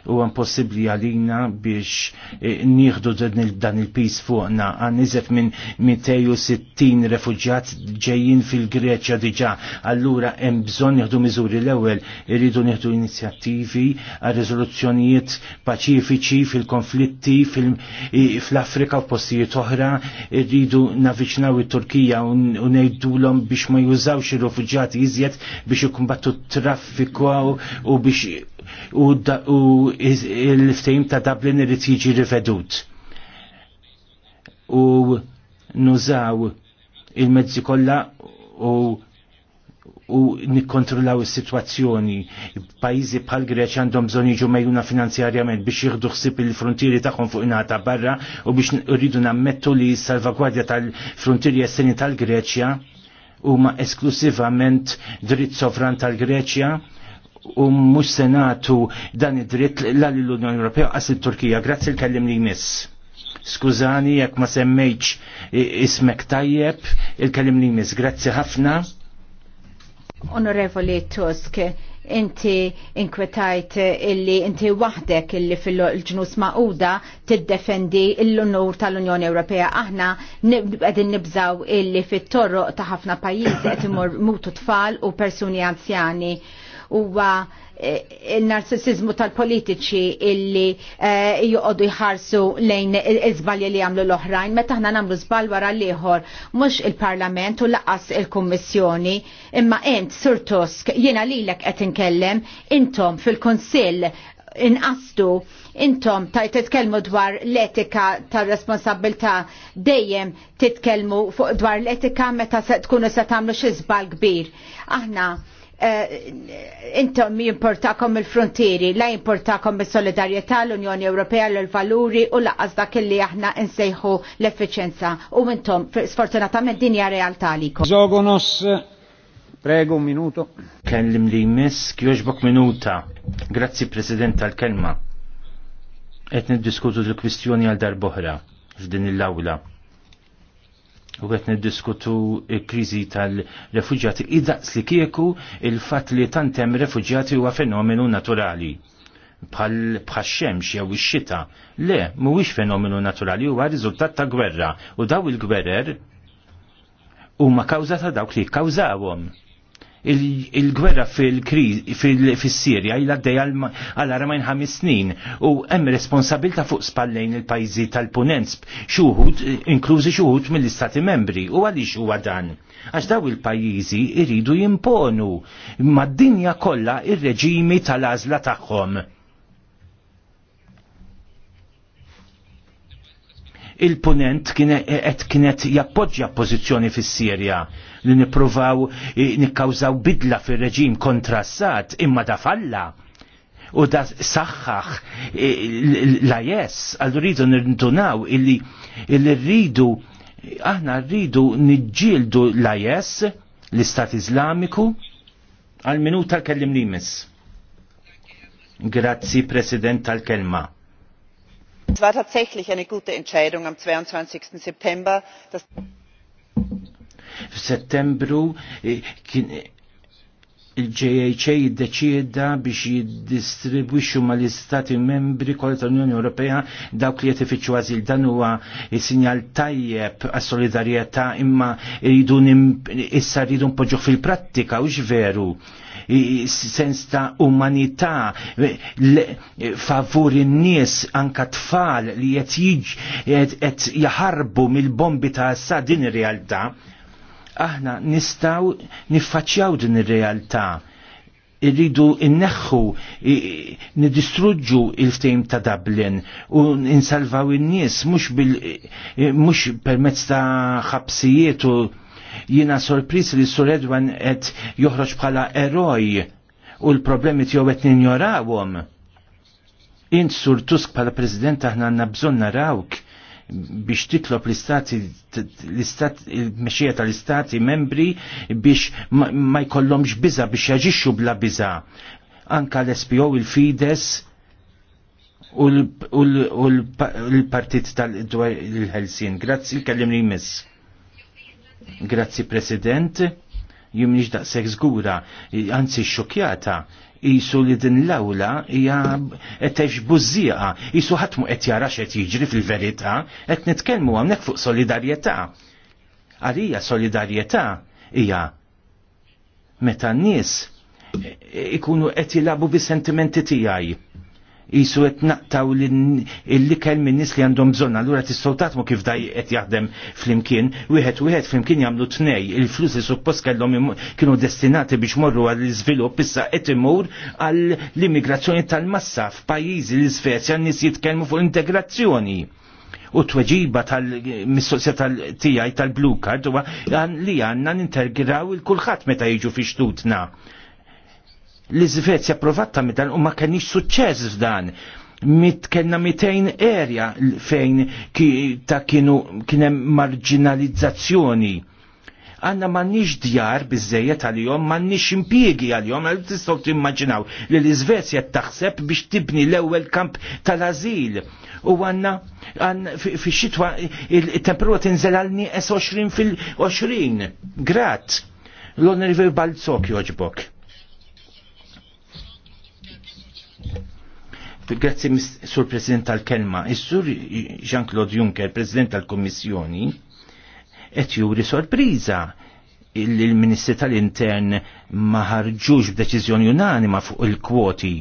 u għan possibli għalina biex e, nieħdu dan il-pis fuqna għan nizet minn 260 rifugjat ġejjin fil-Greċja diġa allura hemm bżonn nieħdu miżuri l-ewwel irridu nieħdu inizjattivi għal riżoluzzjonijiet paċifiċi fil-konflitti e, fl-Afrika u postijiet oħra irridu naviċnaw it-Turkija u ngħidulhom biex ma jużawx ir rifugjati iżjed biex ikkumbat jaqtu traffiku u biex u il-ftejim ta' Dublin irrit jiġi rivedut. U nużaw il-mezzi kollha u u nikkontrollaw is-sitwazzjoni. Pajjiżi bħal Greċja għandhom bżonn jiġu mejuna finanzjarjament biex jieħdu ħsieb il-frontieri tagħhom fuq ingħata barra u biex rridu nammettu li s-salvagwardja tal-frontieri esterni tal-Greċja huma esklusivament dritt sovran tal-Greċja u mhux senatu dan id-dritt l-Unjoni Ewropea għas il-Turkija. Grazzi l-kellim li jmiss. Skużani jekk ma semmejċ ismek tajjeb, il-kellim li jmiss. Grazzi ħafna. Onorevoli Tusk, inti inkwetajt illi inti waħdek illi fil-ġnus maquda tiddefendi l-unur tal-Unjoni Ewropea. Aħna għedin nibżaw illi fit-torroq ta' ħafna pajjiżi qed imur mutu tfal u persuni anzjani. Huwa Eh, il-narsissizmu tal-politiċi illi eh, juqodu jħarsu lejn iżbalji li għamlu l-oħrajn, meta ħna namlu zbal wara liħor, mux il-parlament u laqas il-kommissjoni, imma int, Sur Tusk, jena li l-ek għetinkellem, intom fil-konsil inqastu intom ta' titkellmu dwar l-etika ta' responsabilta dejjem titkellmu fuq dwar l-etika meta se tkunu se tagħmlu xi żball kbir. Aħna Eh, intom jimportakom il-frontieri, la jimportakom il-solidarietà l-Unjoni Ewropea l-valuri u laqqas dak li aħna nsejħu l-efficienza. U intom, sfortunatament din hija realtà likom. Zogonos, prego un minuto. Kellim li jmiss, kjoġbok minuta. Grazzi President tal-kelma. Etni diskutu l-kwistjoni għal darboħra f'din il-awla u għet niddiskutu krizi tal-refugjati. Idaqs li kieku il-fat li tantem refugġati huwa fenomenu naturali bħal xemx jew ix-xita. Le, mhuwiex fenomenu naturali huwa riżultat ta' gwerra u daw il-gwerer huma kawża ta' dawk li kawżawhom il-gwerra fil-Sirja il għaddej għal-ara ma snin u hemm responsabilta fuq spallejn il-pajzi tal-punent xuħut, inklużi xuħut mill-istati membri u għalix huwa dan. Għax daw il-pajjiżi iridu jimponu mad-dinja kollha il reġimi tal-għażla tagħhom. il-punent kienet jappoġġja pożizzjoni fis-Sirja li nippruvaw nikkawżaw bidla fil reġim kontra Assad imma da falla u da saħħaħ la jess, għal rridu nirdunaw illi rridu aħna rridu nġildu la jess l-Istat Islamiku għal minuta kellim limis Grazzi President tal-kelma. Es war tatsächlich eine gute Entscheidung am 22. September, dass F'Settembru eh, eh, il-JHA jiddeċieda biex jiddistribwixxu mal-Istati membri kollha tal-Unjoni Ewropea dawk li qed ifittxu għażil dan huwa sinjal tajjeb għas solidarjetà imma rridu issa rridu npoġġuh fil-prattika u veru sens ta' umanità eh, favur in-nies anka tfal li qed jiġ qed jaħarbu mill-bombi ta' sa din ir-realtà aħna nistaw niffaċċjaw din ir-realtà irridu inneħħu, nidistruġġu il-ftejm ta' Dublin u insalvaw in-nies mhux permezz ta' ħabsijiet u jiena sorpriż li Sur Edwan qed joħroġ bħala eroj u l-problemi tiegħu qed ninjorawhom. Int Sur Tusk bħala President aħna għandna bżonn narawk biex titlob l-istati l-mexija tal-istati membri biex ma jkollhomx biża biex jaġixxu bla biża. Anka l-SPO il-Fides u l-partit tal-dwar il-Helsin. Grazzi, kellim li jmiss. Grazzi, President jimniġ daqseg zgura, anzi xokjata jisu li din l-awla hija qed bużieqa, jisu ħadd mu qed jara x'qed jiġri fil-verità, qed nitkellmu hawnhekk fuq solidarjetà. Għalija solidarjetà hija meta n-nies ikunu qed jilabu bis-sentimenti tiegħi jisu qed naqtaw l-likel minn nis li għandhom bżonn, allura tistgħu mu kif daj qed jaħdem flimkien, wieħed wieħed flimkien jagħmlu tnej, il-flus li suppost kellhom kienu destinati biex morru għall iżvilupp issa qed imur għall immigrazzjoni tal-massa f'pajjiżi l-Svezja nis jitkellmu fuq integrazzjoni u t tweġiba tal-mistoqsija tal-tijaj tal-blue card huwa li għanna nintegraw il-kulħadd meta jiġu fi xtutna l Zvezja provatta mid-dan u ma kenix suċċess f'dan mit kena 200 erja fejn ki, ta' kienu kienem marginalizzazzjoni. Għanna nix djar bizzejet għal-jom, nix impiegi għal-jom, għal tistaw timmaġinaw li l-Izvezja taħseb biex tibni l-ewel kamp tal-azil. U għanna fi xitwa il temperu tinżel għal nieqes 20 fil-20 Grat, L-onorevoli Balzok joġbok. Grazzi, Sur President tal-Kelma. Is-Sur Jean-Claude Juncker, President tal-Kommissjoni, qed juri sorpriża il-Ministri tal-Intern ma ħarġux b'deċiżjoni unanima fuq il-kwoti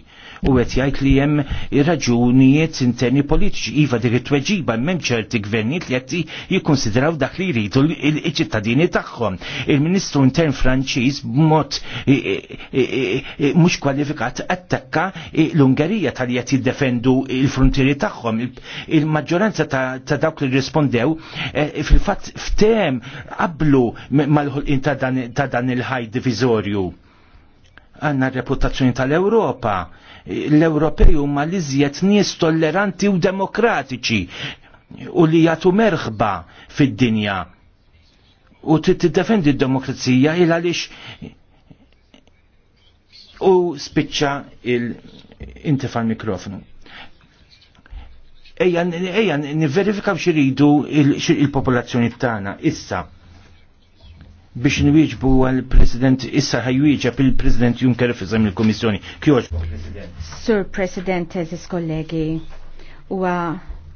u qed jgħid li hemm raġunijiet interni politiċi iva dik it-tweġiba m'hemm ċerti gvernijiet li qed jikkonsidraw dak li jridu l-ċittadini tagħhom. Il-Ministru Intern Franċiż b'mod mhux kwalifikat attakka l-Ungerija tal qed jiddefendu il-frontieri tagħhom. Il-maġġoranza ta' dawk li rispondew eh, fil-fatt ftem qablu mal-ħolqien ta' dan il-ħaj divizorju. Għanna reputazzjoni tal-Europa. L-Ewropej huma li żjed nies tolleranti u demokratiċi u li jagħtu merħba fid-dinja. U tiddefendi d-demokrazija il għaliex u spiċċa il-intifa mikrofonu Ejja, ejja, niverifikaw xiridu il-popolazzjoni tagħna issa biex nwieġbu għal-President, issa ħajwieġa il-President Juncker fizzam il-Komissjoni. Kjoġ, President. Sur President, eżis kollegi, huwa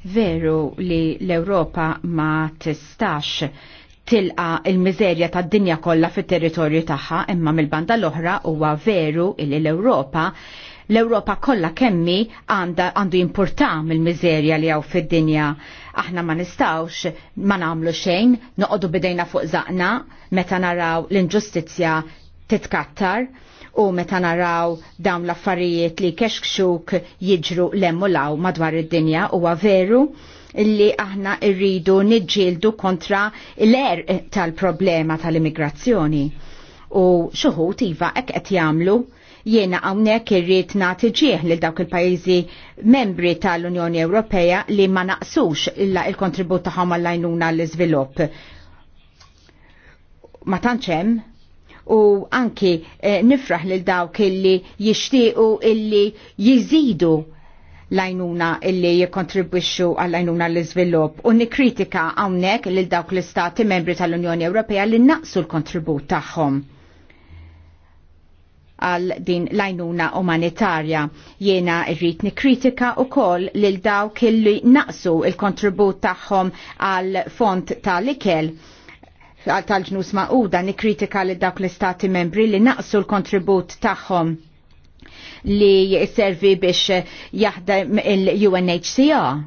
veru li l-Europa ma tistax tilqa il-mizerja ta' dinja kollha fit-territorju tagħha, imma mill-banda l-oħra huwa veru li l-Ewropa l-Ewropa kollha kemmi għandu importam mill-miżerja li hawn fid-dinja Aħna ma nistawx ma nagħmlu xejn, noqogħdu bidejna fuq zaqna meta naraw l-inġustizzja titkattar u meta naraw dawn l-affarijiet li kexkxuk jiġru lemmu law madwar id-dinja huwa veru li aħna irridu niġġieldu kontra l-er tal-problema tal-immigrazzjoni. U xuħut iva ek qed jagħmlu Jiena hawnhekk irrid nagħti ġieħ lil dawk il-pajjiżi membri tal-Unjoni Ewropea li ma naqsux il-kontribut tagħhom għall-għajnuna l-iżvilupp. Ma tantx hemm u anki eh, nifraħ lil dawk illi jixtiequ illi jiżidu lajnuna illi jikontribwixxu għall-lajnuna l-iżvilupp u nikkritika hawnhekk lil dawk l-istati membri tal-Unjoni Ewropea li naqsu l-kontribut tagħhom għal din lajnuna umanitarja. Jena rrit nikritika u koll lil dawk illi naqsu il-kontribut tagħhom għal font tal-ikel tal-ġnus maquda nikritika lil dawk l-istati membri li naqsu l-kontribut tagħhom li servi biex jaħdem il-UNHCR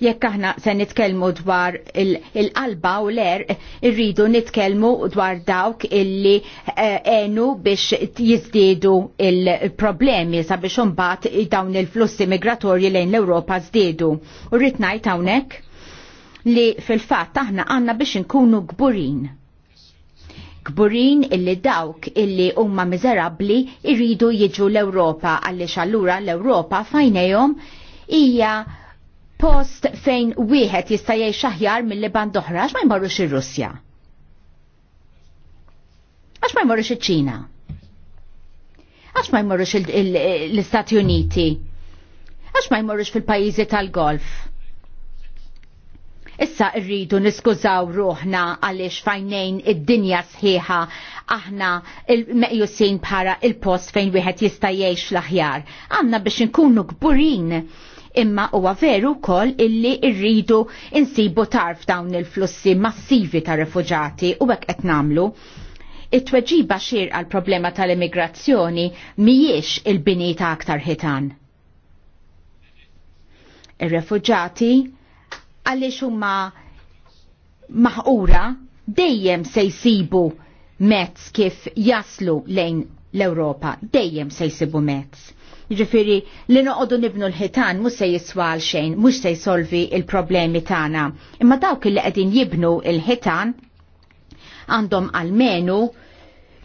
Jekk aħna se nitkellmu dwar il-qalba il u l-er, irridu nitkellmu dwar dawk illi eh, għenu eh, biex jizdidu il-problemi sabiex umbat dawn il-flussi migratorji lejn l-Ewropa zdiedu. U rrid ngħid hawnhekk li fil-fatt aħna għandna biex inkunu gburin kburin illi dawk illi umma miserabli irridu jiġu l-Europa għalli xallura l-Europa fajnejom hija post fejn wieħed jista' jgħix aħjar mill-li band oħra għax ma jmorrux ir-Russja. Għax ma jmorrux iċ-Ċina. Għax ma jmorrux l-Istati Uniti. Għax ma jmorrux fil-pajjiżi tal-Golf. Issa rridu niskużaw ruħna għaliex fajnejn id-dinja sħiħa aħna il-meqjusin bħala il-post fejn wieħed jista' jgħix l-aħjar. Għandna biex inkunu kburin imma huwa veru kol illi irridu insibu tarf dawn il-flussi massivi ta' refugjati u hekk qed It-tweġiba xir għal problema tal-immigrazzjoni mhijiex il-bini ta' aktar hitan. ir refugjati għaliex huma maħura dejjem se jsibu mezz kif jaslu lejn l-Ewropa, dejjem se jsibu mezz Ġifiri, li noqodu nibnu l-ħitan mux se jiswal xejn, mux se jisolvi il-problemi tagħna. Imma dawk li qegħdin jibnu l-ħitan għandhom għalmenu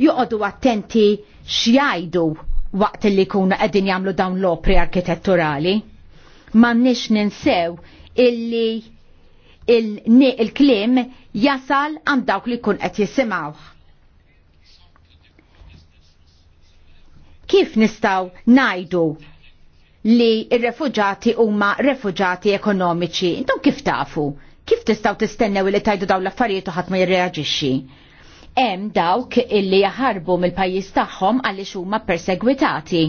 juqodu attenti x'jajdu waqt li kuna qegħdin jagħmlu dawn l-opri arkitetturali. M'għandniex ninsew illi il-klim jasal għandawk li kun qed jisimawħ. Kif nistaw najdu li il-refugġati huma refugġati ekonomiċi? Intom kif tafu? Kif tistaw tistennew li tajdu daw l-affarijiet u ħadd ma jirreaġixxi? hemm dawk illi jaħarbu mill-pajjiż tagħhom għaliex huma persegwitati.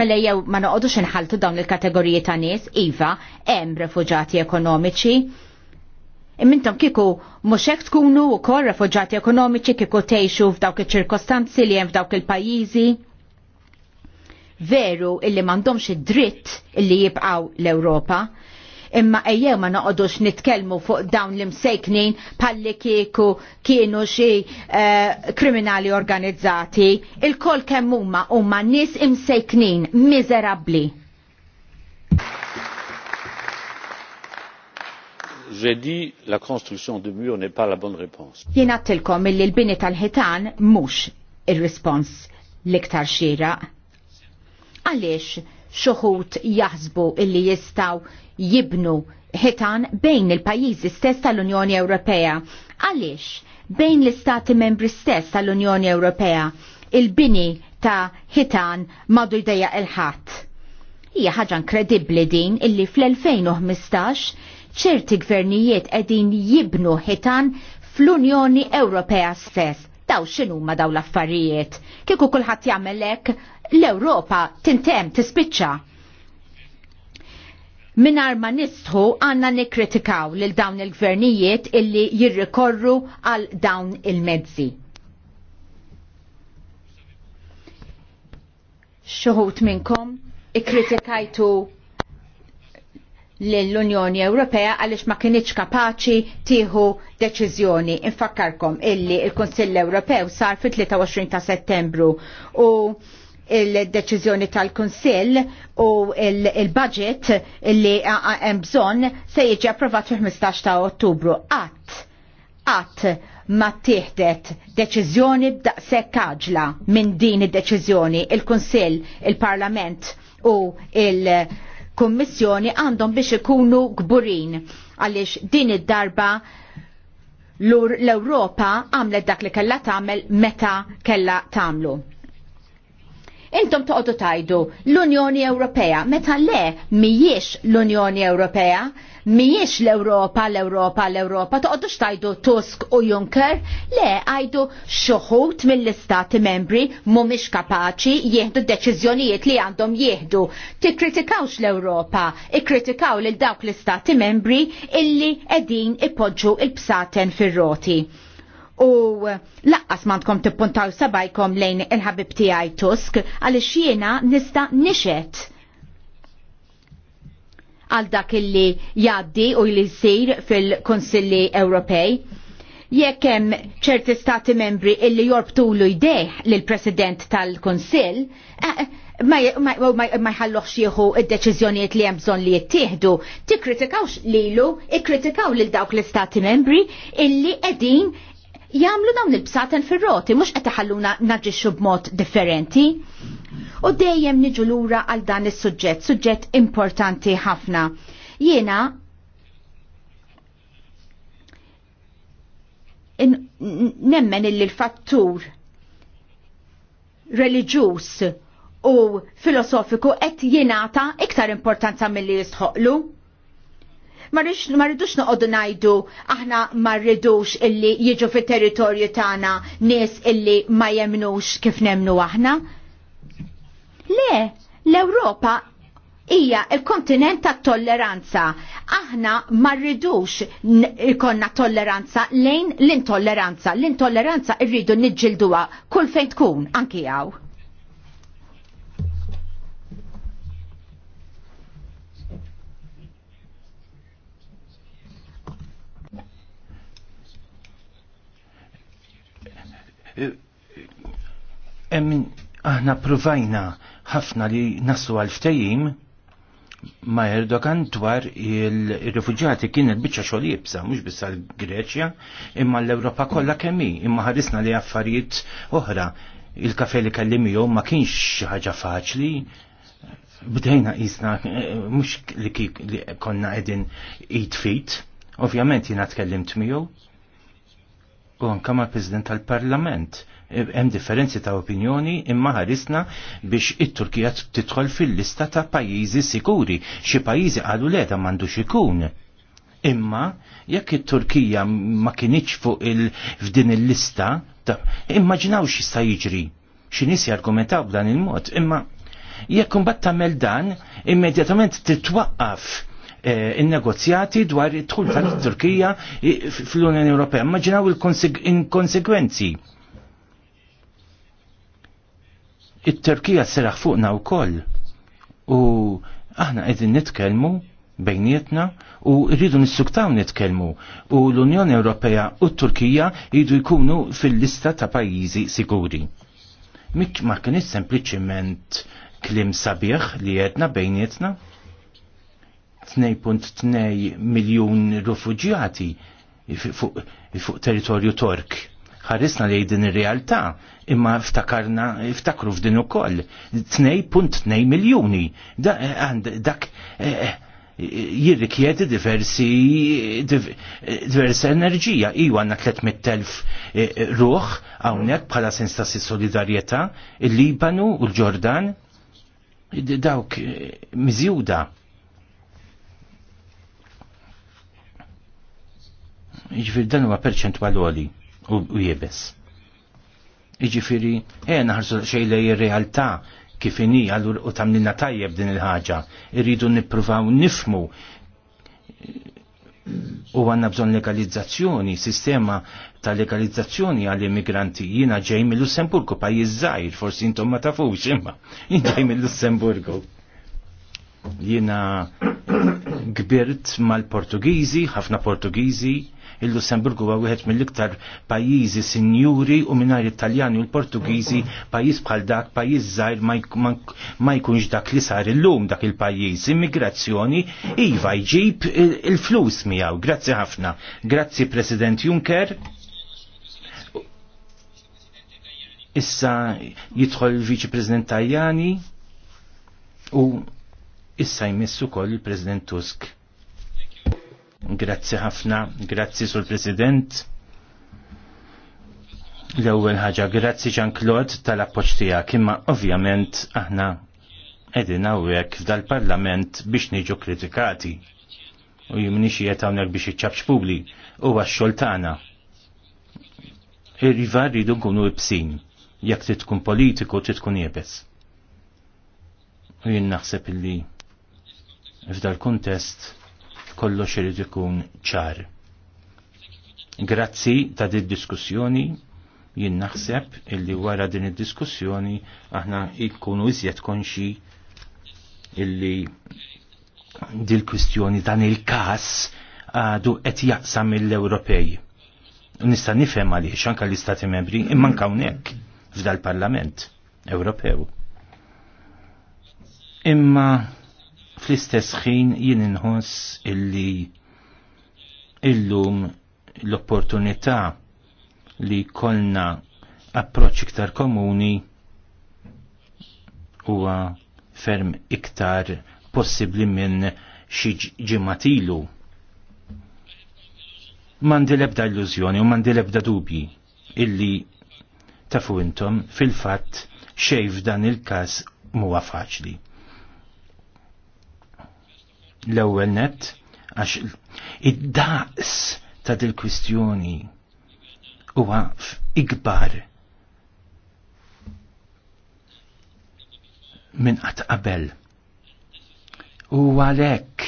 Mela jew ma noqogħdux inħaltu dawn il-kategoriji ta' nies iva hemm refuġati ekonomiċi. Immintom kiku mhux hekk tkunu wkoll refuġati ekonomiċi kiku tgħixu f'dawk iċ-ċirkostanzi li hemm f'dawk il-pajjiżi veru illi mandomx id-dritt illi jibqaw l-Europa. Imma ejjew ma noqodux nitkelmu fuq dawn l-imsejknin palli kieku kienu xi eh, kriminali organizzati. Il-kol kemm huma huma nies imsejknin miżerabbli. J'ai dit la construction de murs n'est pas la bonne réponse. Jien għattilkom illi l-bini tal-ħitan mhux ir-rispons l-iktar xieraq għaliex xoħut jaħsbu illi jistaw jibnu ħitan bejn il-pajjiżi stess tal-Unjoni Ewropea. Għaliex bejn l-istati membri stess tal-Unjoni Ewropea il-bini ta' ħitan madu jdeja il-ħadd. Hija ħaġa inkredibbli din illi fl-2015 ċerti gvernijiet qegħdin jibnu ħitan fl-Unjoni Ewropea stess daw xinu ma daw l-affarijiet. Kiku kullħat jamelek l-Europa tintem tispiċċa. Minar ma nistħu għanna nikritikaw lil dawn il-gvernijiet illi jirrikorru għal dawn il-mezzi. Xuħut minnkom, ikkritikajtu l-Unjoni Ewropea għaliex ma kienieċ kapaċi tieħu deċiżjoni. Infakkarkom illi il-Konsill Ewropew sar fit-23 ta' settembru u il-deċiżjoni tal-Konsill u il-budget illi hemm bżonn se jiġi approvat fil-15 ta' Ottubru. Qatt qatt ma tieħdet deċiżjoni b'daqshekk għaġla minn din id-deċiżjoni il-Kunsill, il-Parlament u il-Konsill kummissjoni għandhom biex ikunu gburin għaliex din id-darba l-Europa għamlet dak li kella tagħmel meta kella tagħmlu. Intom toqgħodu tajdu l-Unjoni Ewropea, meta le mhijiex l-Unjoni Ewropea, mhijiex l-Ewropa, l-Ewropa, l-Ewropa, toqgħodux tajdu Tusk u Juncker, le għajdu xoħut mill-istati membri mhumiex kapaċi jieħdu deċiżjonijiet li għandhom jieħdu. Tikkritikawx l-Ewropa, ikkritikaw lil dawk l-istati membri illi qegħdin ipoġġu il-bsaten fir-roti u laqqas mandkom tippuntaw sabajkom lejn il-ħabib tiegħi Tusk għaliex jiena nista' nixet għal dak illi jaddi u li jsir fil-Konsilli Ewropej. Jekk hemm ċerti stati membri illi jorbtulu jdeħ lil president tal-Konsill, eh, eh, ma jħallux jieħu id-deċiżjonijiet li hemm bżonn li jittieħdu, tikkritikawx lilu, ikkritikaw lil dawk l-istati membri illi qegħdin jamlu dawn il-bsaten fil-roti, mux għetaħalluna naġiċu b'mod differenti. U dejjem niġu lura għal dan is suġġett suġġett importanti ħafna. Jena, nemmen illi l-fattur religjus u filosofiku qed jingħata iktar importanza milli jistħoqlu ma rridux noqogħdu ngħidu aħna ma rridux illi jiġu fit-territorju tagħna nies illi ma jemnux kif nemnu aħna. Le, l-Ewropa hija il-kontinent ta' tolleranza. Aħna ma rridux ikonna tolleranza lejn l-intolleranza. L-intolleranza rridu niġġilduha kull fejn tkun anki hawn. Emmin aħna provajna ħafna li naslu għal-ftejim ma Erdogan dwar il refugġati kien il-bicċa xogħol jibsa, mhux biss għall-Greċja, imma l-Ewropa kollha kemm imma ħarisna li affarijiet oħra. Il-kafe li kellim jew ma kienx ħaġa faċli, bdejna jisna, mhux li konna qegħdin eight feet, ovvjament jiena tkellimt miegħu u anka ma' President tal-Parlament. E, hemm differenzi ta' opinjoni imma ħarisna biex it-Turkija tidħol fil-lista ta' pajjiżi sikuri. Xi pajjiżi qalu le ta' m'għandux ikun. Imma jekk it-Turkija ma kienx fuq il f'din il-lista, immaġinaw x'ista jiġri. Xi nies jargumentaw b'dan il-mod, imma jekk imbagħad tagħmel dan, immedjatament titwaqqaf Eh, il negozjati dwar id-dħul tal-Turkija fl-Unjoni Ewropea. Immaġinaw il-konsekwenzi. It-Turkija s-seraħ fuqna u koll. U aħna qegħdin nitkellmu bejnietna u rridu nissuktaw nitkellmu u l-Unjoni Ewropea u t-Turkija jridu jkunu fil-lista ta' pajjiżi siguri. Mik ma kienx sempliċiment klim sabiħ li jedna bejnietna, 2.2 miljun rifugjati fuq territorju Tork. Ħarisna li din ir-realtà, imma ftakarna ftakru f'din ukoll 2.2 miljuni. Eh, dak eh, eh, jirrikjedi diversi diversa enerġija. Iwa għanna 300.000 ruħ għawnek bħala sens ta' solidarieta, il-Libanu u l-Ġordan, dawk miżjuda Iġifiri dan huwa perċentwal għoli u jibes. Iġifiri, e naħarsu xej jir realtà kif inhi għallur u tamlina tajjeb din il-ħaġa. Irridu nippruvaw nifmu u għanna bżon legalizzazzjoni, sistema ta' legalizzazzjoni għall immigranti jina ġej mill-Lussemburgu, pajjiż żgħir, forsi intom ma tafux imma, jien ġej mill-Lussemburgu. Jina gbirt mal-Portugiżi, ħafna Portugiżi, Il-Lussemburgu huwa wieħed mill-iktar pajjiżi sinjuri u mingħajr Italjani u l-Portugiżi pajjiż bħal dak pajjiż żgħir ma jkunx dak li sar illum dak il-pajjiż. Immigrazzjoni iva jġib il-flus miegħu. Grazzi ħafna. Grazzi President Juncker. Issa jidħol il-Viċi President Tajani u issa jmissu kol il-President Tusk. Grazzi ħafna, grazzi sul President. L-ewwel ħaġa, grazzi Jean-Claude tal-appoġġ tiegħek, imma ovvjament aħna qegħdin hawnhekk f'dal-Parlament biex niġu kritikati u jimni xiet hawnhekk biex iċċabx publi huwa x-xogħol tagħna. Ir-rivar rridu nkunu ibsin jekk trid tkun politiku trid tkun jebes. U jien naħseb illi f'dal kuntest kollox irid ikun ċar. Grazzi ta' din diskussjoni jien naħseb illi wara din id-diskussjoni aħna jkunu iżjed konxi illi dil kwistjoni dan il-kas għadu qed jaqsam mill-Ewropej. Nista' nifhem għaliex anke l-Istati Membri imma hawnhekk f'dal-Parlament Ewropew. Imma fl-istess ħin jien inħoss illi illum l-opportunità li kollna approċċ iktar komuni huwa ferm iktar possibbli minn xi ġimatilu. Mandi lebda illużjoni u mandi lebda dubji illi tafu intom fil-fatt xejf dan il-każ huwa faċli l-ewwel net għax id-daqs ta' dil-kwistjoni huwa ikbar minn qatt qabel. U għalhekk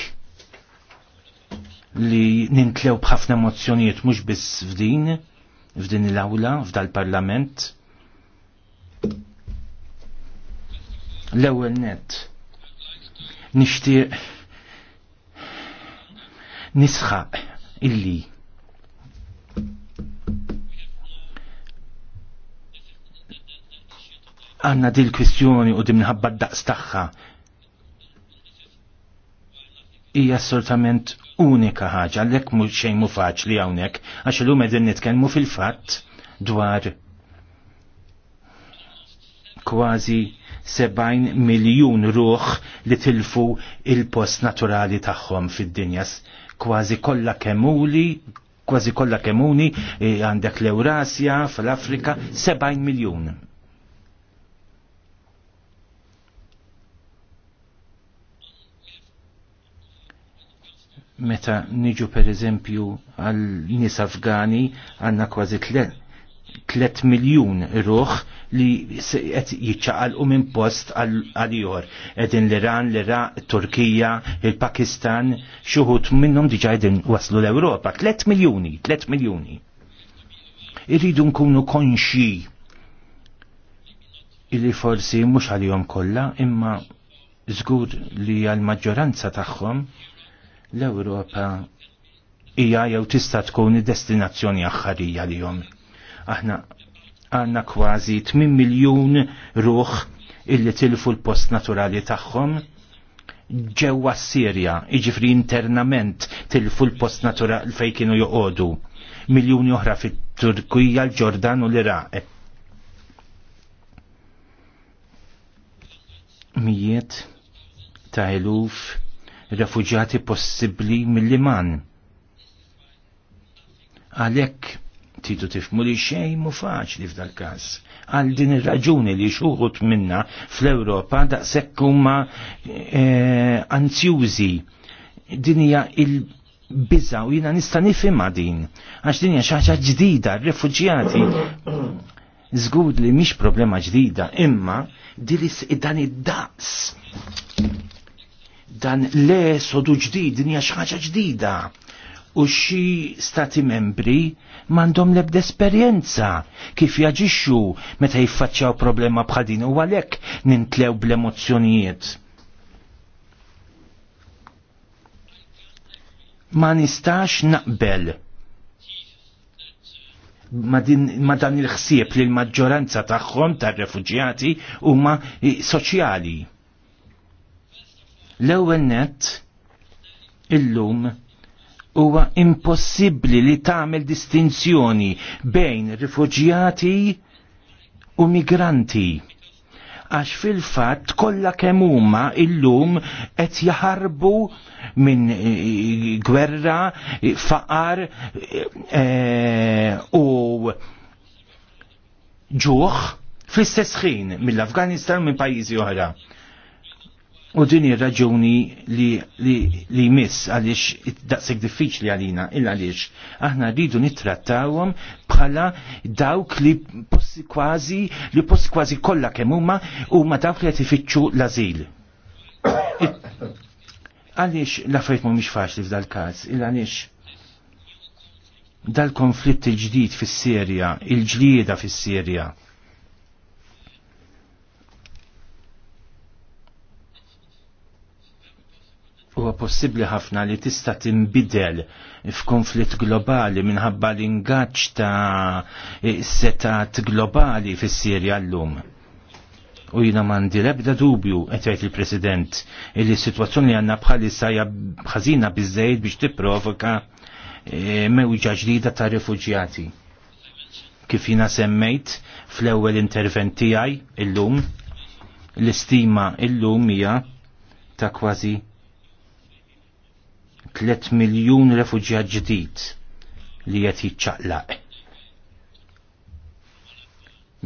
li nintlew bħafna emozzjonijiet mhux biss f'din, f'din l-awla, f'dal-parlament. L-ewwel net nixtieq nisħaq illi għanna dil kwistjoni u dimnħabba d-daqs taħħa hija assolutament unika ħaġa l-ek xejn mu faċli hawnhekk għax illum qegħdin nitkellmu fil-fatt dwar kważi 70 miljun ruħ li tilfu il-post naturali tagħhom fid dinjas kważi kollha kemuli, kważi kollha kemuni e, għandek l-Eurasja, fl-Afrika, 70 miljun. Meta niġu per eżempju għal nis Afgani għanna kważi 3 miljun ruħ li qed jiċċaqalqu minn post għal ieħor. Qegħdin l-Iran, l-Iraq, Turkija, il-Pakistan, xi wħud minnhom diġà qegħdin waslu l-Ewropa. 3 miljuni, 3 miljuni. Irridu nkunu konxi illi forsi mhux għalihom kollha, imma żgur li għal-maġġoranza tagħhom l-Ewropa hija jew tista' tkun destinazzjoni aħħarija li jom. Aħna għanna kważi 8 miljun ruħ illi tilfu l-post naturali tagħhom ġewwa s-Sirja, iġifri internament tilfu l-post naturali fej kienu joqogħdu. Miljuni oħra fit-Turkija, l-Ġordan u l-Iraq. Mijiet ta' eluf refuġjati possibbli mill-Liman. Għalhekk titu tifmu li xej mu faċli f'dal każ. Għal din ir-raġuni li xuħut minna fl-Ewropa daqshekk huma eh, anzjużi. Din hija il-biża u jiena nista' nifhimha din għax din hija xi ħaġa ġdida r-refuġjati li mhix problema ġdida, imma diris dan id-daqs. Dan l-esodu ġdid, din hija xi ħaġa ġdida u xi stati membri mandom lebd esperjenza kif jaġixxu meta jiffaċċjaw problema bħal din u għalhekk nintlew bl-emozzjonijiet. Ma nistax naqbel ma, din, ma dan il-ħsieb li l-maġġoranza tagħhom tar-refuġjati huma soċjali. L-ewwel nett illum huwa impossibbli li tagħmel distinzjoni bejn rifuġjati u migranti għax fil-fatt kollha kemm huma illum qed jaħarbu minn eh, gwerra, faqar e, u ġuħ fl-istess ħin mill-Afganistan minn pajjiżi oħra. U din ir-raġuni li jmiss għaliex daqsik diffiċli għalina, illa għaliex aħna rridu nittrattawhom bħala dawk li posti kważi li possi kważi kollha kemm huma huma dawk li qed ifittxu l-ażil. Għaliex l-affarijiet mhumiex faċli f'dal każ, illa għaliex dal-konflitt il-ġdid fis-Sirja, il-ġlieda fis-Sirja. il ġlieda fis sirja huwa possibbli ħafna li tista' tinbidel f'konflitt globali minħabba l-ingaġġ ta' setat globali fis-Sirja llum. U jina mandi lebda dubju, għetajt il-President, il situazzjoni għanna bħalissa ħażina bizzejt biex tipprovoka e, mewġa ġdida ta' refugjati. Kif jina semmejt fl-ewwel intervent tiegħi illum, l-istima llum hija ta' kważi 3 miljun refuġjat ġdid li qed jiċċaqlaq.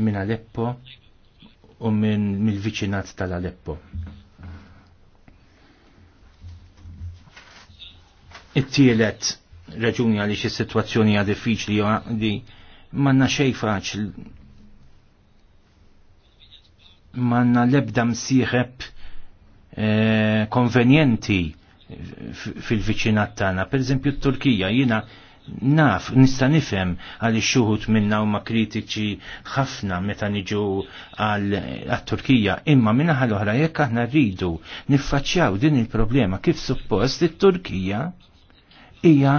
Minn Aleppo u minn mill-viċinat tal-Aleppo. It-tielet raġuni għaliex is-sitwazzjoni hija diffiċli li manna xejn faċli manna lebda msieħeb eh, konvenjenti fil vicinat tagħna. Pereżempju t-Turkija jiena naf, nista' nifhem għal xuħut minna huma kritiċi ħafna meta niġu għal turkija imma minna l-oħra jekk aħna rridu niffaċċjaw din il-problema kif suppost it-Turkija hija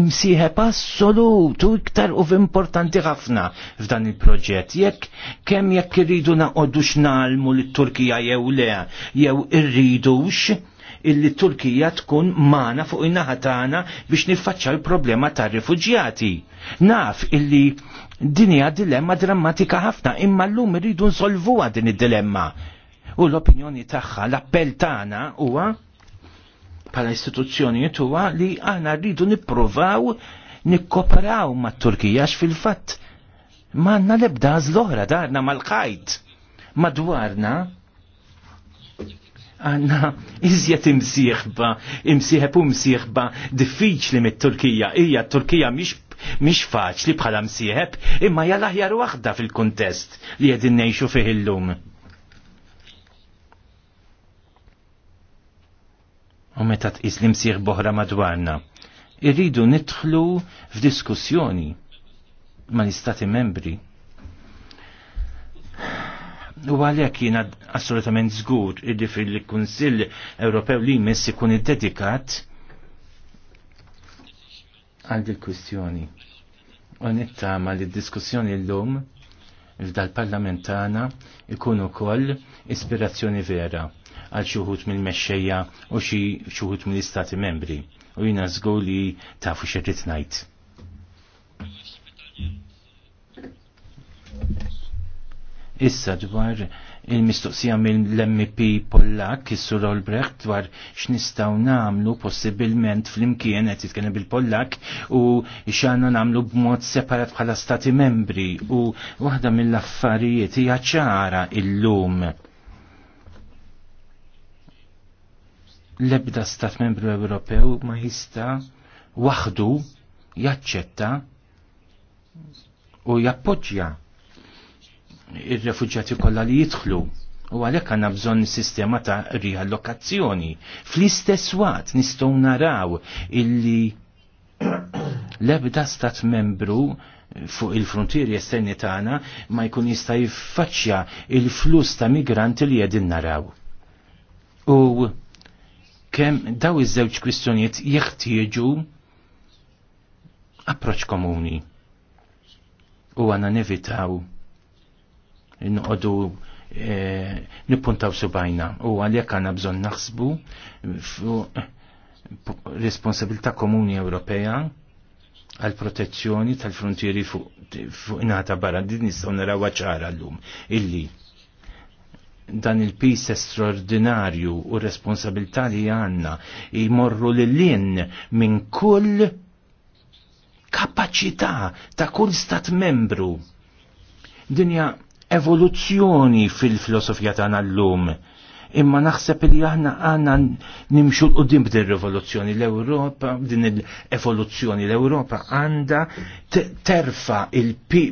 imsieħeb assolut u iktar u importanti ħafna f'dan il-proġett. Jekk kemm jekk irridu naqogħdu x'nalmu lit-Turkija jew le, jew irridux, illi Turkija tkun mana fuq in-naħa tagħna biex niffaċċa l-problema tar-rifuġjati. Naf illi din hija dilemma drammatika ħafna imma llum irridu nsolvuha din id-dilemma. U l-opinjoni tagħha, l-appell tagħna huwa pala istituzzjonijiet huwa li aħna rridu nippruvaw nikkoperaw mat-Turkija fil-fatt manna lebda l-oħra darna mal-qajt madwarna għanna iżjed imsieħba, imsieħeb u msieħba diffiċli mit-Turkija. Ija, Turkija mish faċ faċli bħala msieħeb, imma hija l-aħjar waħda fil-kuntest li qegħdin ngħixu fih illum. U meta tqis li msieħ boħra madwarna, irridu nidħlu f'diskussjoni mal-istati membri U għalhekk jiena assolutament żgur iddi fil-Kunsill Ewropew li jmiss ikun dedikat għal il kwistjoni U nittama li d-diskussjoni llum f'dal-parlament tagħna ikun ukoll ispirazzjoni vera għal xuħut mill-mexxejja u xi xuħut mill-istati membri u jina zgur li tafu Thank ngħid. Issa dwar il-mistoqsija mill-MP Pollak, is-Sur Olbrecht, dwar x'nistgħu nagħmlu possibilment flimkien qed jitkellem bil-Pollak u x'għandna nagħmlu b'mod separat bħala stati membri u waħda mill-affarijiet hija ċara illum. L-ebda stat membru Ewropew ma jista' waħdu jaċċetta u jappoġġja ir refugġati kollha li jidħlu. U għalhekk għandna bżonn sistema ta' riallokazzjoni. Fl-istess waqt nistgħu naraw illi l-ebda stat membru fuq il-frontieri esterni tagħna ma jkun jista' jiffaċċja il-flus ta' migranti li qegħdin naraw. U kemm daw iż-żewġ kwistjonijiet jeħtieġu approċ komuni. U għana nevitaw inqodu eh, nippuntaw subajna u għalhekk għandna bżonn naħsbu fuq responsabilità komuni Ewropea għal protezzjoni tal-frontieri fuq inata barra din nistgħu naraw ċara llum illi dan il-pis estraordinarju u responsabilità li għanna jmorru l-lin minn kull kapacita ta' kull stat membru. Dinja evoluzzjoni fil-filosofija tagħna llum. Imma naħseb li aħna għandna nimxu l qoddim b'din rivoluzzjoni l-Ewropa, b'din l-evoluzzjoni l-Ewropa għandha terfa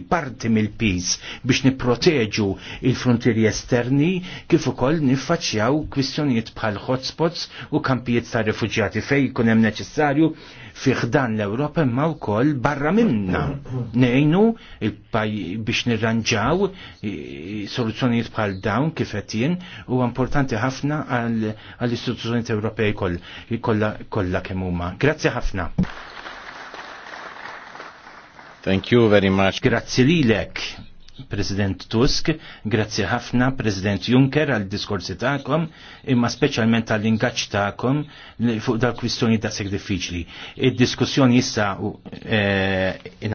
parti mill-pis biex nipproteġu il-frontieri esterni kif ukoll niffaċċjaw kwistjonijiet bħal hotspots u kampijiet ta' refuġjati fejn jkun hemm neċessarju fiħdan l-Ewropa imma wkoll barra minna. Nejnu biex nirranġaw soluzzjonijiet bħal dawn kif qed jien u importanti ħafna għall istituzzjonijiet Ewropej kollha kemm huma. Grazzi ħafna. Thank you very much. Grazzi lilek. President Tusk, grazzi ħafna President Juncker għal diskorsi ta'kom, imma speċjalment għall ingaġġ ta'kom fuq dal-kwistjoni ta' sek diffiċli. Id-diskussjoni issa e,